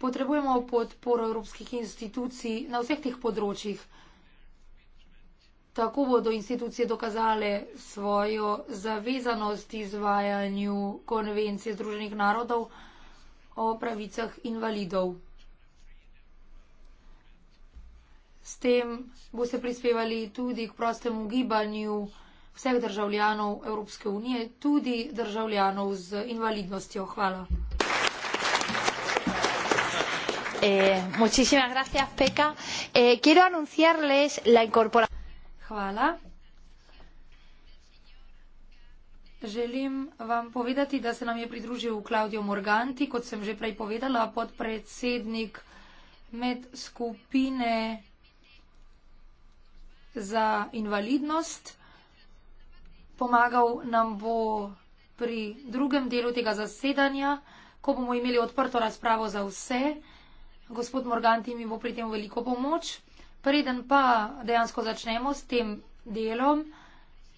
Potrebujemo podporo evropskih institucij na vseh teh področjih. Tako bodo institucije dokazale svojo zavezanost izvajanju konvencije Združenih narodov o pravicah invalidov. S tem boste prispevali tudi k prostemu gibanju vseh državljanov Evropske unije, tudi državljanov z invalidnostjo. Hvala. Eh, eh, Hvala. Želim vam povedati, da se nam je pridružil Klaudio Morganti, kot sem že prej povedala, podpredsednik med skupine za invalidnost. Pomagal nam bo pri drugem delu tega zasedanja, ko bomo imeli odprto razpravo za vse. Gospod Morganti mi bo pri tem veliko pomoč. Preden pa dejansko začnemo s tem delom,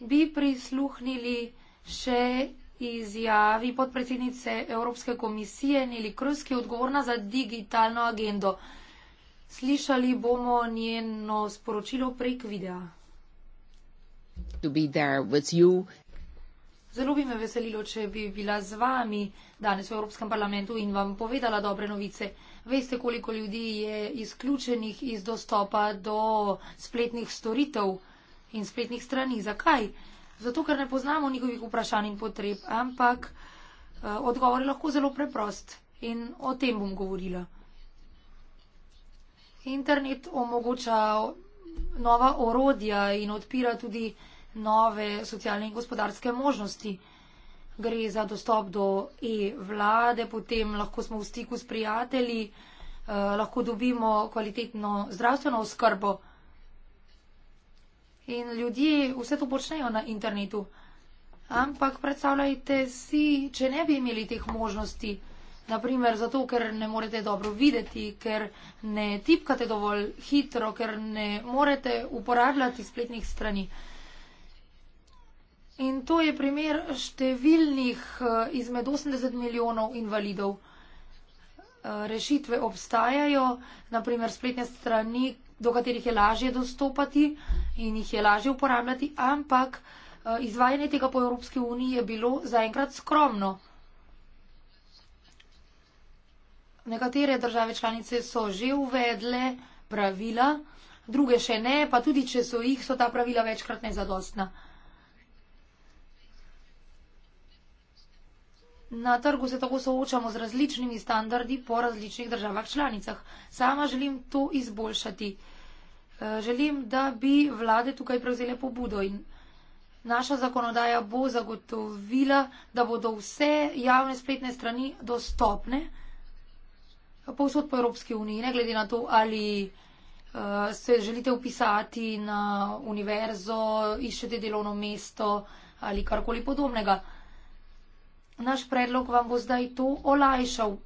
bi prisluhnili še izjavi podpredsednice Evropske komisije Nili Krski, odgovorna za digitalno agendo. Slišali bomo njeno sporočilo prek videa. Zelo bi me veselilo, če bi bila z vami danes v Evropskem parlamentu in vam povedala dobre novice. Veste, koliko ljudi je izključenih iz dostopa do spletnih storitev in spletnih strani. Zakaj? Zato, ker ne poznamo njihovih vprašanj in potreb, ampak eh, odgovor je lahko zelo preprost in o tem bom govorila. Internet omogoča nova orodja in odpira tudi nove socialne in gospodarske možnosti. Gre za dostop do e-vlade, potem lahko smo v stiku s prijatelji, eh, lahko dobimo kvalitetno zdravstveno oskrbo. In ljudje vse to počnejo na internetu. Ampak predstavljajte si, če ne bi imeli teh možnosti, Naprimer, zato, ker ne morete dobro videti, ker ne tipkate dovolj hitro, ker ne morete uporabljati spletnih strani. In to je primer številnih eh, izmed 80 milijonov invalidov. Eh, rešitve obstajajo, naprimer spletne strani, do katerih je lažje dostopati in jih je lažje uporabljati, ampak eh, izvajanje tega po Evropski uniji je bilo zaenkrat skromno. Nekatere države članice so že uvedle pravila, druge še ne, pa tudi če so jih, so ta pravila večkrat nezadostna. Na trgu se tako soočamo z različnimi standardi po različnih državah članicah. Sama želim to izboljšati. E, želim, da bi vlade tukaj prevzele pobudo in naša zakonodaja bo zagotovila, da bodo vse javne spletne strani dostopne povsod po Evropski uniji, ne glede na to, ali uh, se želite upisati na univerzo, iščete delovno mesto ali karkoli podobnega. Naš predlog vam bo zdaj to olajšal.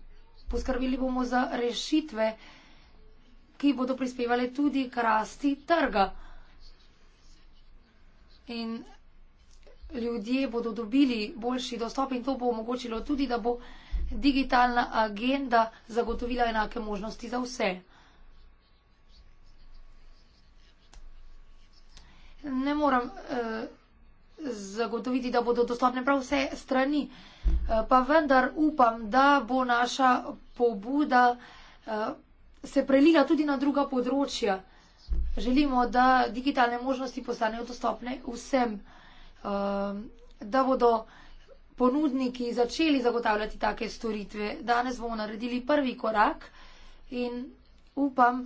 Poskrbeli bomo za rešitve, ki bodo prispevale tudi k rasti trga. In ljudje bodo dobili boljši dostop in to bo omogočilo tudi, da bo digitalna agenda zagotovila enake možnosti za vse. Ne moram eh, zagotoviti, da bodo dostopne prav vse strani, eh, pa vendar upam, da bo naša pobuda eh, se prelila tudi na druga področja. Želimo, da digitalne možnosti postanejo dostopne vsem, eh, da bodo ponudniki začeli zagotavljati take storitve. Danes bomo naredili prvi korak in upam,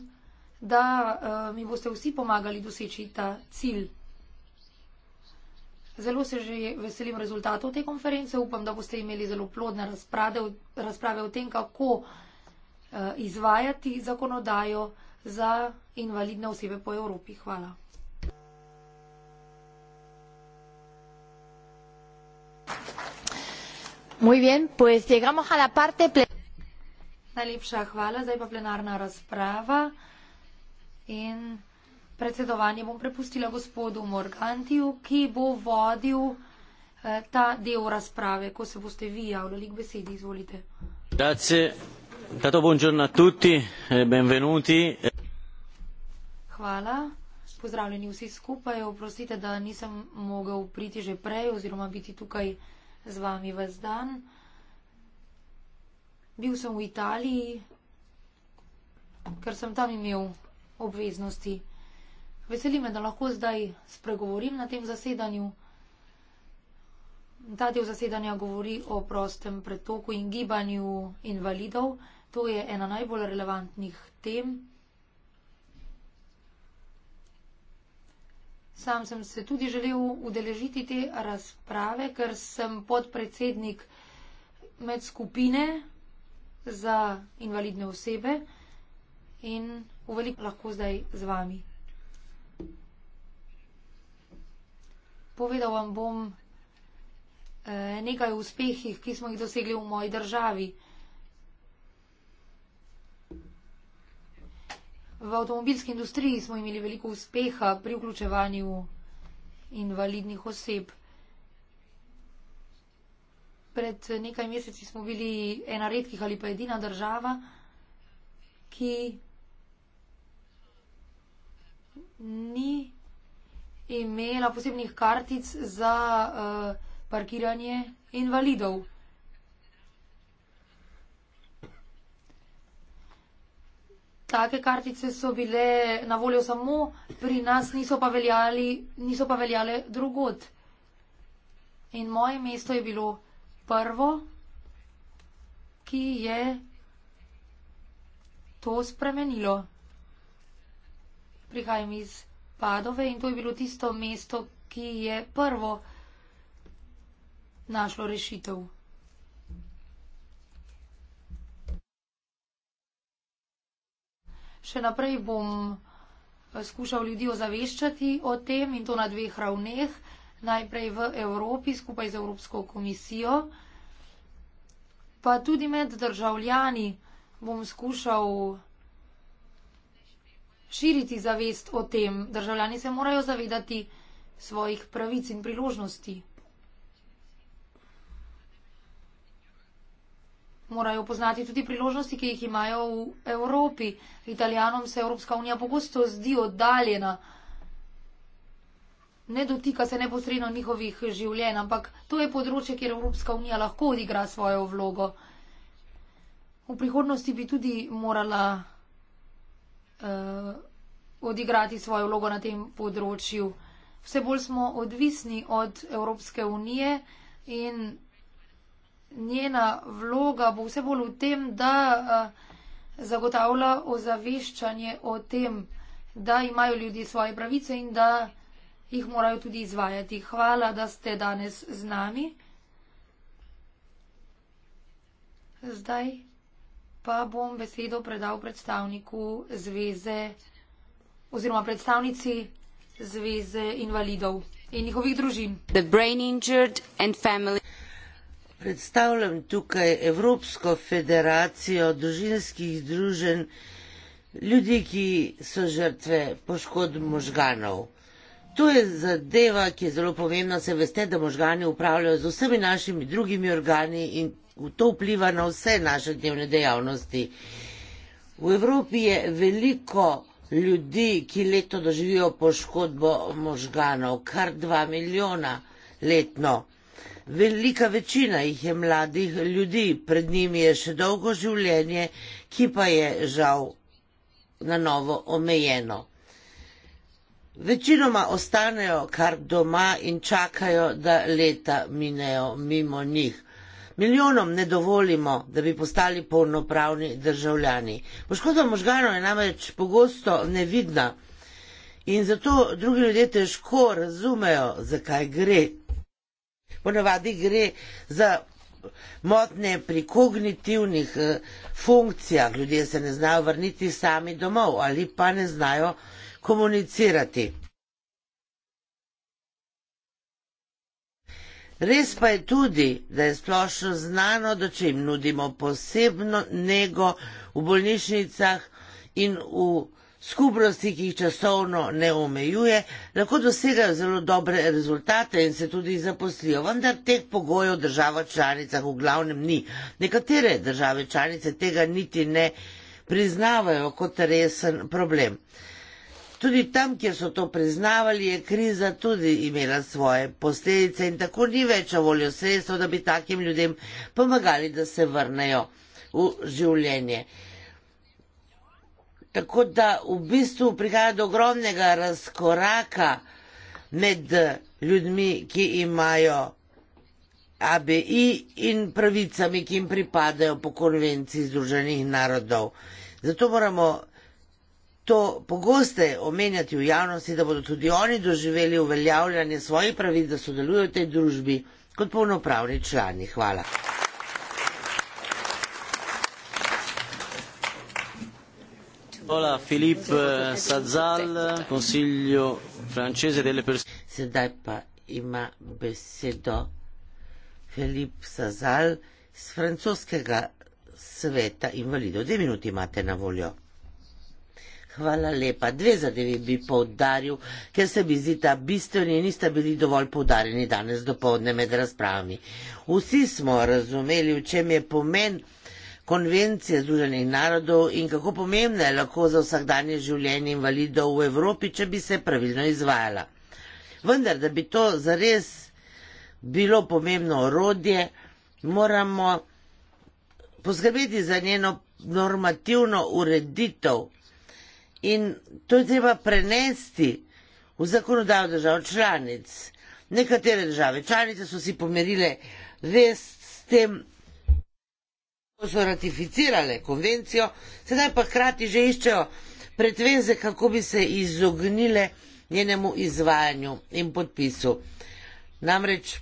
da eh, mi boste vsi pomagali doseči ta cilj. Zelo se že veselim rezultatov te konference. Upam, da boste imeli zelo plodne razprave, razprave o tem, kako eh, izvajati zakonodajo za invalidne osebe po Evropi. Hvala. Muy bien, pues llegamos a la parte... Najlepša hvala, zdaj pa plenarna razprava in predsedovanje bom prepustila gospodu Morgantiju, ki bo vodil eh, ta del razprave, ko se boste vi javljali k besedi, izvolite. Grazie. Tato buongiorno a tutti, e benvenuti. Hvala, pozdravljeni vsi skupaj, oprostite, da nisem mogel priti že prej oziroma biti tukaj z vami vas dan. Bil sem v Italiji, ker sem tam imel obveznosti. Veseli me, da lahko zdaj spregovorim na tem zasedanju. Ta del zasedanja govori o prostem pretoku in gibanju invalidov. To je ena najbolj relevantnih tem. Sam sem se tudi želel udeležiti te razprave, ker sem podpredsednik med skupine za invalidne osebe in v veliko lahko zdaj z vami. Povedal vam bom eh, nekaj uspehih, ki smo jih dosegli v moji državi. V avtomobilski industriji smo imeli veliko uspeha pri vključevanju invalidnih oseb. Pred nekaj meseci smo bili ena redkih ali pa edina država, ki ni imela posebnih kartic za uh, parkiranje invalidov. Take kartice so bile na voljo samo pri nas, niso pa, veljali, niso pa veljale drugod. In moje mesto je bilo prvo, ki je to spremenilo. Prihajam iz Padove in to je bilo tisto mesto, ki je prvo našlo rešitev. še naprej bom eh, skušal ljudi ozaveščati o tem in to na dveh ravneh. Najprej v Evropi skupaj z Evropsko komisijo, pa tudi med državljani bom skušal širiti zavest o tem. Državljani se morajo zavedati svojih pravic in priložnosti. morajo poznati tudi priložnosti, ki jih imajo v Evropi. Italijanom se Evropska unija pogosto zdi oddaljena. Ne dotika se neposredno njihovih življenj, ampak to je področje, kjer Evropska unija lahko odigra svojo vlogo. V prihodnosti bi tudi morala uh, odigrati svojo vlogo na tem področju. Vse bolj smo odvisni od Evropske unije in njena vloga bo vse bolj v tem, da eh, zagotavlja ozaveščanje o tem, da imajo ljudje svoje pravice in da jih morajo tudi izvajati. Hvala, da ste danes z nami. Zdaj pa bom besedo predal predstavniku zveze oziroma predstavnici zveze invalidov in njihovih družin. The brain injured and family predstavljam tukaj Evropsko federacijo družinskih druženj ljudi, ki so žrtve poškodb možganov. To je zadeva, ki je zelo pomembna. Se veste, da možgani upravljajo z vsemi našimi drugimi organi in to vpliva na vse naše dnevne dejavnosti. V Evropi je veliko ljudi, ki leto doživijo poškodbo možganov, kar dva milijona letno. Velika večina jih je mladih ljudi, pred njimi je še dolgo življenje, ki pa je žal na novo omejeno. Večinoma ostanejo kar doma in čakajo, da leta minejo mimo njih. Milijonom ne dovolimo, da bi postali polnopravni državljani. Poškodba možganov je namreč pogosto nevidna in zato drugi ljudje težko razumejo, zakaj gre. Ponavadi gre za motne pri kognitivnih eh, funkcijah, ljudje se ne znajo vrniti sami domov ali pa ne znajo komunicirati. Res pa je tudi, da je splošno znano, da če jim nudimo posebno nego v bolnišnicah in v bolnišnicah, skupnosti, ki jih časovno ne omejuje, lahko dosegajo zelo dobre rezultate in se tudi zaposlijo, vendar teh pogojev država članicah v glavnem ni. Nekatere države članice tega niti ne priznavajo kot resen problem. Tudi tam, kjer so to priznavali, je kriza tudi imela svoje posledice in tako ni več voljo sredstvo, da bi takim ljudem pomagali, da se vrnejo v življenje. Tako da v bistvu prihaja do ogromnega razkoraka med ljudmi, ki imajo ABI in pravicami, ki jim pripadajo po konvenciji Združenih narodov. Zato moramo to pogoste omenjati v javnosti, da bodo tudi oni doživeli uveljavljanje svojih pravic, da sodelujo v tej družbi kot polnopravni člani. Hvala. Hola, Philippe eh, Sazal, consiglio francese delle persone. Sedaj pa ima besedo Philippe Sazal iz francoskega sveta invalidov. Dve minuti imate na voljo. Hvala lepa. Dve zadevi bi poudaril, ker se mi zdi ta bistveni in nista bili dovolj poudarjeni danes do povdne med razpravami. Vsi smo razumeli, v čem je pomen konvencije Združenih narodov in kako pomembna je lahko za vsakdanje življenje invalidov v Evropi, če bi se pravilno izvajala. Vendar, da bi to zares bilo pomembno orodje, moramo poskrbeti za njeno normativno ureditev in to je treba prenesti v zakonodajo držav članic. Nekatere države članice so si pomerile res s tem so ratificirale konvencijo, sedaj pa hkrati že iščejo pretveze, kako bi se izognile njenemu izvajanju in podpisu. Namreč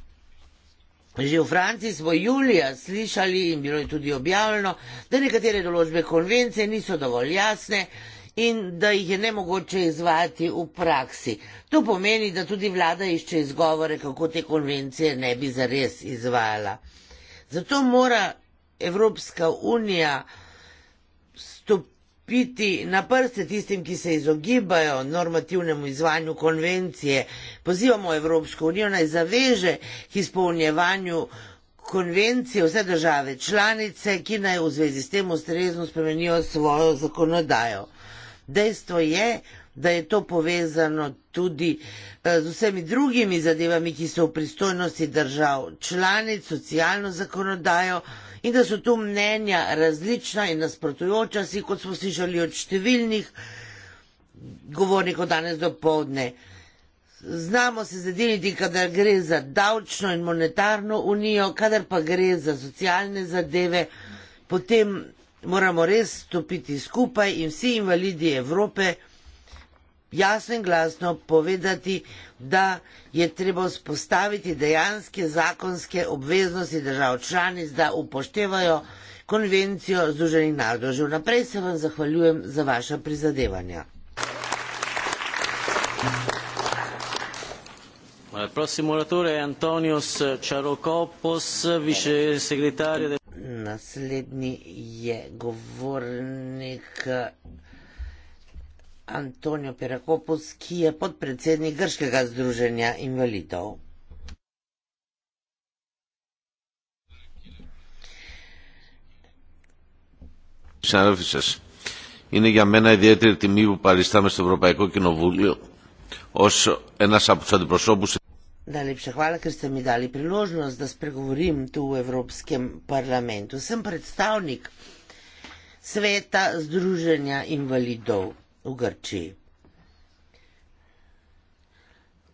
že v Franciji smo julija slišali in bilo je tudi objavljeno, da nekatere določbe konvencije niso dovolj jasne in da jih je nemogoče izvajati v praksi. To pomeni, da tudi vlada išče izgovore, kako te konvencije ne bi zares izvajala. Zato mora Evropska unija stopiti na prste tistim, ki se izogibajo normativnemu izvanju konvencije. Pozivamo Evropsko unijo naj zaveže k izpolnjevanju konvencije vse države članice, ki naj v zvezi s tem ustrezno spremenijo svojo zakonodajo. Dejstvo je, da je to povezano tudi eh, z vsemi drugimi zadevami, ki so v pristojnosti držav članic, socialno zakonodajo, in da so tu mnenja različna in nasprotujoča si, kot smo slišali od številnih govornikov danes do povdne. Znamo se zadeviti, kadar gre za davčno in monetarno unijo, kadar pa gre za socialne zadeve, potem moramo res stopiti skupaj in vsi invalidi Evrope jasno in glasno povedati, da je treba vzpostaviti dejanske zakonske obveznosti držav članic, da upoštevajo konvencijo Združenih narodov. Že vnaprej se vam zahvaljujem za vaše prizadevanja. Prosimo, oratore Antonius Čarokopos, više sekretarje. Naslednji je govornik. Antonio Perakopus, ki je podpredsednik Grškega združenja invalidov. Συνάδελφοι σα, είναι για μένα ιδιαίτερη τιμή που παριστάμε στο Ευρωπαϊκό Κοινοβούλιο ω ένα από του αντιπροσώπου. Najlepša hvala, ker ste mi dali priložnost, da spregovorim tu v Evropskem parlamentu. Sem predstavnik sveta Združenja invalidov v Grčiji.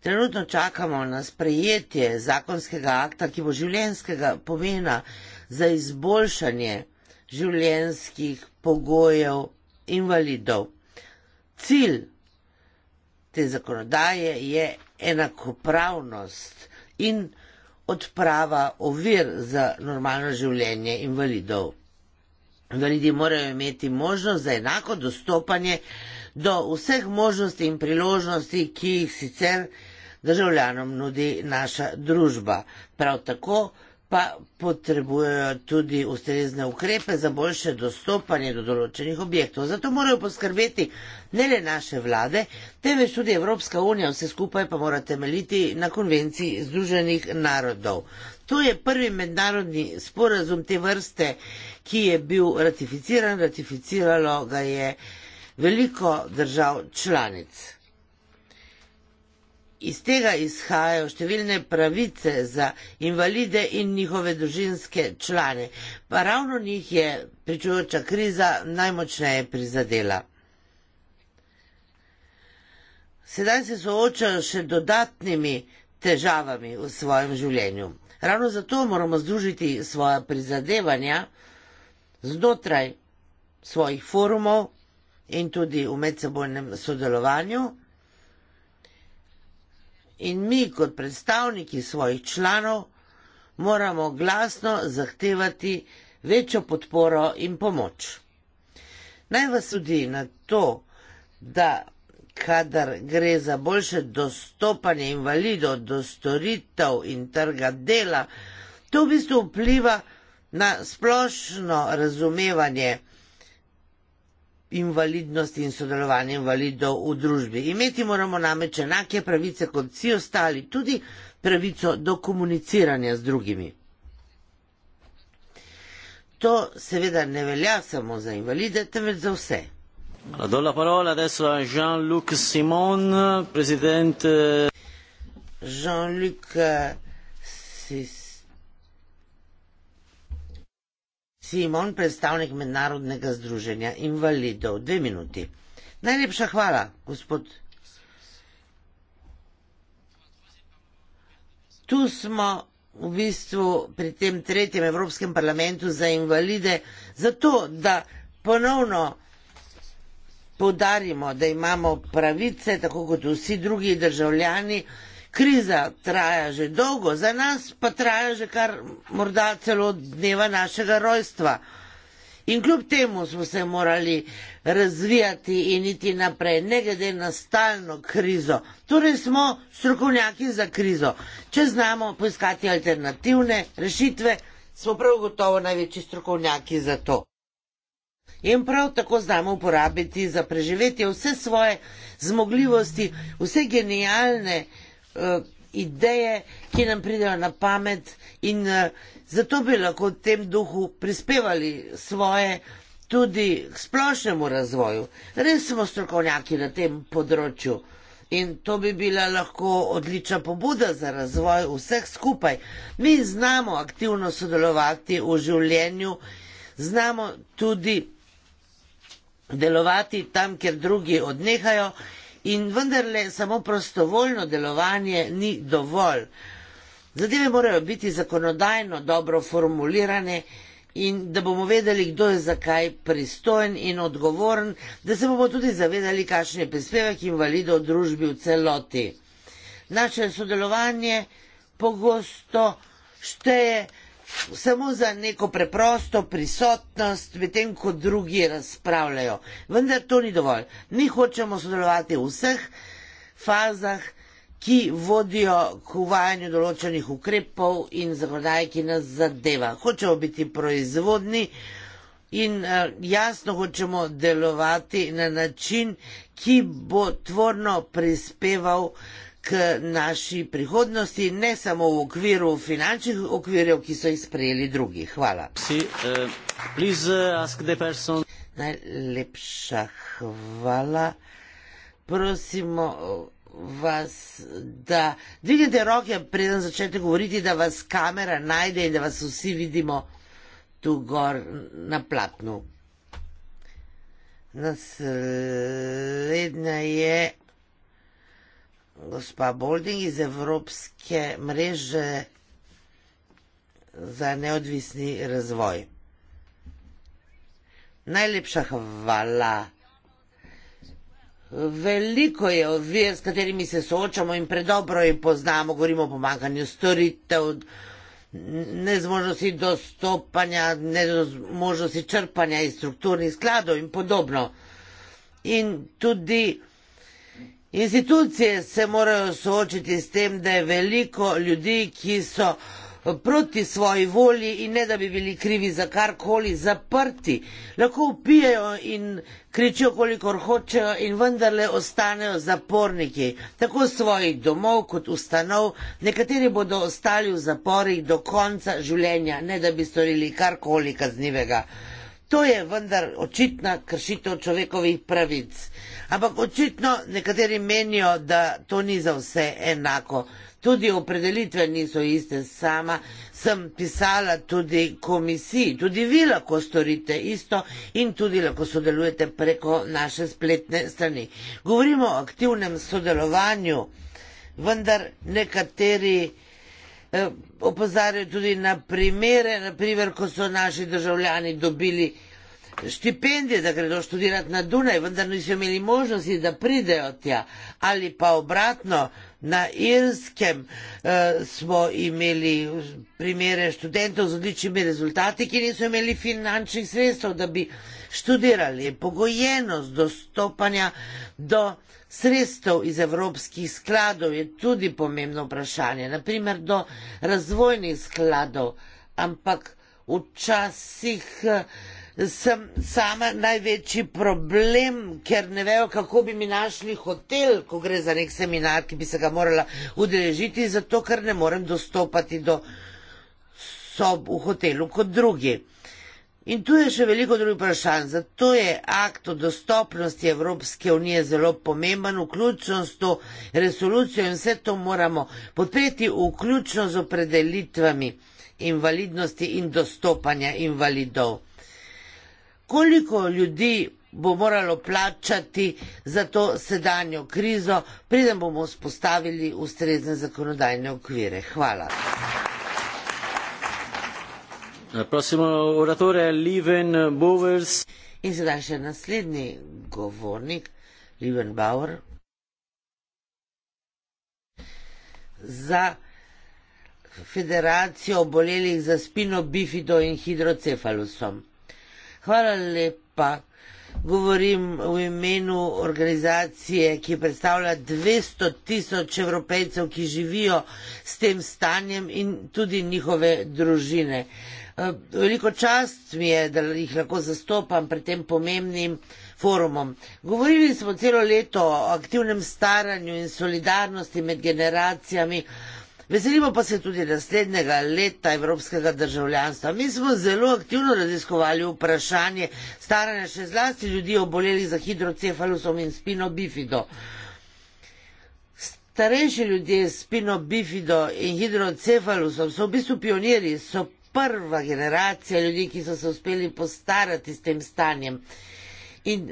Trenutno čakamo na sprejetje zakonskega akta, ki bo življenskega pomena za izboljšanje življenskih pogojev invalidov. Cilj te zakonodaje je enakopravnost in odprava ovir za normalno življenje invalidov. Invalidi morajo imeti možnost za enako dostopanje do vseh možnosti in priložnosti, ki jih sicer državljanom nudi naša družba. Prav tako pa potrebujejo tudi ustrezne ukrepe za boljše dostopanje do določenih objektov. Zato morajo poskrbeti ne le naše vlade, temveč tudi Evropska unija, vse skupaj pa mora temeljiti na konvenciji Združenih narodov. To je prvi mednarodni sporazum te vrste, ki je bil ratificiran, ratificiralo ga je veliko držav članic. Iz tega izhajajo številne pravice za invalide in njihove družinske člane, pa ravno njih je pričujoča kriza najmočneje prizadela. Sedaj se soočajo še dodatnimi težavami v svojem življenju. Ravno zato moramo združiti svoja prizadevanja znotraj svojih forumov in tudi v medsebojnem sodelovanju. In mi, kot predstavniki svojih članov, moramo glasno zahtevati večjo podporo in pomoč. Naj vas tudi na to, da kadar gre za boljše dostopanje invalidov do storitev in trga dela, to v bistvu vpliva na splošno razumevanje invalidnost in sodelovanje invalidov v družbi. Imeti moramo namreč enake pravice kot vsi ostali, tudi pravico do komuniciranja z drugimi. To seveda ne velja samo za invalide, temveč za vse. Jean-Luc Simon, president... Jean-Luc eh, Simon. Simon, predstavnik mednarodnega združenja invalidov. Dve minuti. Najlepša hvala, gospod. Tu smo v bistvu pri tem tretjem Evropskem parlamentu za invalide, zato da ponovno podarimo, da imamo pravice, tako kot vsi drugi državljani, kriza traja že dolgo, za nas pa traja že kar morda celo dneva našega rojstva. In kljub temu smo se morali razvijati in iti naprej, ne glede na stalno krizo. Torej smo strokovnjaki za krizo. Če znamo poiskati alternativne rešitve, smo prav gotovo največji strokovnjaki za to. In prav tako znamo uporabiti za preživetje vse svoje zmogljivosti, vse genialne uh, Eh, ideje, ki nam pridejo na pamet in eh, zato bi lahko v tem duhu prispevali svoje tudi k splošnemu razvoju. Res smo strokovnjaki na tem področju in to bi bila lahko odlična pobuda za razvoj vseh skupaj. Mi znamo aktivno sodelovati v življenju, znamo tudi delovati tam, kjer drugi odnehajo in vendarle samo prostovoljno delovanje ni dovolj. Zadeve morajo biti zakonodajno dobro formulirane in da bomo vedeli, kdo je zakaj pristojen in odgovoren, da se bomo tudi zavedali, kakšen je prispevek invalidov v družbi v celoti. Naše sodelovanje pogosto šteje samo za neko preprosto prisotnost, medtem ko drugi razpravljajo. Vendar to ni dovolj. Mi hočemo sodelovati v vseh fazah, ki vodijo k uvajanju določenih ukrepov in zakonodaj, ki nas zadeva. Hočemo biti proizvodni. In eh, jasno hočemo delovati na način, ki bo tvorno prispeval k naši prihodnosti, ne samo v okviru finančnih okvirjev, ki so jih sprejeli drugi. Hvala. Eh, eh, Najlepša hvala. Prosimo eh, vas, da dvignete roke, preden začnete govoriti, da vas kamera najde in da vas vsi vidimo tu gor na platnu. Naslednja je gospa Bolding iz Evropske mreže za neodvisni razvoj. Najlepša hvala. Veliko je ovir, s katerimi se soočamo in predobro jih poznamo, govorimo o pomankanju storitev, nezmožnosti dostopanja, nezmožnosti črpanja iz strukturnih skladov in podobno. In tudi Institucije se morajo soočiti s tem, da je veliko ljudi, ki so proti svoji volji in ne da bi bili krivi za karkoli zaprti. Lahko upijajo in kričijo, kolikor hočejo in vendarle ostanejo zaporniki, tako svojih domov kot ustanov. Nekateri bodo ostali v zaporih do konca življenja, ne da bi storili karkoli kaznivega. To je vendar očitna kršitev človekovih pravic. Ampak očitno nekateri menijo, da to ni za vse enako. Tudi opredelitve niso iste. Sama sem pisala tudi komisiji. Tudi vi lahko storite isto in tudi lahko sodelujete preko naše spletne strani. Govorimo o aktivnem sodelovanju, vendar nekateri eh, opozarjajo tudi na primere, naprimer, ko so naši državljani dobili štipendije, da gredo študirati na Dunaj, vendar niso imeli možnosti, da pridejo tja. Ali pa obratno, na Irskem eh, smo imeli primere študentov z odličnimi rezultati, ki niso imeli finančnih sredstev, da bi študirali. Pogojenost dostopanja do sredstev iz evropskih skladov je tudi pomembno vprašanje, naprimer do razvojnih skladov, ampak včasih eh, sem sama največji problem, ker ne vejo, kako bi mi našli hotel, ko gre za nek seminar, ki bi se ga morala udeležiti, zato ker ne morem dostopati do sob v hotelu kot drugi. In tu je še veliko drugih vprašanj. Zato je akt o dostopnosti Evropske unije zelo pomemben, vključno s to resolucijo in vse to moramo podpreti, vključno z opredelitvami invalidnosti in dostopanja invalidov koliko ljudi bo moralo plačati za to sedanjo krizo, preden bomo vzpostavili ustrezne zakonodajne okvire. Hvala. Prosimo, oratore Liven Bowers. In sedaj še naslednji govornik, Liven Bauer. Za federacijo obolelih za spino bifido in hidrocefalusom. Hvala lepa. Govorim v imenu organizacije, ki predstavlja 200 tisoč evropejcev, ki živijo s tem stanjem in tudi njihove družine. Eh, veliko čast mi je, da jih lahko zastopam pred tem pomembnim forumom. Govorili smo celo leto o aktivnem staranju in solidarnosti med generacijami. Veselimo pa se tudi naslednjega leta evropskega državljanstva. Mi smo zelo aktivno raziskovali vprašanje staranja še zlasti ljudi oboleli za hidrocefalusom in spinobifido. Starejši ljudje s spinobifido in hidrocefalusom so v bistvu pionirji, so prva generacija ljudi, ki so se uspeli postarati s tem stanjem. In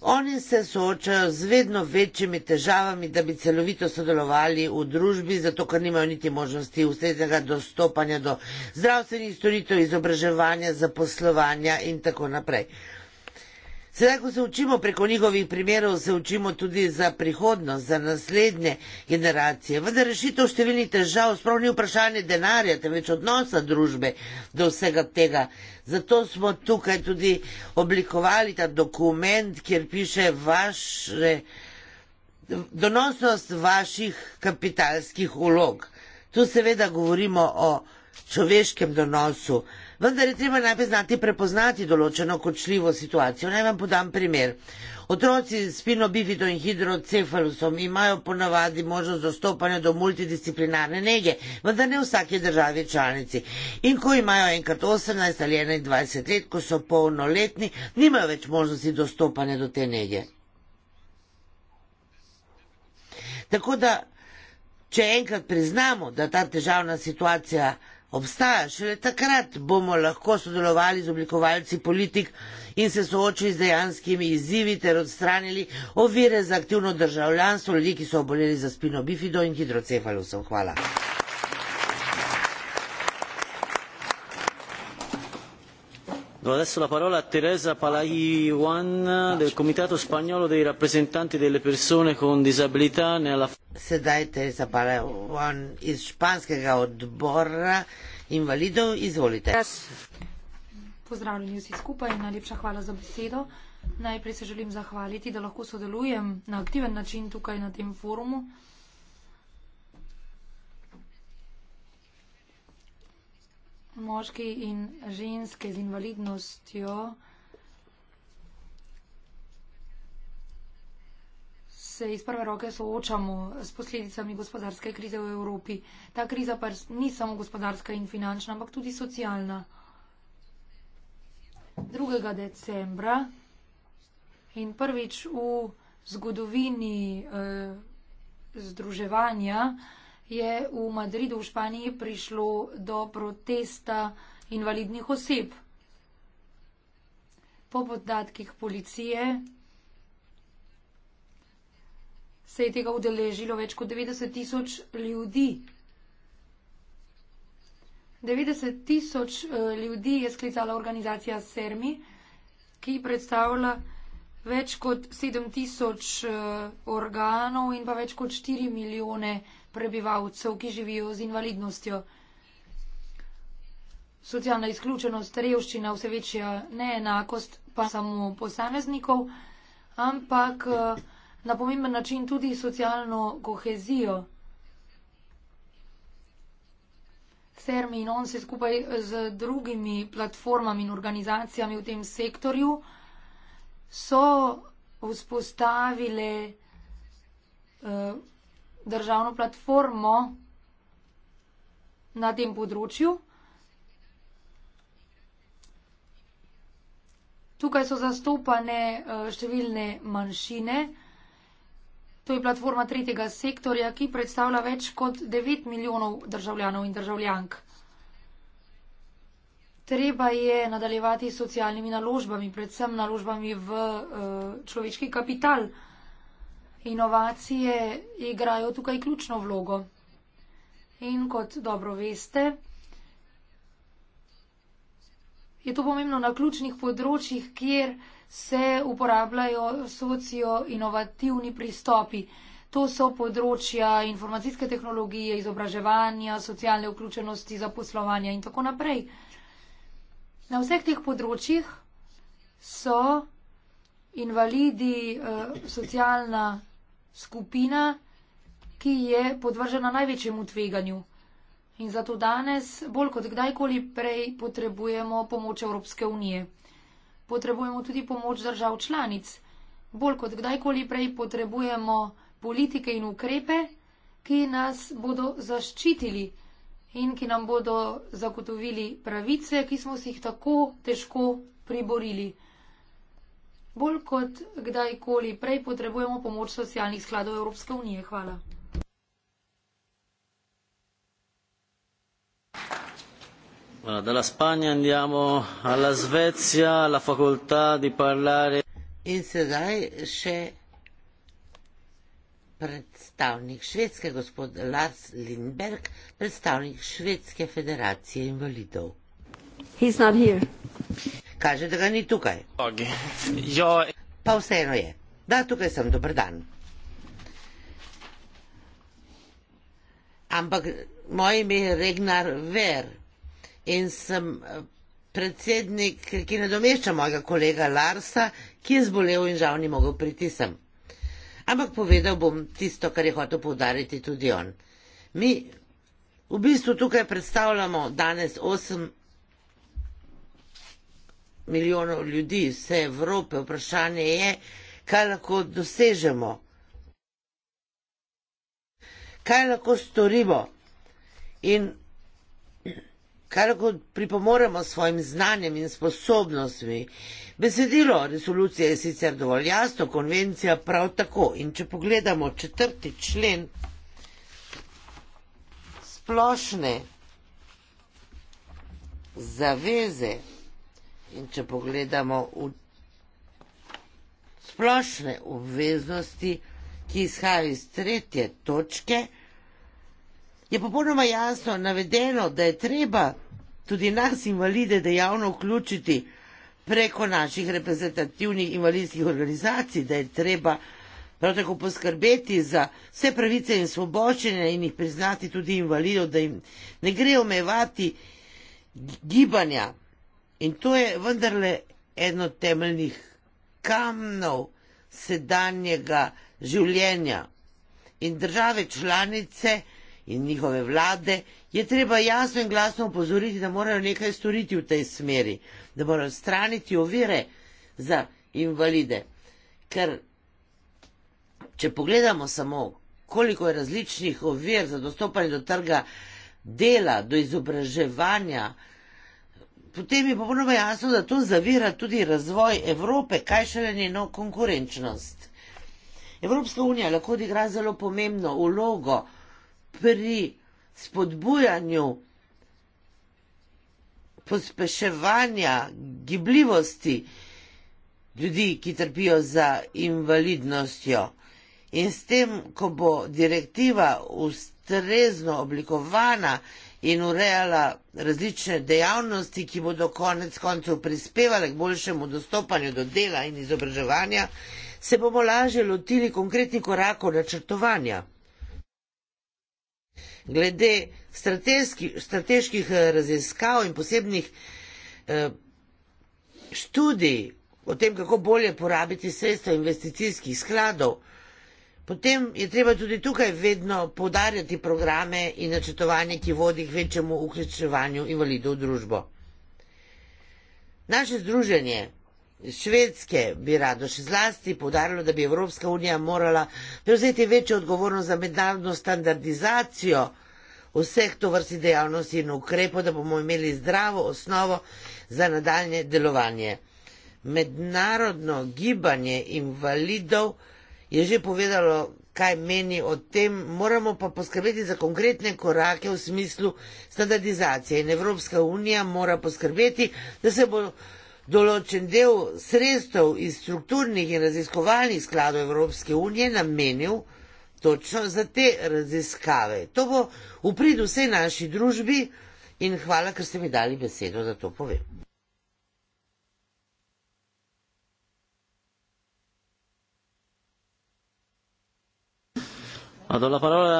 Oni se soočajo z vedno večjimi težavami, da bi celovito sodelovali v družbi, zato ker nimajo niti možnosti ustreznega dostopanja do zdravstvenih storitev, izobraževanja, zaposlovanja in tako naprej. Sedaj, ko se učimo preko njihovih primerov, se učimo tudi za prihodnost, za naslednje generacije. Vendar rešitev številnih težav sprav ni vprašanje denarja, temveč odnosa družbe do vsega tega. Zato smo tukaj tudi oblikovali ta dokument, kjer piše vaše, donosnost vaših kapitalskih ulog. Tu seveda govorimo o človeškem donosu vendar je treba najprej znati prepoznati določeno kočljivo situacijo. Naj vam podam primer. Otroci s spinobifido in hidrocefalusom imajo ponavadi možnost dostopanja do multidisciplinarne nege, vendar ne v vsaki državi članici. In ko imajo enkrat 18 ali 21 let, ko so polnoletni, nimajo več možnosti dostopanja do te nege. Tako da, če enkrat priznamo, da ta težavna situacija obstaja. Šele takrat bomo lahko sodelovali z oblikovalci politik in se soočili z dejanskimi izzivi ter odstranili ovire za aktivno državljanstvo ljudi, ki so oboleli za spino bifido in hidrocefalusom. Hvala. Do adesso la parola a Teresa Palai Juan del Comitato Spagnolo dei Rappresentanti delle Persone con Disabilità nella Sedaj Teresa Palai Juan iz španskega odbora invalido, izvolite. Pozdravljeni vsi skupaj in najlepša hvala za besedo. Najprej se želim zahvaliti, da lahko sodelujem na aktiven način tukaj na tem forumu. moški in ženske z invalidnostjo se iz prve roke soočamo s posledicami gospodarske krize v Evropi. Ta kriza pa ni samo gospodarska in finančna, ampak tudi socialna. 2. decembra in prvič v zgodovini eh, združevanja eh, je v Madridu v Španiji prišlo do protesta invalidnih oseb. Po podatkih policije se je tega udeležilo več kot 90 tisoč ljudi. 90 tisoč eh, ljudi je sklicala organizacija Sermi, ki predstavlja več kot 7 tisoč eh, organov in pa več kot 4 milijone ljudi prebivalcev, ki živijo z invalidnostjo. Socialna izključenost, revščina, vse večja neenakost, pa samo posameznikov, ampak eh, na pomemben način tudi socialno kohezijo. Sermi in on se skupaj z drugimi platformami in organizacijami v tem sektorju so vzpostavile uh, državno platformo na tem področju. Tukaj so zastopane e, številne manjšine. To je platforma tretjega sektorja, ki predstavlja več kot 9 milijonov državljanov in državljank. Treba je nadaljevati s socialnimi naložbami, predvsem naložbami v e, človeški kapital. Inovacije igrajo tukaj ključno vlogo. In kot dobro veste, je to pomembno na ključnih področjih, kjer se uporabljajo socioinovativni pristopi. To so področja informacijske tehnologije, izobraževanja, socialne vključenosti, zaposlovanja in tako naprej. Na vseh teh področjih so invalidi, eh, socialna skupina, ki je podvržena največjemu tveganju. In zato danes bolj kot kdajkoli prej potrebujemo pomoč Evropske unije. Potrebujemo tudi pomoč držav članic. Bolj kot kdajkoli prej potrebujemo politike in ukrepe, ki nas bodo zaščitili in ki nam bodo zagotovili pravice, ki smo si jih tako težko priborili bolj kot kdajkoli prej potrebujemo pomoč socialnih skladov Evropske unije. Hvala. Dalla Spagna andiamo alla Svezia, alla facoltà di parlare. In sedaj še predstavnik švedske, gospod Lars Lindberg, predstavnik švedske federacije invalidov. He's not here. Kaže, da ga ni tukaj. Pa vseeno je. Da, tukaj sem, dober dan. Ampak moj ime je Regnar Ver in sem eh, predsednik, ki ne domešča mojega kolega Larsa, ki je zbolel in žal ni mogel priti sem. Ampak povedal bom tisto, kar je hotel povdariti tudi on. Mi v bistvu tukaj predstavljamo danes osem milijonov ljudi iz vse Evrope. Vprašanje je, kaj lahko dosežemo, kaj lahko storimo in kaj lahko pripomoremo s svojim znanjem in sposobnostmi. Besedilo resolucije je sicer dovolj jasno, konvencija prav tako. In če pogledamo četrti člen splošne zaveze, In če pogledamo v splošne obveznosti, ki izhajajo iz tretje točke, je popolnoma jasno navedeno, da je treba tudi nas invalide dejavno vključiti preko naših reprezentativnih invalidskih organizacij, da je treba prav tako poskrbeti za vse pravice in svoboščine in jih priznati tudi invalidov, da jim ne gre omejevati gibanja In to je vendarle eno temeljnih kamnov sedanjega življenja. In države članice in njihove vlade je treba jasno in glasno upozoriti, da morajo nekaj storiti v tej smeri, da morajo straniti ovire za invalide. Ker če pogledamo samo, koliko je različnih ovir za dostopanje do trga dela, do izobraževanja, potem je popolnoma jasno, da to zavira tudi razvoj Evrope, kaj šele njeno konkurenčnost. Evropska unija lahko odigra zelo pomembno ulogo pri spodbujanju pospeševanja gibljivosti ljudi, ki trpijo za invalidnostjo. In s tem, ko bo direktiva ustrezno oblikovana, in urejala različne dejavnosti, ki bodo konec koncev prispevali k boljšemu dostopanju do dela in izobraževanja, se bomo lažje lotili konkretnih korakov načrtovanja. Glede strateških eh, raziskav in posebnih eh, študij o tem, kako bolje porabiti sredstva investicijskih skladov, Potem je treba tudi tukaj vedno podarjati programe in načrtovanje, ki vodi k večjemu vključevanju invalidov v družbo. Naše združenje Švedske bi rado še zlasti podarilo, da bi Evropska unija morala prevzeti večjo odgovornost za mednarodno standardizacijo vseh to vrsti dejavnosti in ukrepov, da bomo imeli zdravo osnovo za nadaljne delovanje. Mednarodno gibanje invalidov je že povedalo, kaj meni o tem, moramo pa poskrbeti za konkretne korake v smislu standardizacije. In Evropska unija mora poskrbeti, da se bo določen del sredstev iz strukturnih in raziskovalnih skladov Evropske unije namenil točno za te raziskave. To bo upril vsej naši družbi in hvala, ker ste mi dali besedo, da to povem.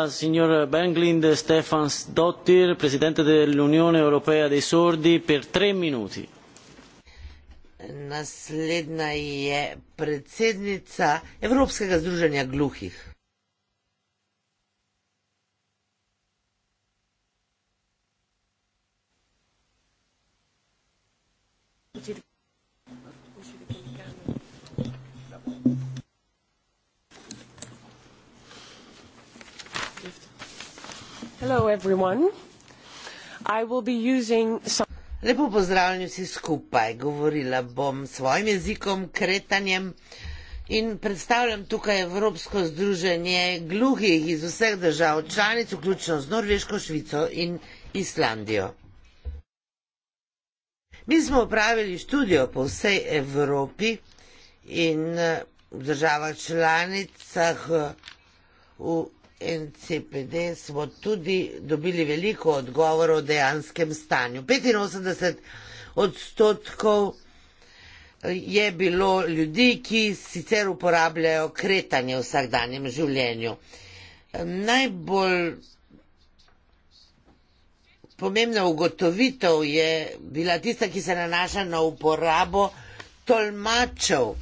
signor berglind stefans dottir presidente dell'unione europea dei sordi per tre minuti naslednja je predsednica evropskega združenja gluhih. Lepo pozdravljeni vsi skupaj. Govorila bom svojim jezikom, kretanjem in predstavljam tukaj Evropsko združenje gluhih iz vseh držav članic, vključno z Norveško, Švico in Islandijo. Mi smo opravili študijo po vsej Evropi in eh, v državah članicah eh, v NCPD smo tudi dobili veliko odgovorov o dejanskem stanju. 85 odstotkov je bilo ljudi, ki sicer uporabljajo kretanje v vsakdanjem življenju. Najbolj pomembna ugotovitev je bila tista, ki se nanaša na uporabo tolmačev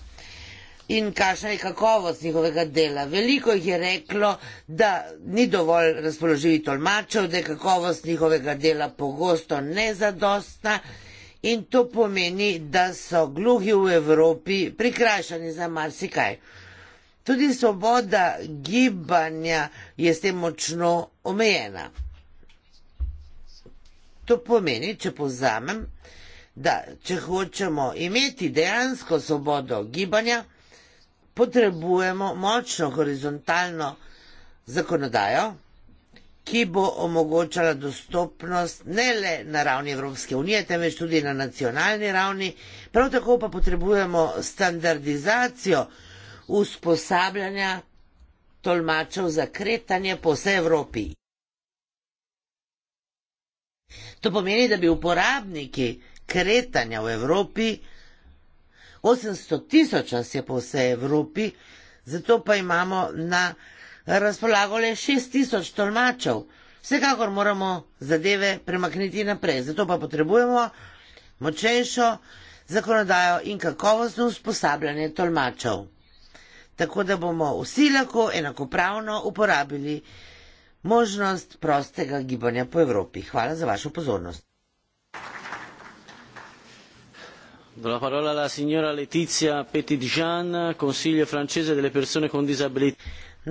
in kakšna je kakovost njihovega dela. Veliko jih je reklo, da ni dovolj razpoloživi tolmačev, da je kakovost njihovega dela pogosto nezadostna in to pomeni, da so gluhi v Evropi prikrajšani za marsikaj. Tudi svoboda gibanja je s tem močno omejena. To pomeni, če povzamem, da če hočemo imeti dejansko svobodo gibanja, potrebujemo močno horizontalno zakonodajo, ki bo omogočala dostopnost ne le na ravni Evropske unije, temveč tudi na nacionalni ravni. Prav tako pa potrebujemo standardizacijo usposabljanja tolmačev za kretanje po vsej Evropi. To pomeni, da bi uporabniki kretanja v Evropi 800 tisoč nas je po vsej Evropi, zato pa imamo na razpolago le 6 tisoč tolmačev. Vsekakor moramo zadeve premakniti naprej, zato pa potrebujemo močnejšo zakonodajo in kakovostno usposabljanje tolmačev. Tako da bomo vsi lahko enakopravno uporabili možnost prostega gibanja po Evropi. Hvala za vašo pozornost. Do la parola alla signora Letizia Petitjean, consiglio francese delle persone con disabilità.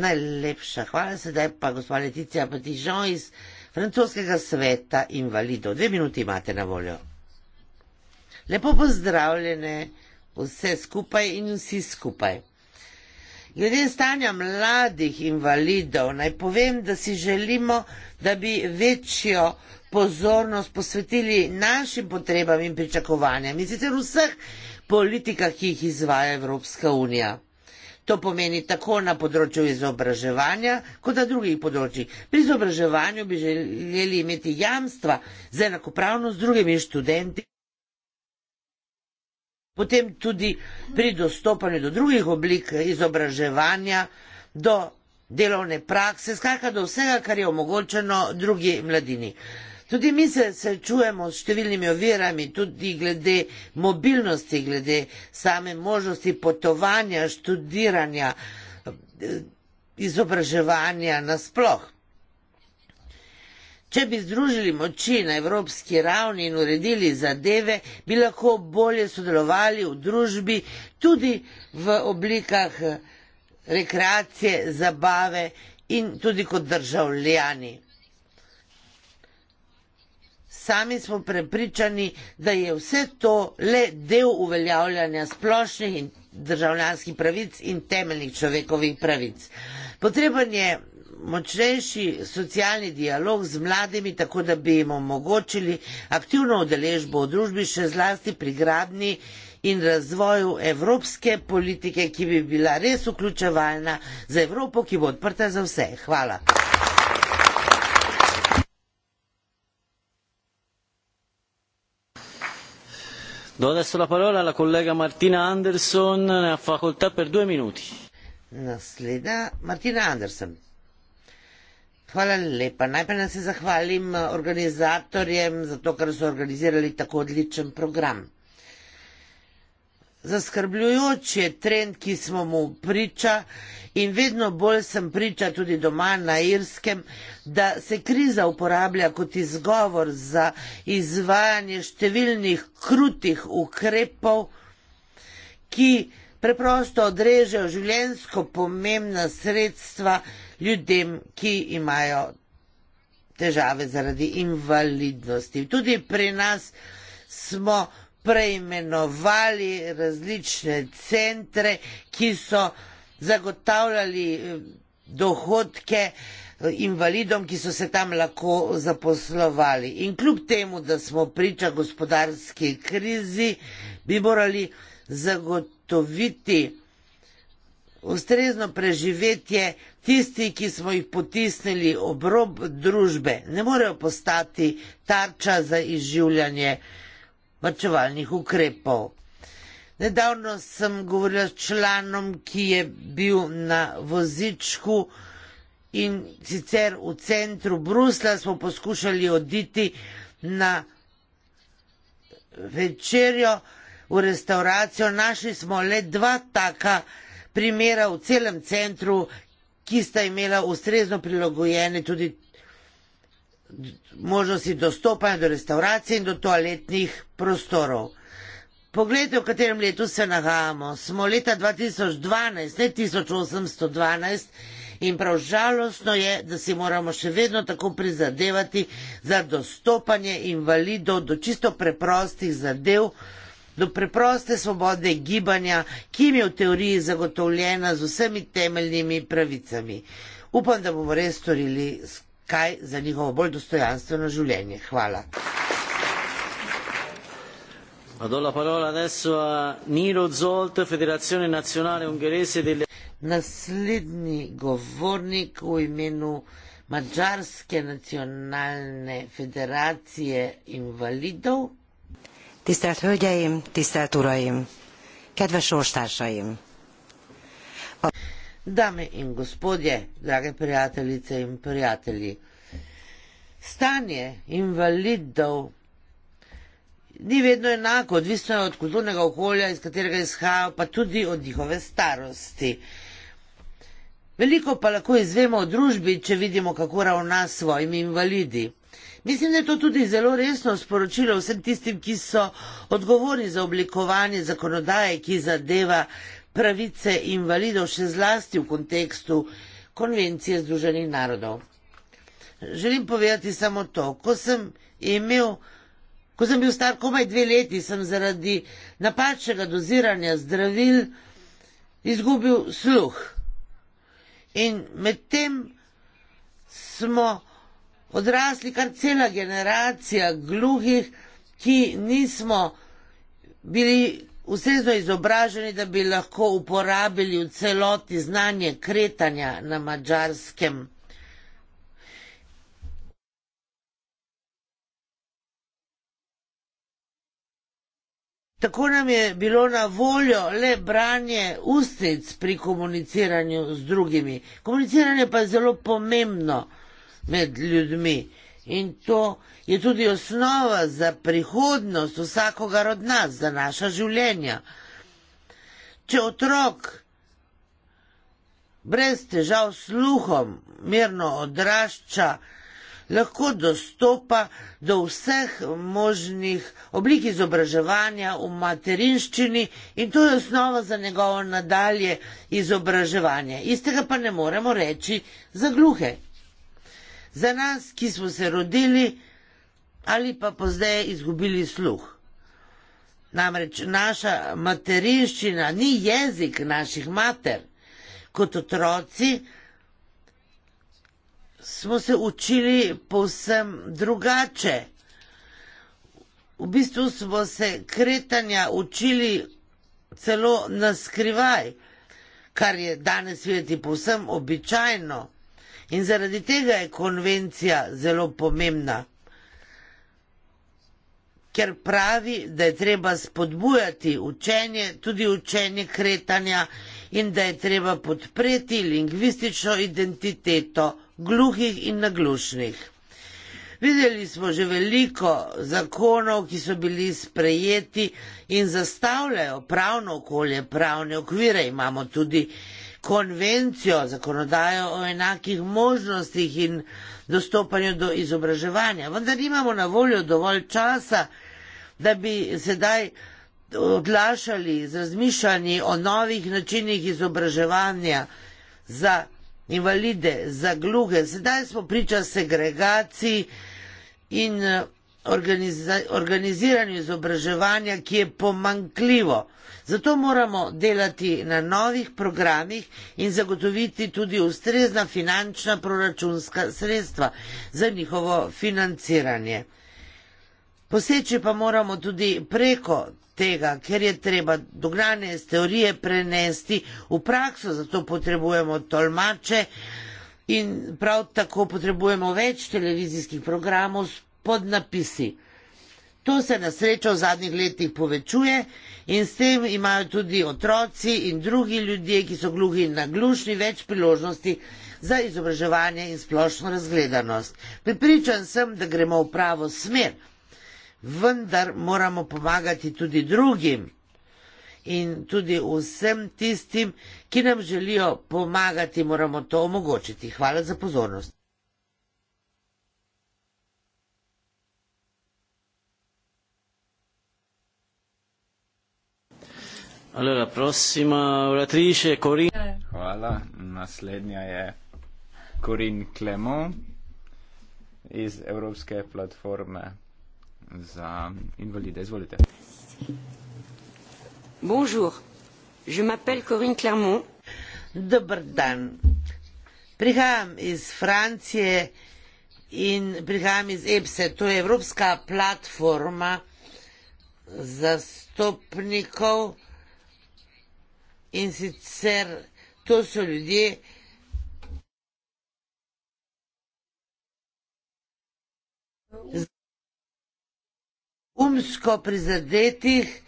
Najlepša hvala se pa gospa Leticia Petitjean iz francoskega sveta invalido. Dve minuti imate na voljo. Lepo pozdravljene vse skupaj in vsi skupaj. Glede stanja mladih invalidov, naj povem, da si želimo, da bi večjo pozornost posvetili našim potrebam in pričakovanjem in sicer vseh politikah, ki jih izvaja Evropska unija. To pomeni tako na področju izobraževanja, kot na drugih področjih. Pri izobraževanju bi želeli imeti jamstva za enakopravnost z drugimi študenti, potem tudi pri dostopanju do drugih oblik izobraževanja, do delovne prakse, skratka do vsega, kar je omogočeno drugi mladini. Tudi mi se srečujemo s številnimi ovirami, tudi glede mobilnosti, glede same možnosti potovanja, študiranja, izobraževanja nasploh. Če bi združili moči na evropski ravni in uredili zadeve, bi lahko bolje sodelovali v družbi tudi v oblikah eh, rekreacije, zabave in tudi kot državljani sami smo prepričani, da je vse to le del uveljavljanja splošnih in državljanskih pravic in temeljnih človekovih pravic. Potreben je močnejši socialni dialog z mladimi, tako da bi jim omogočili aktivno udeležbo v družbi, še zlasti pri gradni in razvoju evropske politike, ki bi bila res vključevalna za Evropo, ki bo odprta za vse. Hvala. do adesso la parola alla collega Martina Anderson ne ha facoltà per due minuti Nasledna Martina Anderson Hvala lepa. Najprej se zahvalim organizatorjem za to, ker so organizirali tako odličen program. Zaskrbljujoč je trend, ki smo mu priča in vedno bolj sem priča tudi doma na Irskem, da se kriza uporablja kot izgovor za izvajanje številnih krutih ukrepov, ki preprosto odrežejo življensko pomembna sredstva ljudem, ki imajo težave zaradi invalidnosti. Tudi pri nas smo preimenovali različne centre, ki so zagotavljali eh, dohodke eh, invalidom, ki so se tam lahko zaposlovali. In kljub temu, da smo priča gospodarski krizi, bi morali zagotoviti ustrezno preživetje tisti, ki smo jih potisnili ob rob družbe. Ne morejo postati tarča za izživljanje vrčevalnih ukrepov. Nedavno sem govorila s članom, ki je bil na vozičku in sicer v centru Brusla smo poskušali oditi na večerjo v restauracijo. Našli smo le dva taka primera v celem centru, ki sta imela ustrezno prilagojene tudi možnosti dostopanja do restauracij in do toaletnih prostorov. Poglejte, v katerem letu se nahajamo. Smo leta 2012, ne 1812 in prav žalostno je, da si moramo še vedno tako prizadevati za dostopanje invalidov do čisto preprostih zadev, do preproste svobode gibanja, ki jim je v teoriji zagotovljena z vsemi temeljnimi pravicami. Upam, da bomo res storili skupaj kaj za njihovo bolj dostojanstveno življenje. Hvala. Naslednji govornik v imenu Mačarske nacionalne federacije invalidov. Tisztelt hölgyeim, tisztelt uraim, kedves sorstársaim! Dame in gospodje, drage prijateljice in prijatelji, stanje invalidov ni vedno enako, odvisno je od kulturnega okolja, iz katerega izhajajo, pa tudi od njihove starosti. Veliko pa lahko izvemo o družbi, če vidimo, kako ravna s svojimi invalidi. Mislim, da je to tudi zelo resno sporočilo vsem tistim, ki so odgovorni za oblikovanje zakonodaje, ki zadeva pravice invalidov, še zlasti v kontekstu konvencije Združenih narodov. Želim povedati samo to, ko sem imel. Ko sem bil star komaj dve leti, sem zaradi napačnega doziranja zdravil izgubil sluh. In medtem smo odrasli kar cela generacija gluhih, ki nismo bili ustrezno izobraženi, da bi lahko uporabili v celoti znanje kretanja na mačarskem. Tako nam je bilo na voljo le branje ustic pri komuniciranju z drugimi. Komuniciranje pa je zelo pomembno med ljudmi. In to je tudi osnova za prihodnost vsakogar od nas, za naša življenja. Če otrok brez težav sluhom mirno odrašča, lahko dostopa do vseh možnih oblik izobraževanja v materinščini in to je osnova za njegovo nadalje izobraževanje. Istega pa ne moremo reči za gluhe za nas, ki smo se rodili ali pa pozdaj izgubili sluh. Namreč naša materinščina ni jezik naših mater. Kot otroci smo se učili povsem drugače. V bistvu smo se kretanja učili celo na skrivaj, kar je danes videti povsem običajno. In zaradi tega je konvencija zelo pomembna, ker pravi, da je treba spodbujati učenje, tudi učenje kretanja in da je treba podpreti lingvistično identiteto gluhih in naglušnih. Videli smo že veliko zakonov, ki so bili sprejeti in zastavljajo pravno okolje, pravne okvire imamo tudi konvencijo, zakonodajo o enakih možnostih in dostopanju do izobraževanja. Vendar imamo na voljo dovolj časa, da bi sedaj odlašali z razmišljanji o novih načinih izobraževanja za invalide, za gluhe. Sedaj smo priča segregaciji in organiziranju izobraževanja, ki je pomankljivo. Zato moramo delati na novih programih in zagotoviti tudi ustrezna finančna proračunska sredstva za njihovo financiranje. Poseči pa moramo tudi preko tega, ker je treba dognane iz teorije prenesti v prakso, zato potrebujemo tolmače in prav tako potrebujemo več televizijskih programov s podnapisi. To se na srečo v zadnjih letih povečuje in s tem imajo tudi otroci in drugi ljudje, ki so gluhi in naglušni, več priložnosti za izobraževanje in splošno razgledanost. Pripričan sem, da gremo v pravo smer, vendar moramo pomagati tudi drugim in tudi vsem tistim, ki nam želijo pomagati, moramo to omogočiti. Hvala za pozornost. Allora, prossima oratrice, Corinne. Hvala, naslednja je Corinne Clemont iz Evropske platforme za invalide. Izvolite. Bonjour, je m'appelle Corinne Clermont. Dobr dan. Prihajam iz Francije in prihajam iz EPSE, to je Evropska platforma zastopnikov, in sicer to so ljudje, umsko prizadetih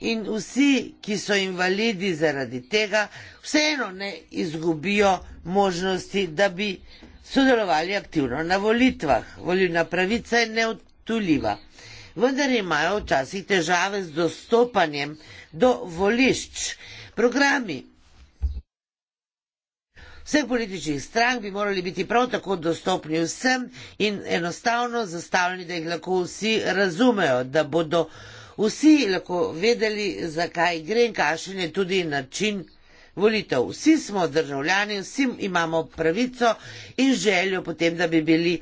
in vsi, ki so invalidi zaradi tega, vseeno ne izgubijo možnosti, da bi sodelovali aktivno na volitvah. Voljivna pravica je neotuljiva. Vendar imajo včasih težave z dostopanjem do volišč. Programi vseh političnih strank bi morali biti prav tako dostopni vsem in enostavno zastavljeni, da jih lahko vsi razumejo, da bodo vsi lahko vedeli, zakaj gre in kašen je tudi način. Volitev. Vsi smo državljani, vsi imamo pravico in željo potem, da bi bili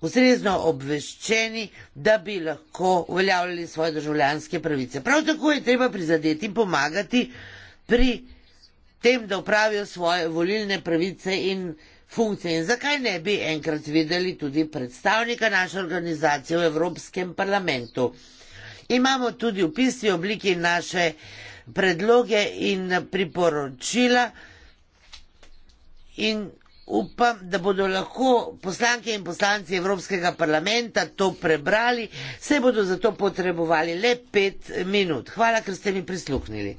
ustrezno obveščeni, da bi lahko uveljavljali svoje državljanske pravice. Prav tako je treba prizadeti in pomagati pri tem, da upravijo svoje volilne pravice in funkcije. In zakaj ne bi enkrat videli tudi predstavnika naše organizacije v Evropskem parlamentu? Imamo tudi v pisni obliki naše predloge in priporočila in upam, da bodo lahko poslanke in poslanci Evropskega parlamenta to prebrali, se bodo za to potrebovali le pet minut. Hvala, ker ste mi prisluhnili.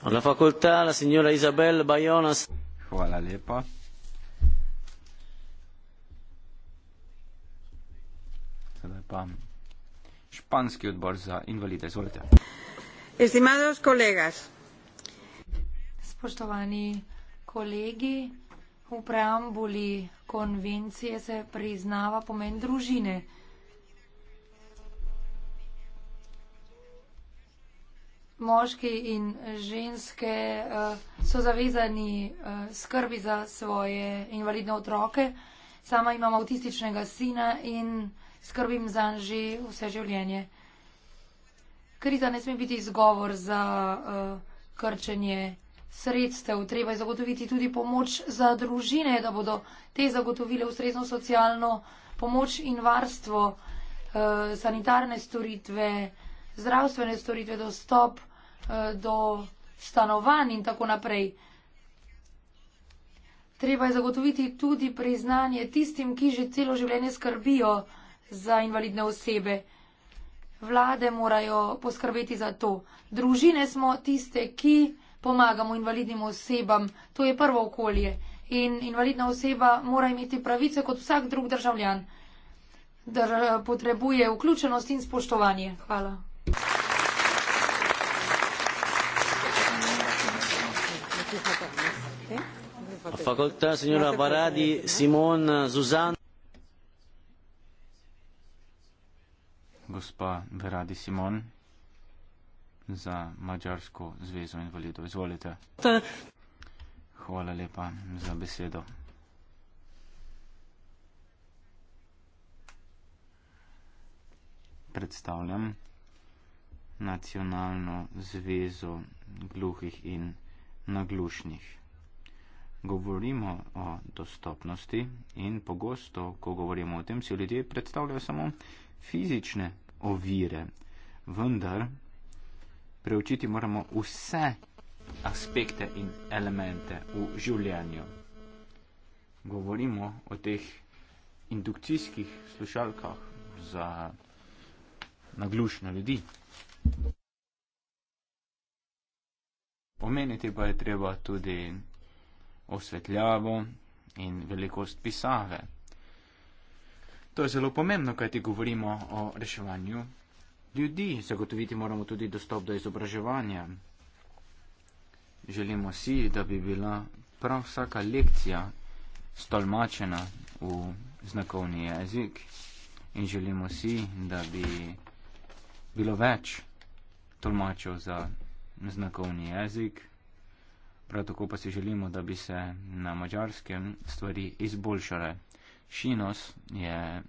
Hvala fakulta, la signora Isabel Bajonas. Hvala lepa. Sedaj pa Španski odbor za invalide, izvolite. Estimados kolegas. Spoštovani kolegi, v preambuli konvencije se priznava pomen družine. moški in ženske eh, so zavezani eh, skrbi za svoje invalidne otroke. Sama imam avtističnega sina in skrbim za njega že vse življenje. Kriza ne sme biti izgovor za eh, krčenje sredstev. Treba je zagotoviti tudi pomoč za družine, da bodo te zagotovile ustrezno socialno pomoč in varstvo, sanitarne storitve, zdravstvene storitve, dostop Eh, do stanovanj in tako naprej. Treba je zagotoviti tudi priznanje tistim, ki že celo življenje skrbijo za invalidne osebe. Vlade morajo poskrbeti za to. Družine smo tiste, ki pomagamo invalidnim osebam. To je prvo okolje. In invalidna oseba mora imeti pravice kot vsak drug državljan, da potrebuje vključenost in spoštovanje. Hvala. No? Eh, Gospa Veradi Simon za Mačarsko zvezo invalidov. Izvolite. Hvala lepa za besedo. Predstavljam Nacionalno zvezo gluhih in naglušnih govorimo o dostopnosti in pogosto, ko govorimo o tem, si ljudje predstavljajo samo fizične ovire. Vendar preučiti moramo vse aspekte in elemente v življenju. Govorimo o teh indukcijskih slušalkah za naglušne ljudi. Omeniti pa je treba tudi osvetljavo in velikost pisave. To je zelo pomembno, kaj ti govorimo o reševanju ljudi. Zagotoviti moramo tudi dostop do izobraževanja. Želimo si, da bi bila prav vsaka lekcija stolmačena v znakovni jezik in želimo si, da bi bilo več tolmačev za znakovni jezik. Prav tako pa si želimo, da bi se na mačarskem stvari izboljšale. Šinos je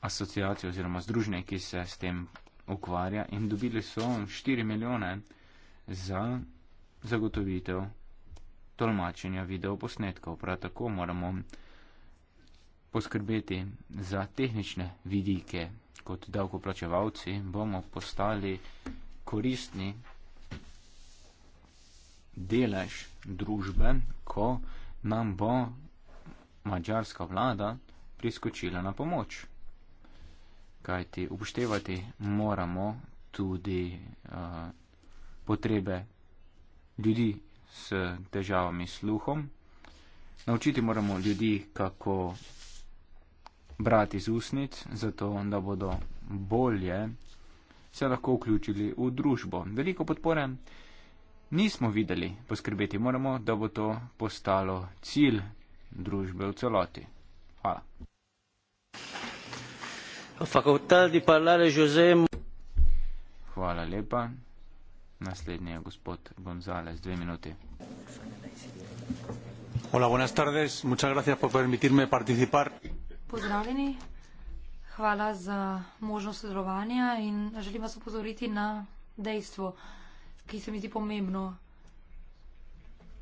asociacija oziroma združenje, ki se s tem ukvarja in dobili so 4 milijone za zagotovitev tolmačenja videoposnetkov. Prav tako moramo poskrbeti za tehnične vidike. Kot davkoplačevalci bomo postali koristni delež družbe, ko nam bo mađarska vlada priskočila na pomoč. Kajti upoštevati moramo tudi uh, potrebe ljudi s težavami sluhom. Naučiti moramo ljudi, kako brati z usnic, zato da bodo bolje se lahko vključili v družbo. Veliko podpore nismo videli, poskrbeti moramo, da bo to postalo cilj družbe v celoti. Hvala. Hvala lepa. Naslednji je gospod Gonzalez, dve minuti. Hola, buenas tardes. Muchas gracias por permitirme participar. Pozdravljeni. Hvala za možnost sodelovanja in želim vas upozoriti na dejstvo. Uh, ki se mi zdi pomembno.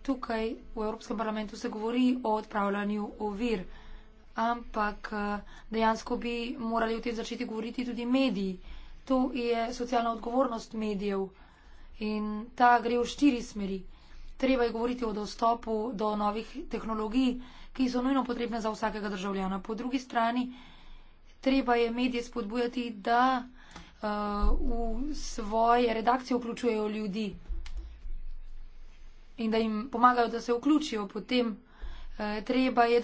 Tukaj v Evropskem parlamentu se govori o odpravljanju ovir, ampak eh, dejansko bi morali o tem začeti govoriti tudi mediji. To je socialna odgovornost medijev in ta gre v štiri smeri. Treba je govoriti o dostopu do novih tehnologij, ki so nujno potrebne za vsakega državljana. Po drugi strani, treba je medije spodbujati, da uh, v svoje redakcije vključujejo ljudi in da jim pomagajo, da se vključijo. Potem uh, treba je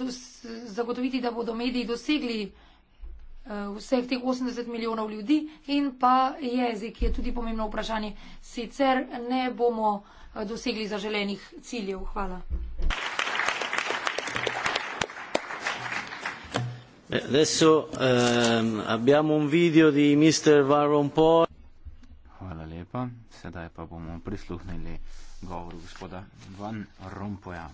zagotoviti, da bodo mediji dosegli uh, vseh teh 80 milijonov ljudi in pa jezik je tudi pomembno vprašanje. Sicer ne bomo uh, dosegli zaželenih ciljev. Hvala. Adesso um, abbiamo un video di Mr. Varon Paul. Hvala lepa. Sedaj pa bomo prisluhnili govoru gospoda Van Rompoja.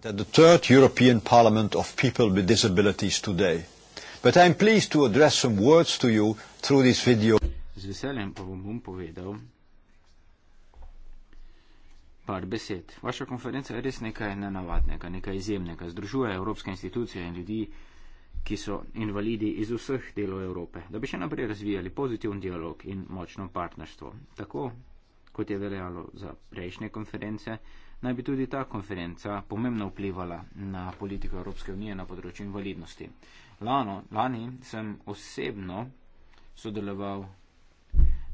That the third European Parliament of people with disabilities today. But I am pleased to address some words to you through this video. Z veseljem pa bom povedal, Par besed. Vaša konferenca je res nekaj nenavadnega, nekaj izjemnega. Združuje evropske institucije in ljudi, ki so invalidi iz vseh delov Evrope, da bi še naprej razvijali pozitiven dialog in močno partnerstvo. Tako kot je veljalo za prejšnje konference, naj bi tudi ta konferenca pomembno vplivala na politiko Evropske unije na področju invalidnosti. Lano, lani sem osebno sodeloval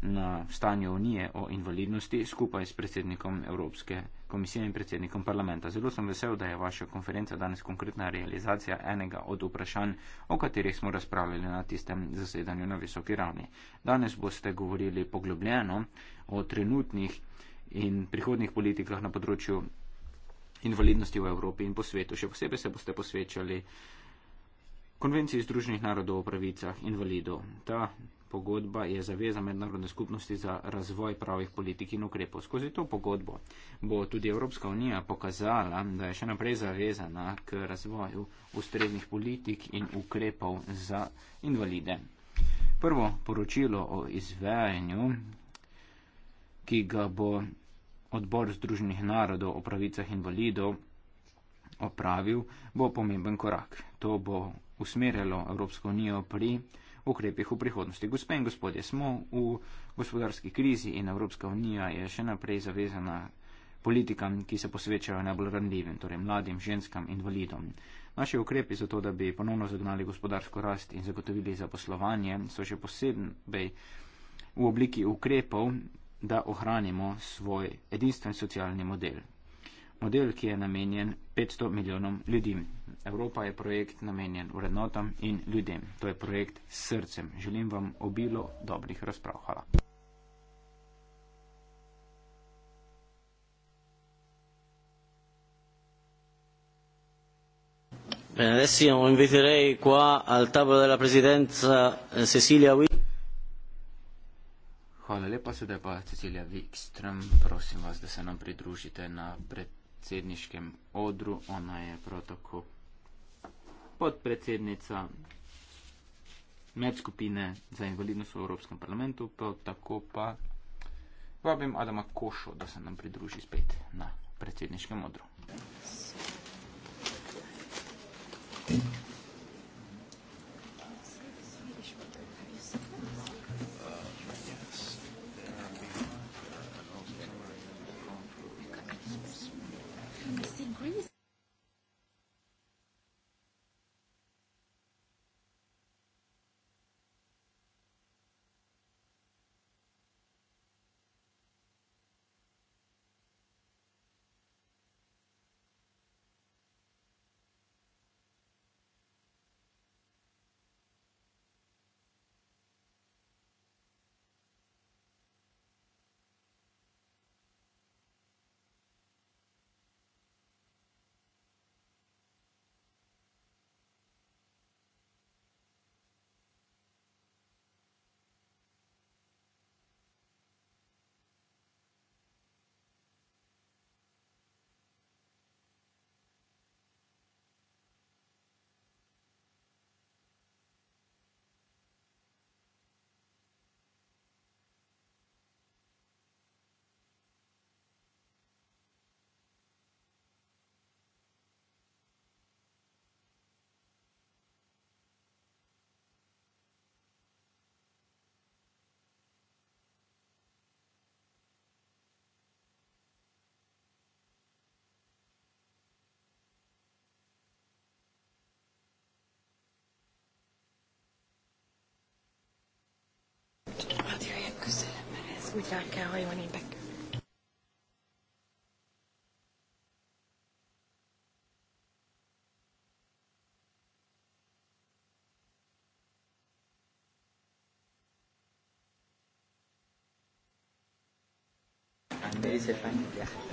na stanje unije o invalidnosti skupaj s predsednikom Evropske komisije in predsednikom parlamenta. Zelo sem vesel, da je vaša konferenca danes konkretna realizacija enega od vprašanj, o katerih smo razpravljali na tistem zasedanju na visoki ravni. Danes boste govorili poglobljeno o trenutnih in prihodnih politikah na področju invalidnosti v Evropi in po svetu. Še posebej se boste posvečali Konvenciji Združenih narodov o pravicah invalidov. Ta pogodba je zaveza mednarodne skupnosti za razvoj pravih politik in ukrepov. Skozi to pogodbo bo tudi Evropska unija pokazala, da je še naprej zavezana k razvoju ustreznih politik in ukrepov za invalide. Prvo poročilo o izvajanju, ki ga bo odbor Združenih narodov o pravicah invalidov opravil, bo pomemben korak. To bo usmerjalo Evropsko unijo pri ukrepih v prihodnosti. Gospe in gospodje, smo v gospodarski krizi in Evropska unija je še naprej zavezana politikam, ki se posvečajo najbolj randljivim, torej mladim, ženskam, invalidom. Naši ukrepi za to, da bi ponovno zagnali gospodarsko rast in zagotovili zaposlovanje, so še posebej v obliki ukrepov, da ohranimo svoj edinstven socialni model model, ki je namenjen 500 milijonom ljudi. Evropa je projekt namenjen vrednotam in ljudem. To je projekt s srcem. Želim vam obilo dobrih razprav. Hvala. Eh, Hvala lepa, sedaj pa Cecilija Wikström, prosim vas, da se nam pridružite na pred predsedniškem odru, ona je prav tako podpredsednica medskupine za invalidnost v Evropskem parlamentu, prav tako pa vabim Adama Košo, da se nam pridruži spet na predsedniškem odru. Thank you. back uh, when you're back.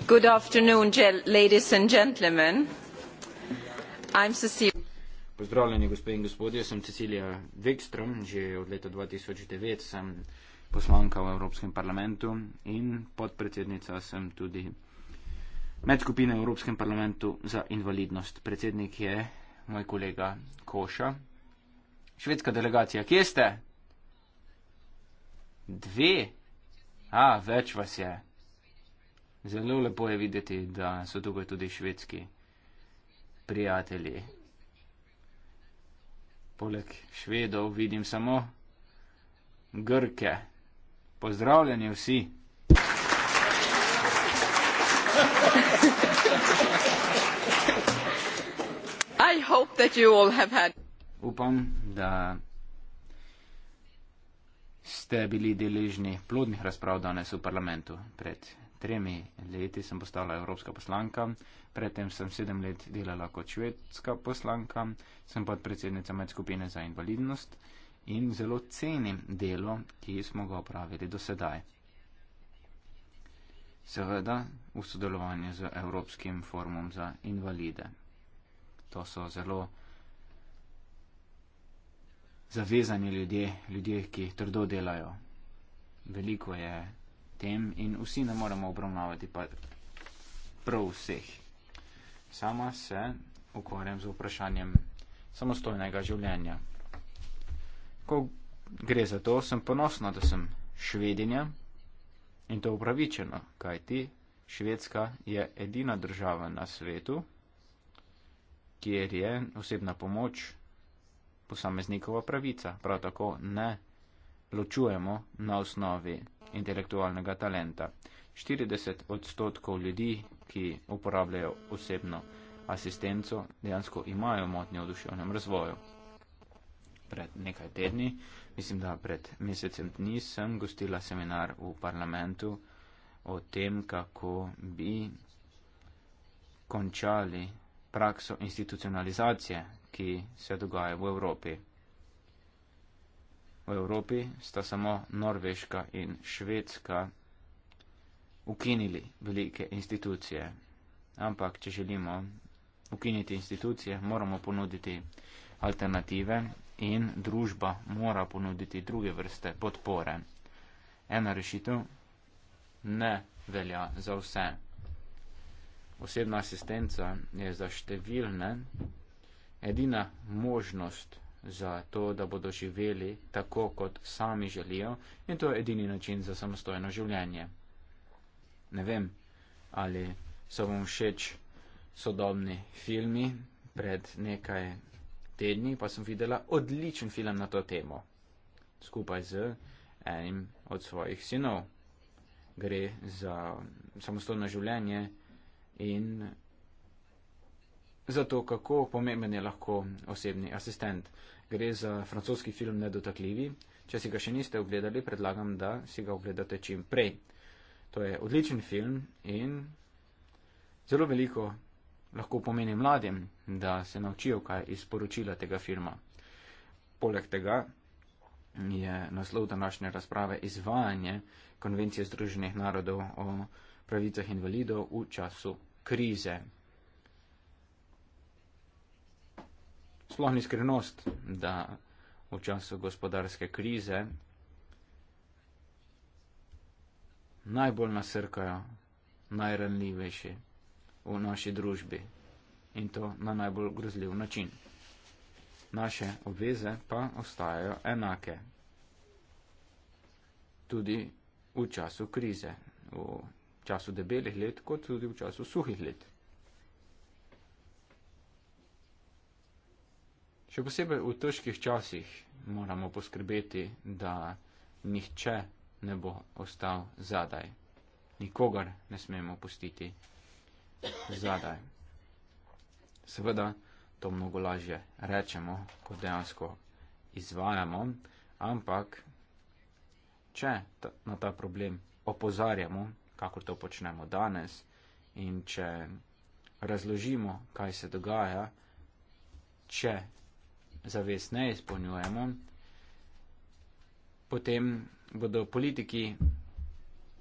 Good afternoon, ladies and gentlemen. I'm Cecilia. Pozdravljeni, gospe in gospodje, sem Cecilija Wikström, že od leta 2009 sem poslanka v Evropskem parlamentu in podpredsednica sem tudi medskupine v Evropskem parlamentu za invalidnost. Predsednik je moj kolega Koša. Švedska delegacija, kje ste? Dve? A, več vas je. Zelo lepo je videti, da so tukaj tudi švedski prijatelji. Poleg švedov vidim samo grke. Pozdravljeni vsi. Upam, da ste bili deležni plodnih razprav danes v parlamentu. Pred tremi leti sem postala evropska poslanka, predtem sem sedem let delala kot švedska poslanka, sem podpredsednica medskupine za invalidnost in zelo cenim delo, ki smo ga opravili do sedaj. Seveda v sodelovanju z Evropskim forumom za invalide. To so zelo zavezani ljudje, ljudje, ki trdo delajo. Veliko je tem in vsi ne moremo obravnavati pa prav vseh. Sama se ukvarjam z vprašanjem samostojnega življenja, ko gre za to, sem ponosna, da sem švedinja in to upravičeno, kaj ti Švedska je edina država na svetu, kjer je osebna pomoč posameznikova pravica. Prav tako ne ločujemo na osnovi intelektualnega talenta. 40 odstotkov ljudi, ki uporabljajo osebno asistenco, dejansko imajo motnje v duševnem razvoju pred nekaj tedni, mislim, da pred mesecem dni sem gostila seminar v parlamentu o tem, kako bi končali prakso institucionalizacije, ki se dogaja v Evropi. V Evropi sta samo Norveška in Švedska ukinili velike institucije. Ampak, če želimo ukiniti institucije, moramo ponuditi alternative in družba mora ponuditi druge vrste podpore. Ena rešitev ne velja za vse. Osebna asistenca je za številne edina možnost za to, da bodo živeli tako, kot sami želijo in to je edini način za samostojno življenje. Ne vem, ali so vam všeč sodobni filmi pred nekaj tedni pa sem videla odličen film na to temo. Skupaj z enim od svojih sinov gre za samostojno življenje in za to, kako pomemben je lahko osebni asistent. Gre za francoski film Nedotakljivi. Če si ga še niste ogledali, predlagam, da si ga ogledate čim prej. To je odličen film in zelo veliko lahko pomeni mladim, da se naučijo, kaj je izporočila tega filma. Poleg tega je naslov današnje razprave izvajanje konvencije Združenih narodov o pravicah invalidov v času krize. Sploh ni skrivnost, da v času gospodarske krize najbolj nasrkajo najranljivejši v naši družbi in to na najbolj grozljiv način. Naše obveze pa ostajajo enake. Tudi v času krize, v času debelih let, kot tudi v času suhih let. Še posebej v težkih časih moramo poskrbeti, da nihče ne bo ostal zadaj. Nikogar ne smemo pustiti zadaj. Seveda to mnogo lažje rečemo, ko dejansko izvajamo, ampak če ta, na ta problem opozarjamo, kako to počnemo danes, in če razložimo, kaj se dogaja, če zaves ne izpolnjujemo, potem bodo politiki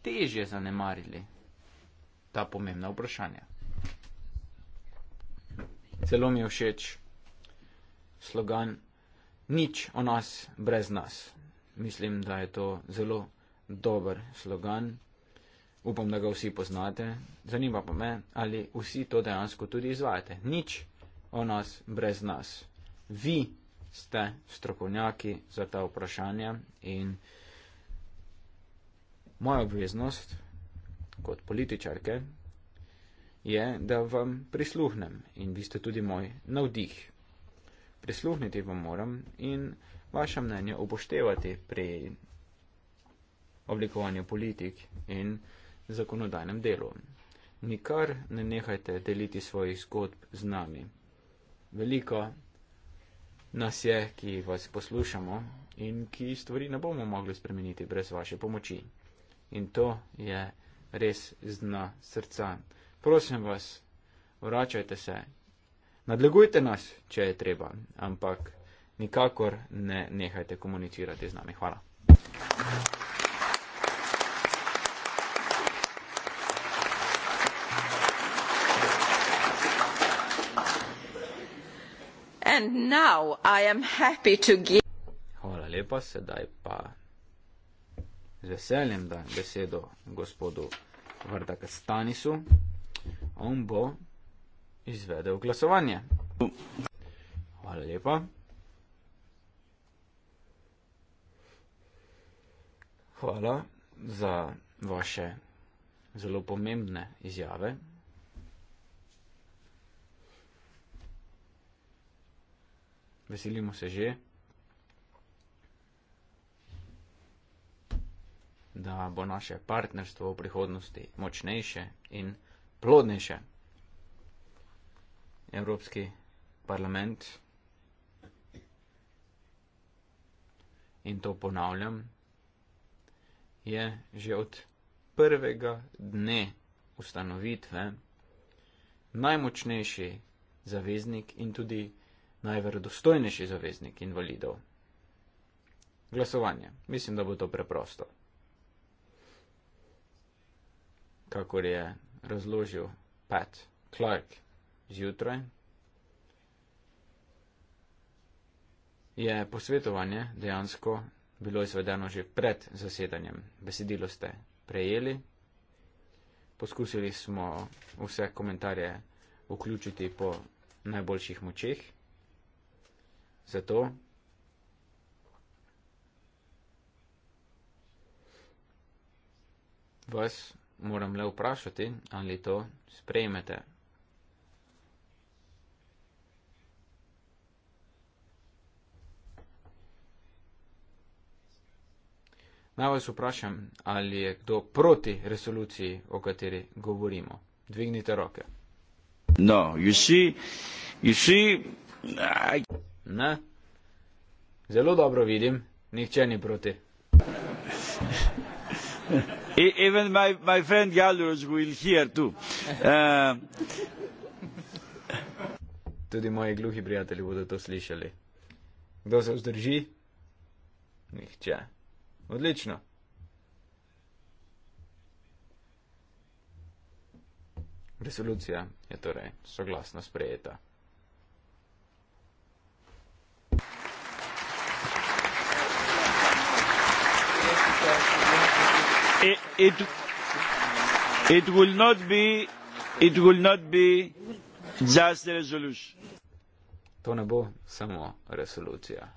teže zanemarili ta pomembna vprašanja. Zelo mi je všeč slogan Nič o nas brez nas. Mislim, da je to zelo dober slogan. Upam, da ga vsi poznate. Zanima pa me, ali vsi to dejansko tudi izvajate. Nič o nas brez nas. Vi ste strokovnjaki za ta vprašanja in moja obveznost kot političarke, je, da vam prisluhnem in vi ste tudi moj navdih. Prisluhniti vam moram in vaše mnenje upoštevati pri oblikovanju politik in zakonodajnem delu. Nikar ne nehajte deliti svojih zgodb z nami. Veliko nas je, ki vas poslušamo in ki stvari ne bomo mogli spremeniti brez vaše pomoči. In to je res z dna srca. Prosim vas, vračajte se, nadlegujte nas, če je treba, ampak nikakor ne nehajte komunicirati z nami. Hvala. And now I am happy to give. Hvala lepa, sedaj pa z veseljem dajem besedo gospodu Vrdaka Stanisu. On bo izvedel glasovanje. Hvala lepa. Hvala za vaše zelo pomembne izjave. Veselimo se že. da bo naše partnerstvo v prihodnosti močnejše in plodnejše. Evropski parlament in to ponavljam, je že od prvega dne ustanovitve najmočnejši zaveznik in tudi najverodostojnejši zaveznik invalidov. Glasovanje. Mislim, da bo to preprosto. kakor je razložil Pat Clark zjutraj, je posvetovanje dejansko bilo izvedeno že pred zasedanjem. Besedilo ste prejeli, poskusili smo vse komentarje vključiti po najboljših močeh, zato. Vas moram le vprašati, ali to sprejmete. Naj vas vprašam, ali je kdo proti resoluciji, o kateri govorimo. Dvignite roke. No, you see, you see, I... Ne, zelo dobro vidim, nihče ni proti. [laughs] E, even my, my friend Galdurus will hear too. Um, [laughs] Tudi moji gluhi prijatelji bodo to slišali. Kdo se vzdrži? Nihče. Odlično. Resolucija je torej soglasno sprejeta. Thank you it, it will not be it will not be just the resolution. To ne bo samo resolucija.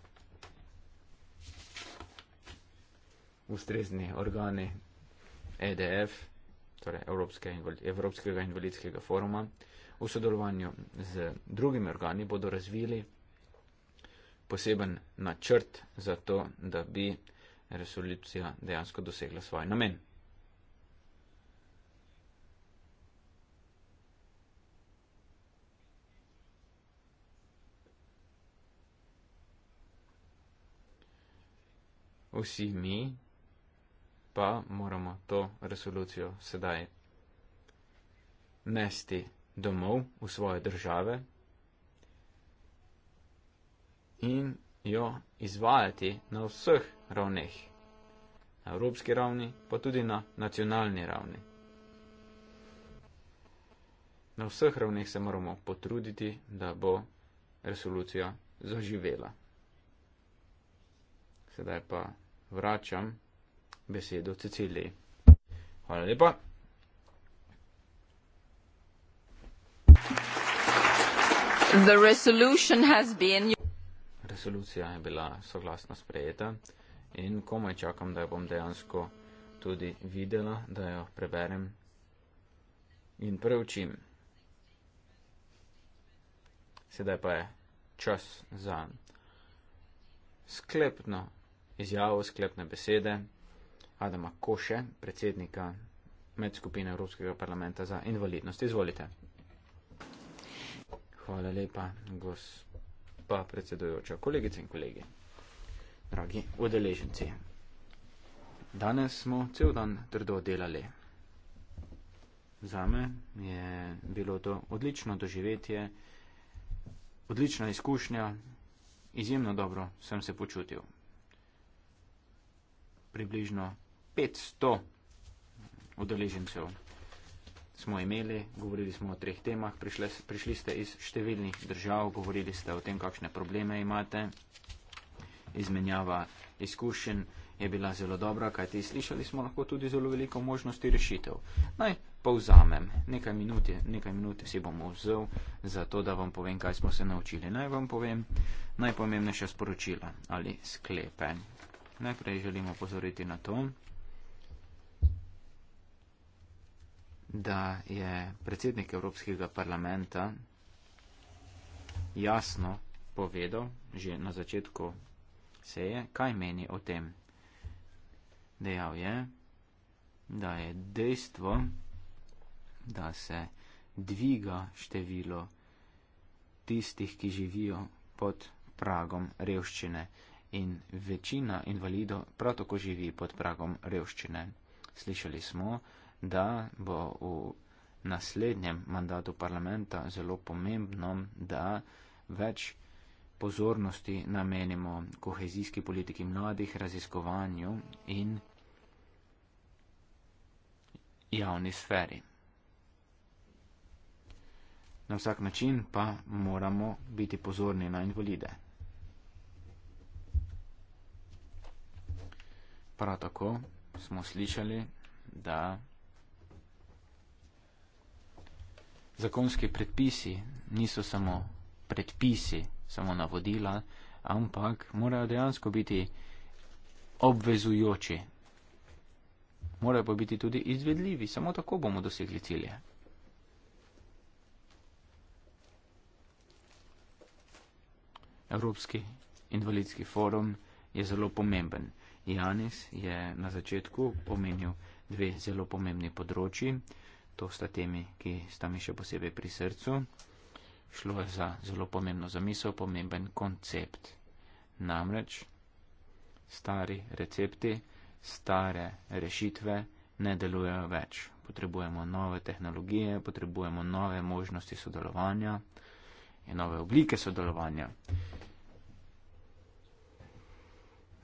Ustrezni organi EDF, torej Evropske invol, Evropskega invalidskega foruma, v sodelovanju z drugimi organi bodo razvili poseben načrt za to, da bi resolucija dejansko dosegla svoj namen. Vsi mi pa moramo to resolucijo sedaj nesti domov v svoje države in jo izvajati na vseh ravneh, na evropski ravni, pa tudi na nacionalni ravni. Na vseh ravneh se moramo potruditi, da bo resolucija zaživela. Sedaj pa vračam besedo Ceciliji. Hvala lepa. The resolution has been resolucija je bila soglasno sprejeta in komaj čakam, da jo bom dejansko tudi videla, da jo preberem in preučim. Sedaj pa je čas za sklepno izjavo, sklepne besede Adama Koše, predsednika medskupine Evropskega parlamenta za invalidnost. Izvolite. Hvala lepa, gospod gospa predsedujoča, kolegice in kolegi, dragi udeleženci. Danes smo cel dan trdo delali. Zame je bilo to odlično doživetje, odlična izkušnja, izjemno dobro sem se počutil. Približno 500 udeležencev smo imeli, govorili smo o treh temah, prišle, prišli ste iz številnih držav, govorili ste o tem, kakšne probleme imate. Izmenjava izkušenj je bila zelo dobra, kajti slišali smo lahko tudi zelo veliko možnosti rešitev. Naj povzamem, nekaj minut, nekaj minut si bom vzel za to, da vam povem, kaj smo se naučili. Naj vam povem najpomembnejše sporočila ali sklepe. Najprej želimo pozoriti na to, da je predsednik Evropskega parlamenta jasno povedal že na začetku seje, kaj meni o tem. Dejal je, da je dejstvo, da se dviga število tistih, ki živijo pod pragom revščine in večina invalidov prav tako živi pod pragom revščine. Slišali smo, da bo v naslednjem mandatu parlamenta zelo pomembno, da več pozornosti namenimo kohezijski politiki mladih, raziskovanju in javni sferi. Na vsak način pa moramo biti pozorni na invalide. Prav tako smo slišali, da zakonski predpisi niso samo predpisi, samo navodila, ampak morajo dejansko biti obvezujoči. Morajo pa biti tudi izvedljivi, samo tako bomo dosegli cilje. Evropski invalidski forum je zelo pomemben. Janis je na začetku omenil dve zelo pomembni področji to sta temi, ki sta mi še posebej pri srcu. Šlo je za zelo pomembno zamisel, pomemben koncept. Namreč stari recepti, stare rešitve ne delujejo več. Potrebujemo nove tehnologije, potrebujemo nove možnosti sodelovanja in nove oblike sodelovanja.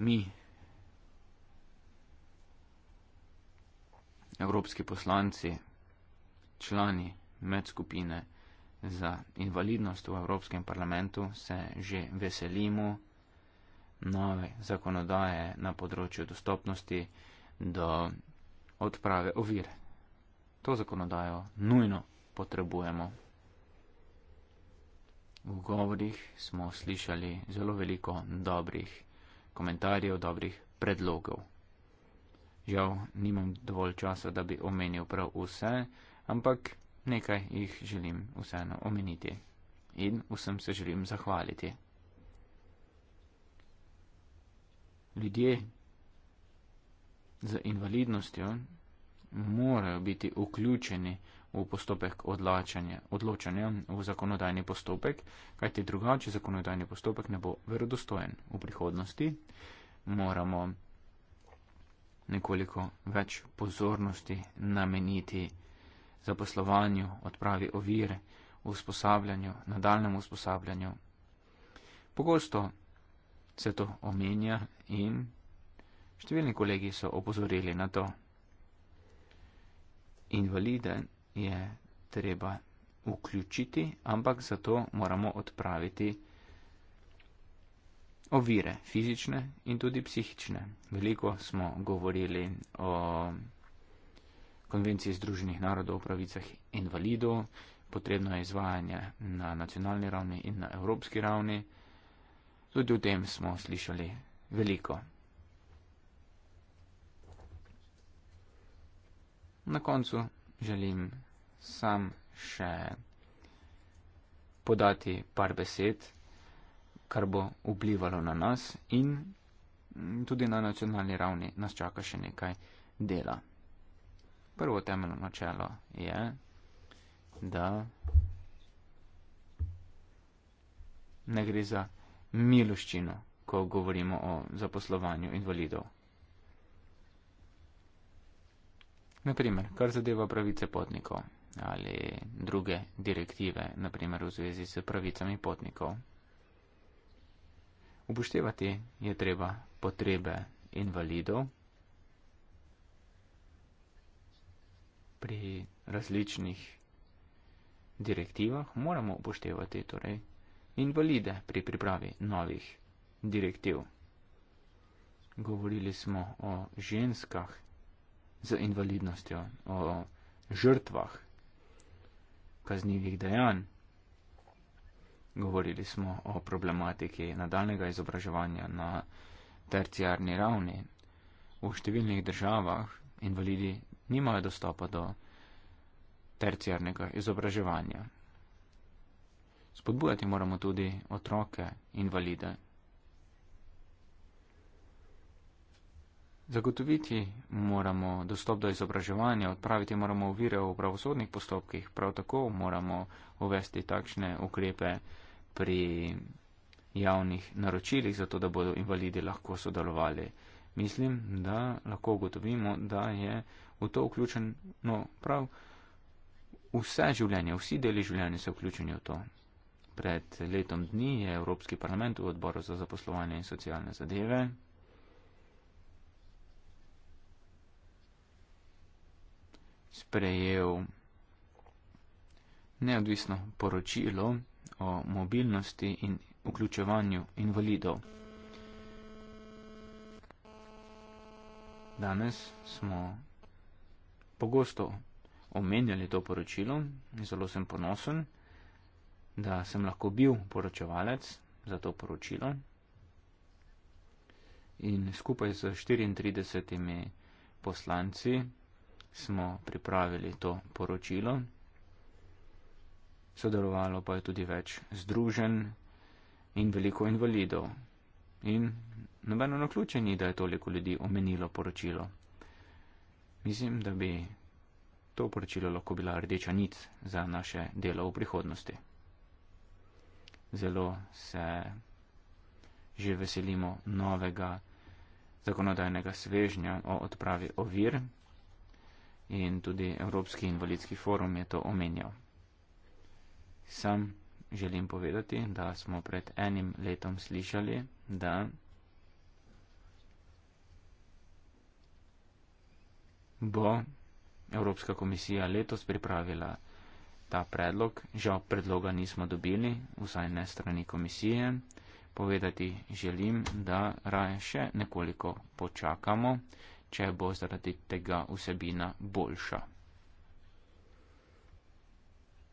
Mi, evropski poslanci, člani medskupine za invalidnost v Evropskem parlamentu, se že veselimo nove zakonodaje na področju dostopnosti do odprave ovir. To zakonodajo nujno potrebujemo. V govorih smo slišali zelo veliko dobrih komentarjev, dobrih predlogov. Žal, nimam dovolj časa, da bi omenil prav vse, ampak nekaj jih želim vseeno omeniti in vsem se želim zahvaliti. Ljudje z invalidnostjo morajo biti vključeni v postopek odločanja, odločanja v zakonodajni postopek, kajti drugače zakonodajni postopek ne bo verodostojen v prihodnosti. Moramo nekoliko več pozornosti nameniti zaposlovanju, odpravi ovire, v usposabljanju, nadaljem usposabljanju. Pogosto se to omenja in številni kolegi so opozorili na to. Invalide je treba vključiti, ampak zato moramo odpraviti ovire, fizične in tudi psihične. Veliko smo govorili o konvencije Združenih narodov o pravicah invalidov, potrebno je izvajanje na nacionalni ravni in na evropski ravni. Tudi o tem smo slišali veliko. Na koncu želim sam še podati par besed, kar bo vplivalo na nas in tudi na nacionalni ravni nas čaka še nekaj dela prvo temeljno načelo je, da ne gre za miloščino, ko govorimo o zaposlovanju invalidov. Naprimer, kar zadeva pravice potnikov ali druge direktive, naprimer v zvezi s pravicami potnikov. Upoštevati je treba potrebe invalidov pri različnih direktivah moramo upoštevati torej invalide pri pripravi novih direktiv. Govorili smo o ženskah z invalidnostjo, o žrtvah kaznivih dejanj. Govorili smo o problematiki nadaljnega izobraževanja na terciarni ravni. V številnih državah invalidi nimajo dostopa do terciarnega izobraževanja. Spodbujati moramo tudi otroke invalide. Zagotoviti moramo dostop do izobraževanja, odpraviti moramo uvire v pravosodnih postopkih, prav tako moramo uvesti takšne ukrepe pri javnih naročilih, zato da bodo invalidi lahko sodelovali. Mislim, da lahko ugotovimo, da je v to vključeno prav vse življenje, vsi deli življenja so vključeni v to. Pred letom dni je Evropski parlament v odboru za zaposlovanje in socialne zadeve sprejel neodvisno poročilo o mobilnosti in vključevanju invalidov. Danes smo pogosto omenjali to poročilo, zelo sem ponosen, da sem lahko bil poročevalec za to poročilo. In skupaj z 34 poslanci smo pripravili to poročilo. Sodelovalo pa je tudi več združen in veliko invalidov. In nobeno naključje ni, da je toliko ljudi omenilo poročilo. Mislim, da bi to poročilo lahko bila rdeča nit za naše delo v prihodnosti. Zelo se že veselimo novega zakonodajnega svežnja o odpravi ovir in tudi Evropski invalidski forum je to omenjal. Sam želim povedati, da smo pred enim letom slišali, da bo Evropska komisija letos pripravila ta predlog. Žal predloga nismo dobili, vsaj ne strani komisije. Povedati želim, da raje še nekoliko počakamo, če bo zaradi tega vsebina boljša.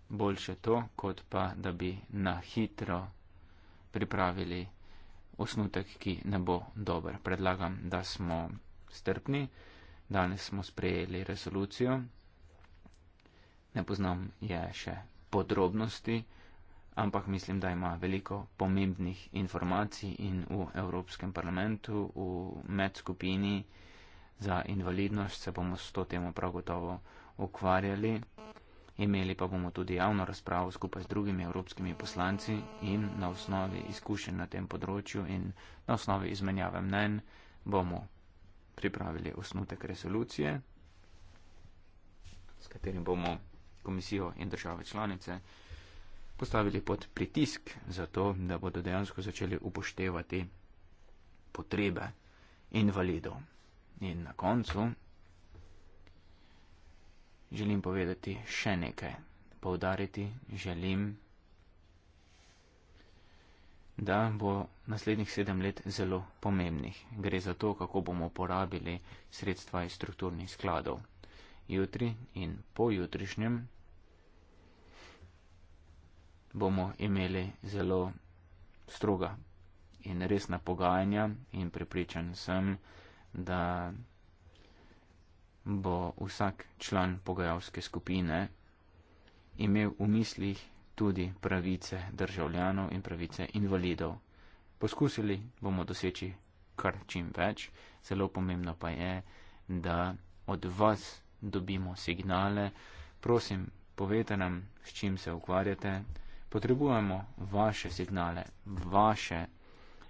Boljše to, kot pa, da bi na hitro pripravili osnutek, ki ne bo dober. Predlagam, da smo strpni. Danes smo sprejeli rezolucijo. Ne poznam je še podrobnosti, ampak mislim, da ima veliko pomembnih informacij in v Evropskem parlamentu, v medskupini za invalidnost se bomo s to temo prav gotovo ukvarjali. Imeli pa bomo tudi javno razpravo skupaj z drugimi evropskimi poslanci in na osnovi izkušenj na tem področju in na osnovi izmenjave mnen bomo pripravili osnutek resolucije, s katerim bomo komisijo in države članice postavili pod pritisk za to, da bodo dejansko začeli upoštevati potrebe invalidov. In na koncu želim povedati še nekaj, poudariti želim, da bo naslednjih sedem let zelo pomembnih. Gre za to, kako bomo porabili sredstva iz strukturnih skladov. Jutri in pojutrišnjem bomo imeli zelo stroga in resna pogajanja in pripričan sem, da bo vsak član pogajalske skupine imel v mislih tudi pravice državljanov in pravice invalidov. Poskusili bomo doseči kar čim več, zelo pomembno pa je, da od vas dobimo signale. Prosim, povete nam, s čim se ukvarjate. Potrebujemo vaše signale, vaše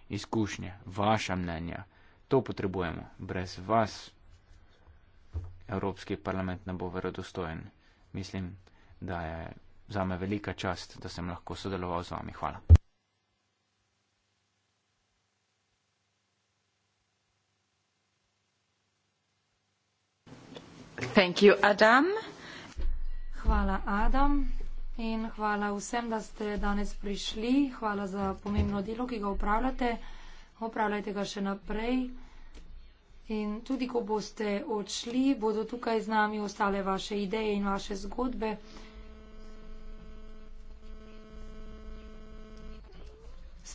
izkušnje, vaša mnenja. To potrebujemo. Brez vas Evropski parlament ne bo verodostojen. Mislim, da je za me velika čast, da sem lahko sodeloval z vami. Hvala. You, Adam. Hvala, Adam. In hvala vsem, da ste danes prišli. Hvala za pomembno delo, ki ga upravljate. Upravljajte ga še naprej. In tudi, ko boste odšli, bodo tukaj z nami ostale vaše ideje in vaše zgodbe.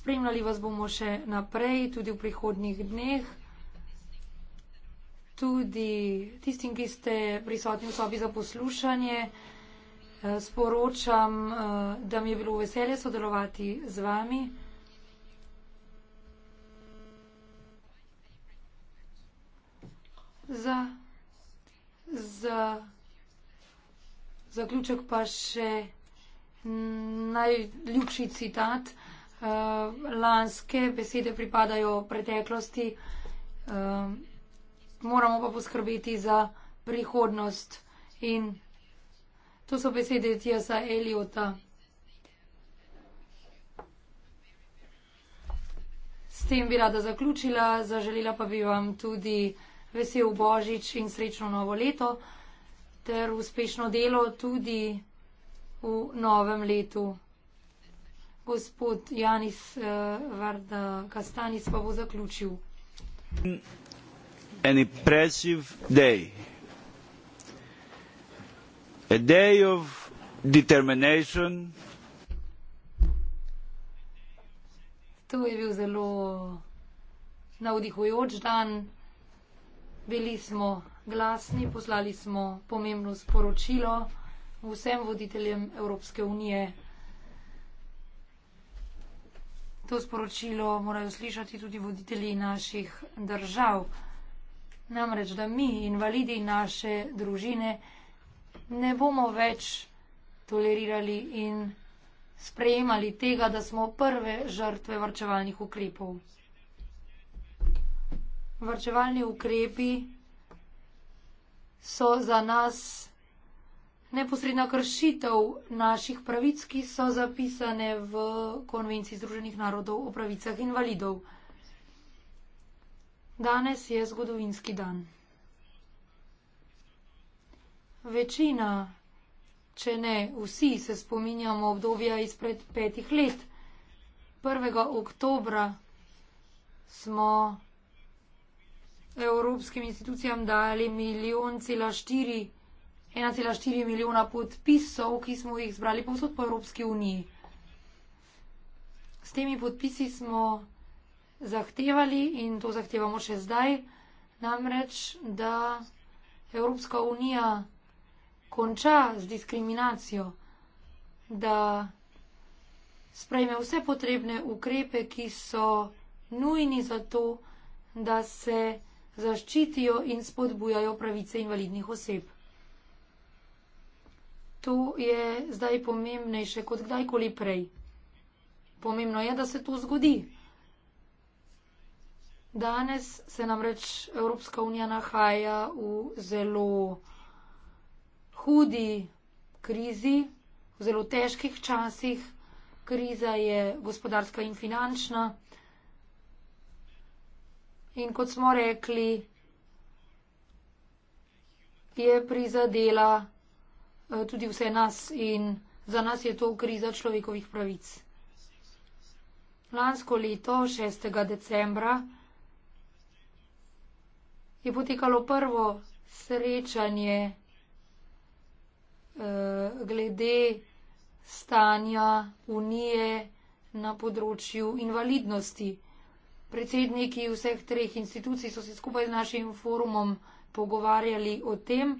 spremljali vas bomo še naprej, tudi v prihodnih dneh. Tudi tistim, ki ste prisotni v sobi za poslušanje, eh, sporočam, eh, da mi je bilo veselje sodelovati z vami. Za, za zaključek pa še najljubši citat. Eh, lanske besede pripadajo preteklosti, eh, moramo pa poskrbeti za prihodnost. In to so besede Tijasa Eliota. S tem bi rada zaključila, zaželela pa bi vam tudi vesel Božič in srečno novo leto ter uspešno delo tudi v novem letu gospod Janis eh, Varda Kastanis pa bo zaključil. An impressive day. A day of determination. To je bil zelo navdihujoč dan. Bili smo glasni, poslali smo pomembno sporočilo vsem voditeljem Evropske unije. To sporočilo morajo slišati tudi voditelji naših držav. Namreč, da mi, invalidi naše družine, ne bomo več tolerirali in sprejemali tega, da smo prve žrtve varčevalnih ukrepov. Varčevalni ukrepi so za nas neposredna kršitev naših pravic, ki so zapisane v Konvenciji Združenih narodov o pravicah invalidov. Danes je zgodovinski dan. Večina, če ne vsi, se spominjamo obdobja izpred petih let. 1. oktobra smo evropskim institucijam dali milijon cela štiri 1,4 milijona podpisov, ki smo jih zbrali povsod po Evropski uniji. S temi podpisi smo zahtevali in to zahtevamo še zdaj, namreč, da Evropska unija konča z diskriminacijo, da sprejme vse potrebne ukrepe, ki so nujni za to, da se zaščitijo in spodbujajo pravice invalidnih oseb to je zdaj pomembnejše kot kdajkoli prej. Pomembno je, da se to zgodi. Danes se namreč Evropska unija nahaja v zelo hudi krizi, v zelo težkih časih. Kriza je gospodarska in finančna. In kot smo rekli, je prizadela Eh, tudi vse nas in za nas je to kriza človekovih pravic. Lansko leto, 6. decembra, je potekalo prvo srečanje eh, glede stanja unije na področju invalidnosti. Predsedniki vseh treh institucij so se skupaj z našim forumom pogovarjali o tem,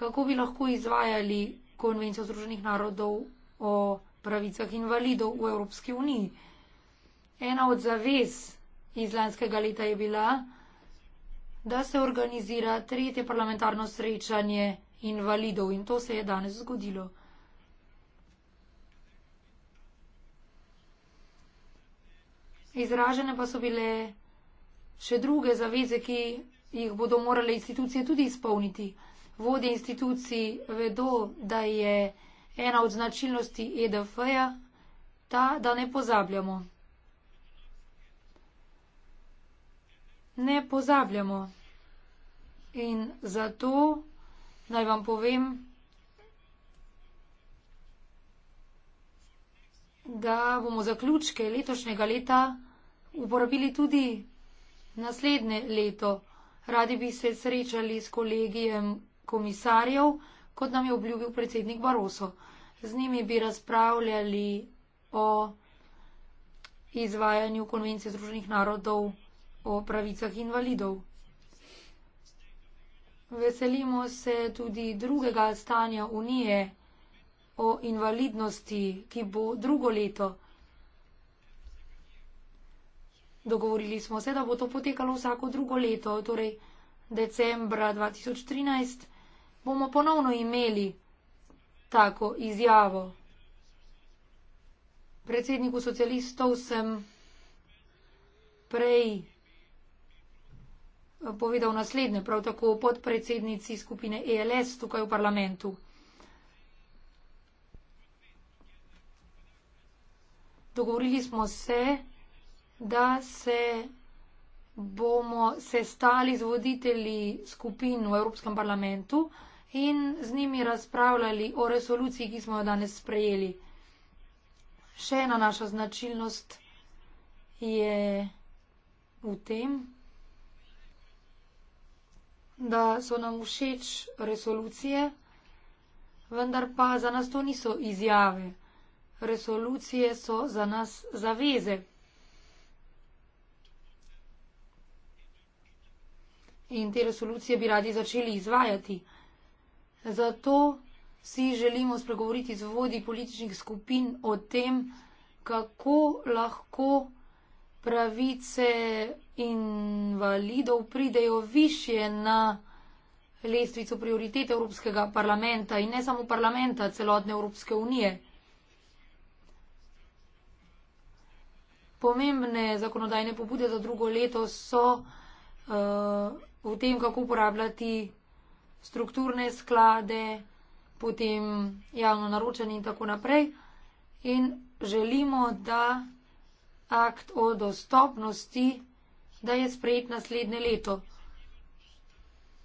kako bi lahko izvajali konvencijo Združenih narodov o pravicah invalidov v Evropski uniji. Ena od zavez iz lanskega leta je bila, da se organizira tretje parlamentarno srečanje invalidov in to se je danes zgodilo. Izražene pa so bile še druge zaveze, ki jih bodo morale institucije tudi izpolniti vodje institucij vedo, da je ena od značilnosti EDF-ja ta, da ne pozabljamo. Ne pozabljamo. In zato naj vam povem, da bomo zaključke letošnjega leta uporabili tudi naslednje leto. Radi bi se srečali s kolegijem komisarjev, kot nam je obljubil predsednik Baroso. Z njimi bi razpravljali o izvajanju konvencije Združenih narodov o pravicah invalidov. Veselimo se tudi drugega stanja Unije o invalidnosti, ki bo drugo leto. Dogovorili smo se, da bo to potekalo vsako drugo leto, torej decembra 2013, bomo ponovno imeli tako izjavo. Predsedniku socialistov sem prej eh, povedal naslednje, prav tako podpredsednici skupine ELS tukaj v parlamentu. Dogovorili smo se, da se bomo sestali z voditelji skupin v Evropskem parlamentu in z njimi razpravljali o resoluciji, ki smo jo danes sprejeli. Še ena naša značilnost je v tem, da so nam všeč resolucije, vendar pa za nas to niso izjave. Resolucije so za nas zaveze. In te resolucije bi radi začeli izvajati. Zato si želimo spregovoriti z vodi političnih skupin o tem, kako lahko pravice invalidov pridejo više na lestvico prioritete Evropskega parlamenta in ne samo parlamenta celotne Evropske unije. Pomembne zakonodajne pobude za drugo leto so uh, v tem, kako uporabljati strukturne sklade, potem javno naročanje in tako naprej. In želimo, da akt o dostopnosti, da je sprejet naslednje leto.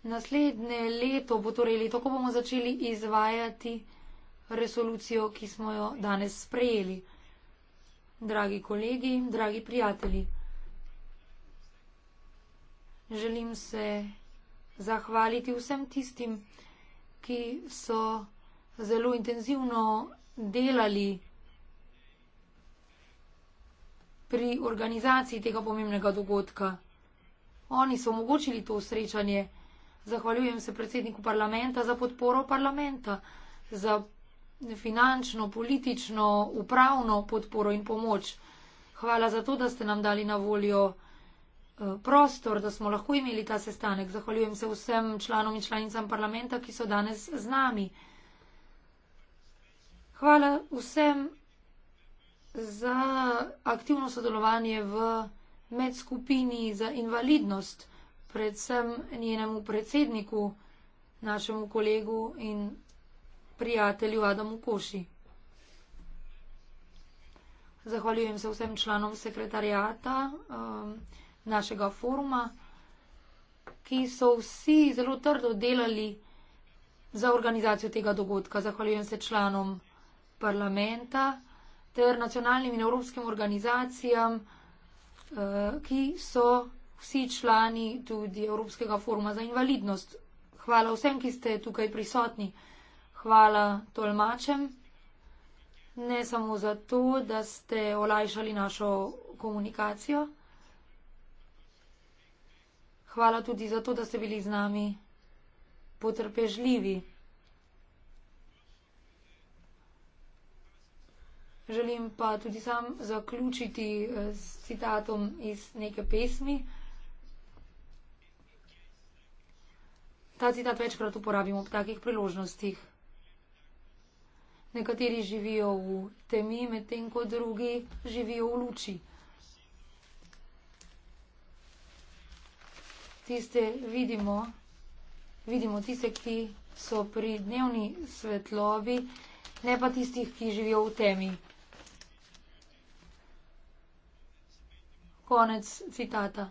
Naslednje leto bo torej leto, ko bomo začeli izvajati resolucijo, ki smo jo danes sprejeli. Dragi kolegi, dragi prijatelji, želim se zahvaliti vsem tistim, ki so zelo intenzivno delali pri organizaciji tega pomembnega dogodka. Oni so omogočili to srečanje. Zahvaljujem se predsedniku parlamenta za podporo parlamenta, za finančno, politično, upravno podporo in pomoč. Hvala za to, da ste nam dali na voljo. Eh, prostor, da smo lahko imeli ta sestanek. Zahvaljujem se vsem članom in članicam parlamenta, ki so danes z nami. Hvala vsem za aktivno sodelovanje v medskupini za invalidnost, predvsem njenemu predsedniku, našemu kolegu in prijatelju Adamu Koši. Zahvaljujem se vsem članom sekretarijata. Um, eh, našega foruma, ki so vsi zelo trdo delali za organizacijo tega dogodka. Zahvaljujem se članom parlamenta ter nacionalnim in evropskim organizacijam, eh, ki so vsi člani tudi Evropskega foruma za invalidnost. Hvala vsem, ki ste tukaj prisotni. Hvala tolmačem. Ne samo zato, da ste olajšali našo komunikacijo. Hvala tudi za to, da ste bili z nami potrpežljivi. Želim pa tudi sam zaključiti eh, s citatom iz neke pesmi. Ta citat večkrat uporabimo ob takih priložnostih. Nekateri živijo v temi, medtem ko drugi živijo v luči. tiste vidimo, vidimo tiste, ki so pri dnevni svetlobi, ne pa tistih, ki živijo v temi. Konec citata.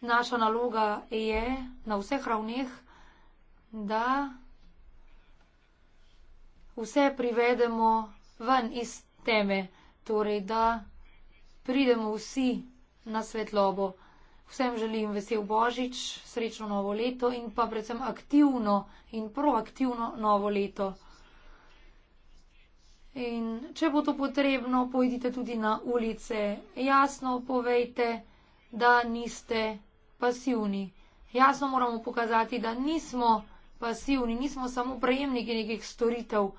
Naša naloga je na vseh ravneh, da vse privedemo ven iz teme, torej da pridemo vsi na svetlobo. Vsem želim vesel božič, srečno novo leto in pa predvsem aktivno in proaktivno novo leto. In če bo to potrebno, pojdite tudi na ulice. Jasno povejte, da niste pasivni. Jasno moramo pokazati, da nismo pasivni, nismo samo prejemniki nekih storitev.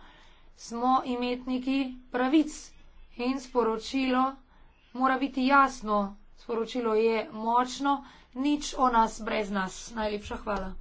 Smo imetniki pravic in sporočilo mora biti jasno sporočilo je močno, nič o nas brez nas. Najlepša hvala.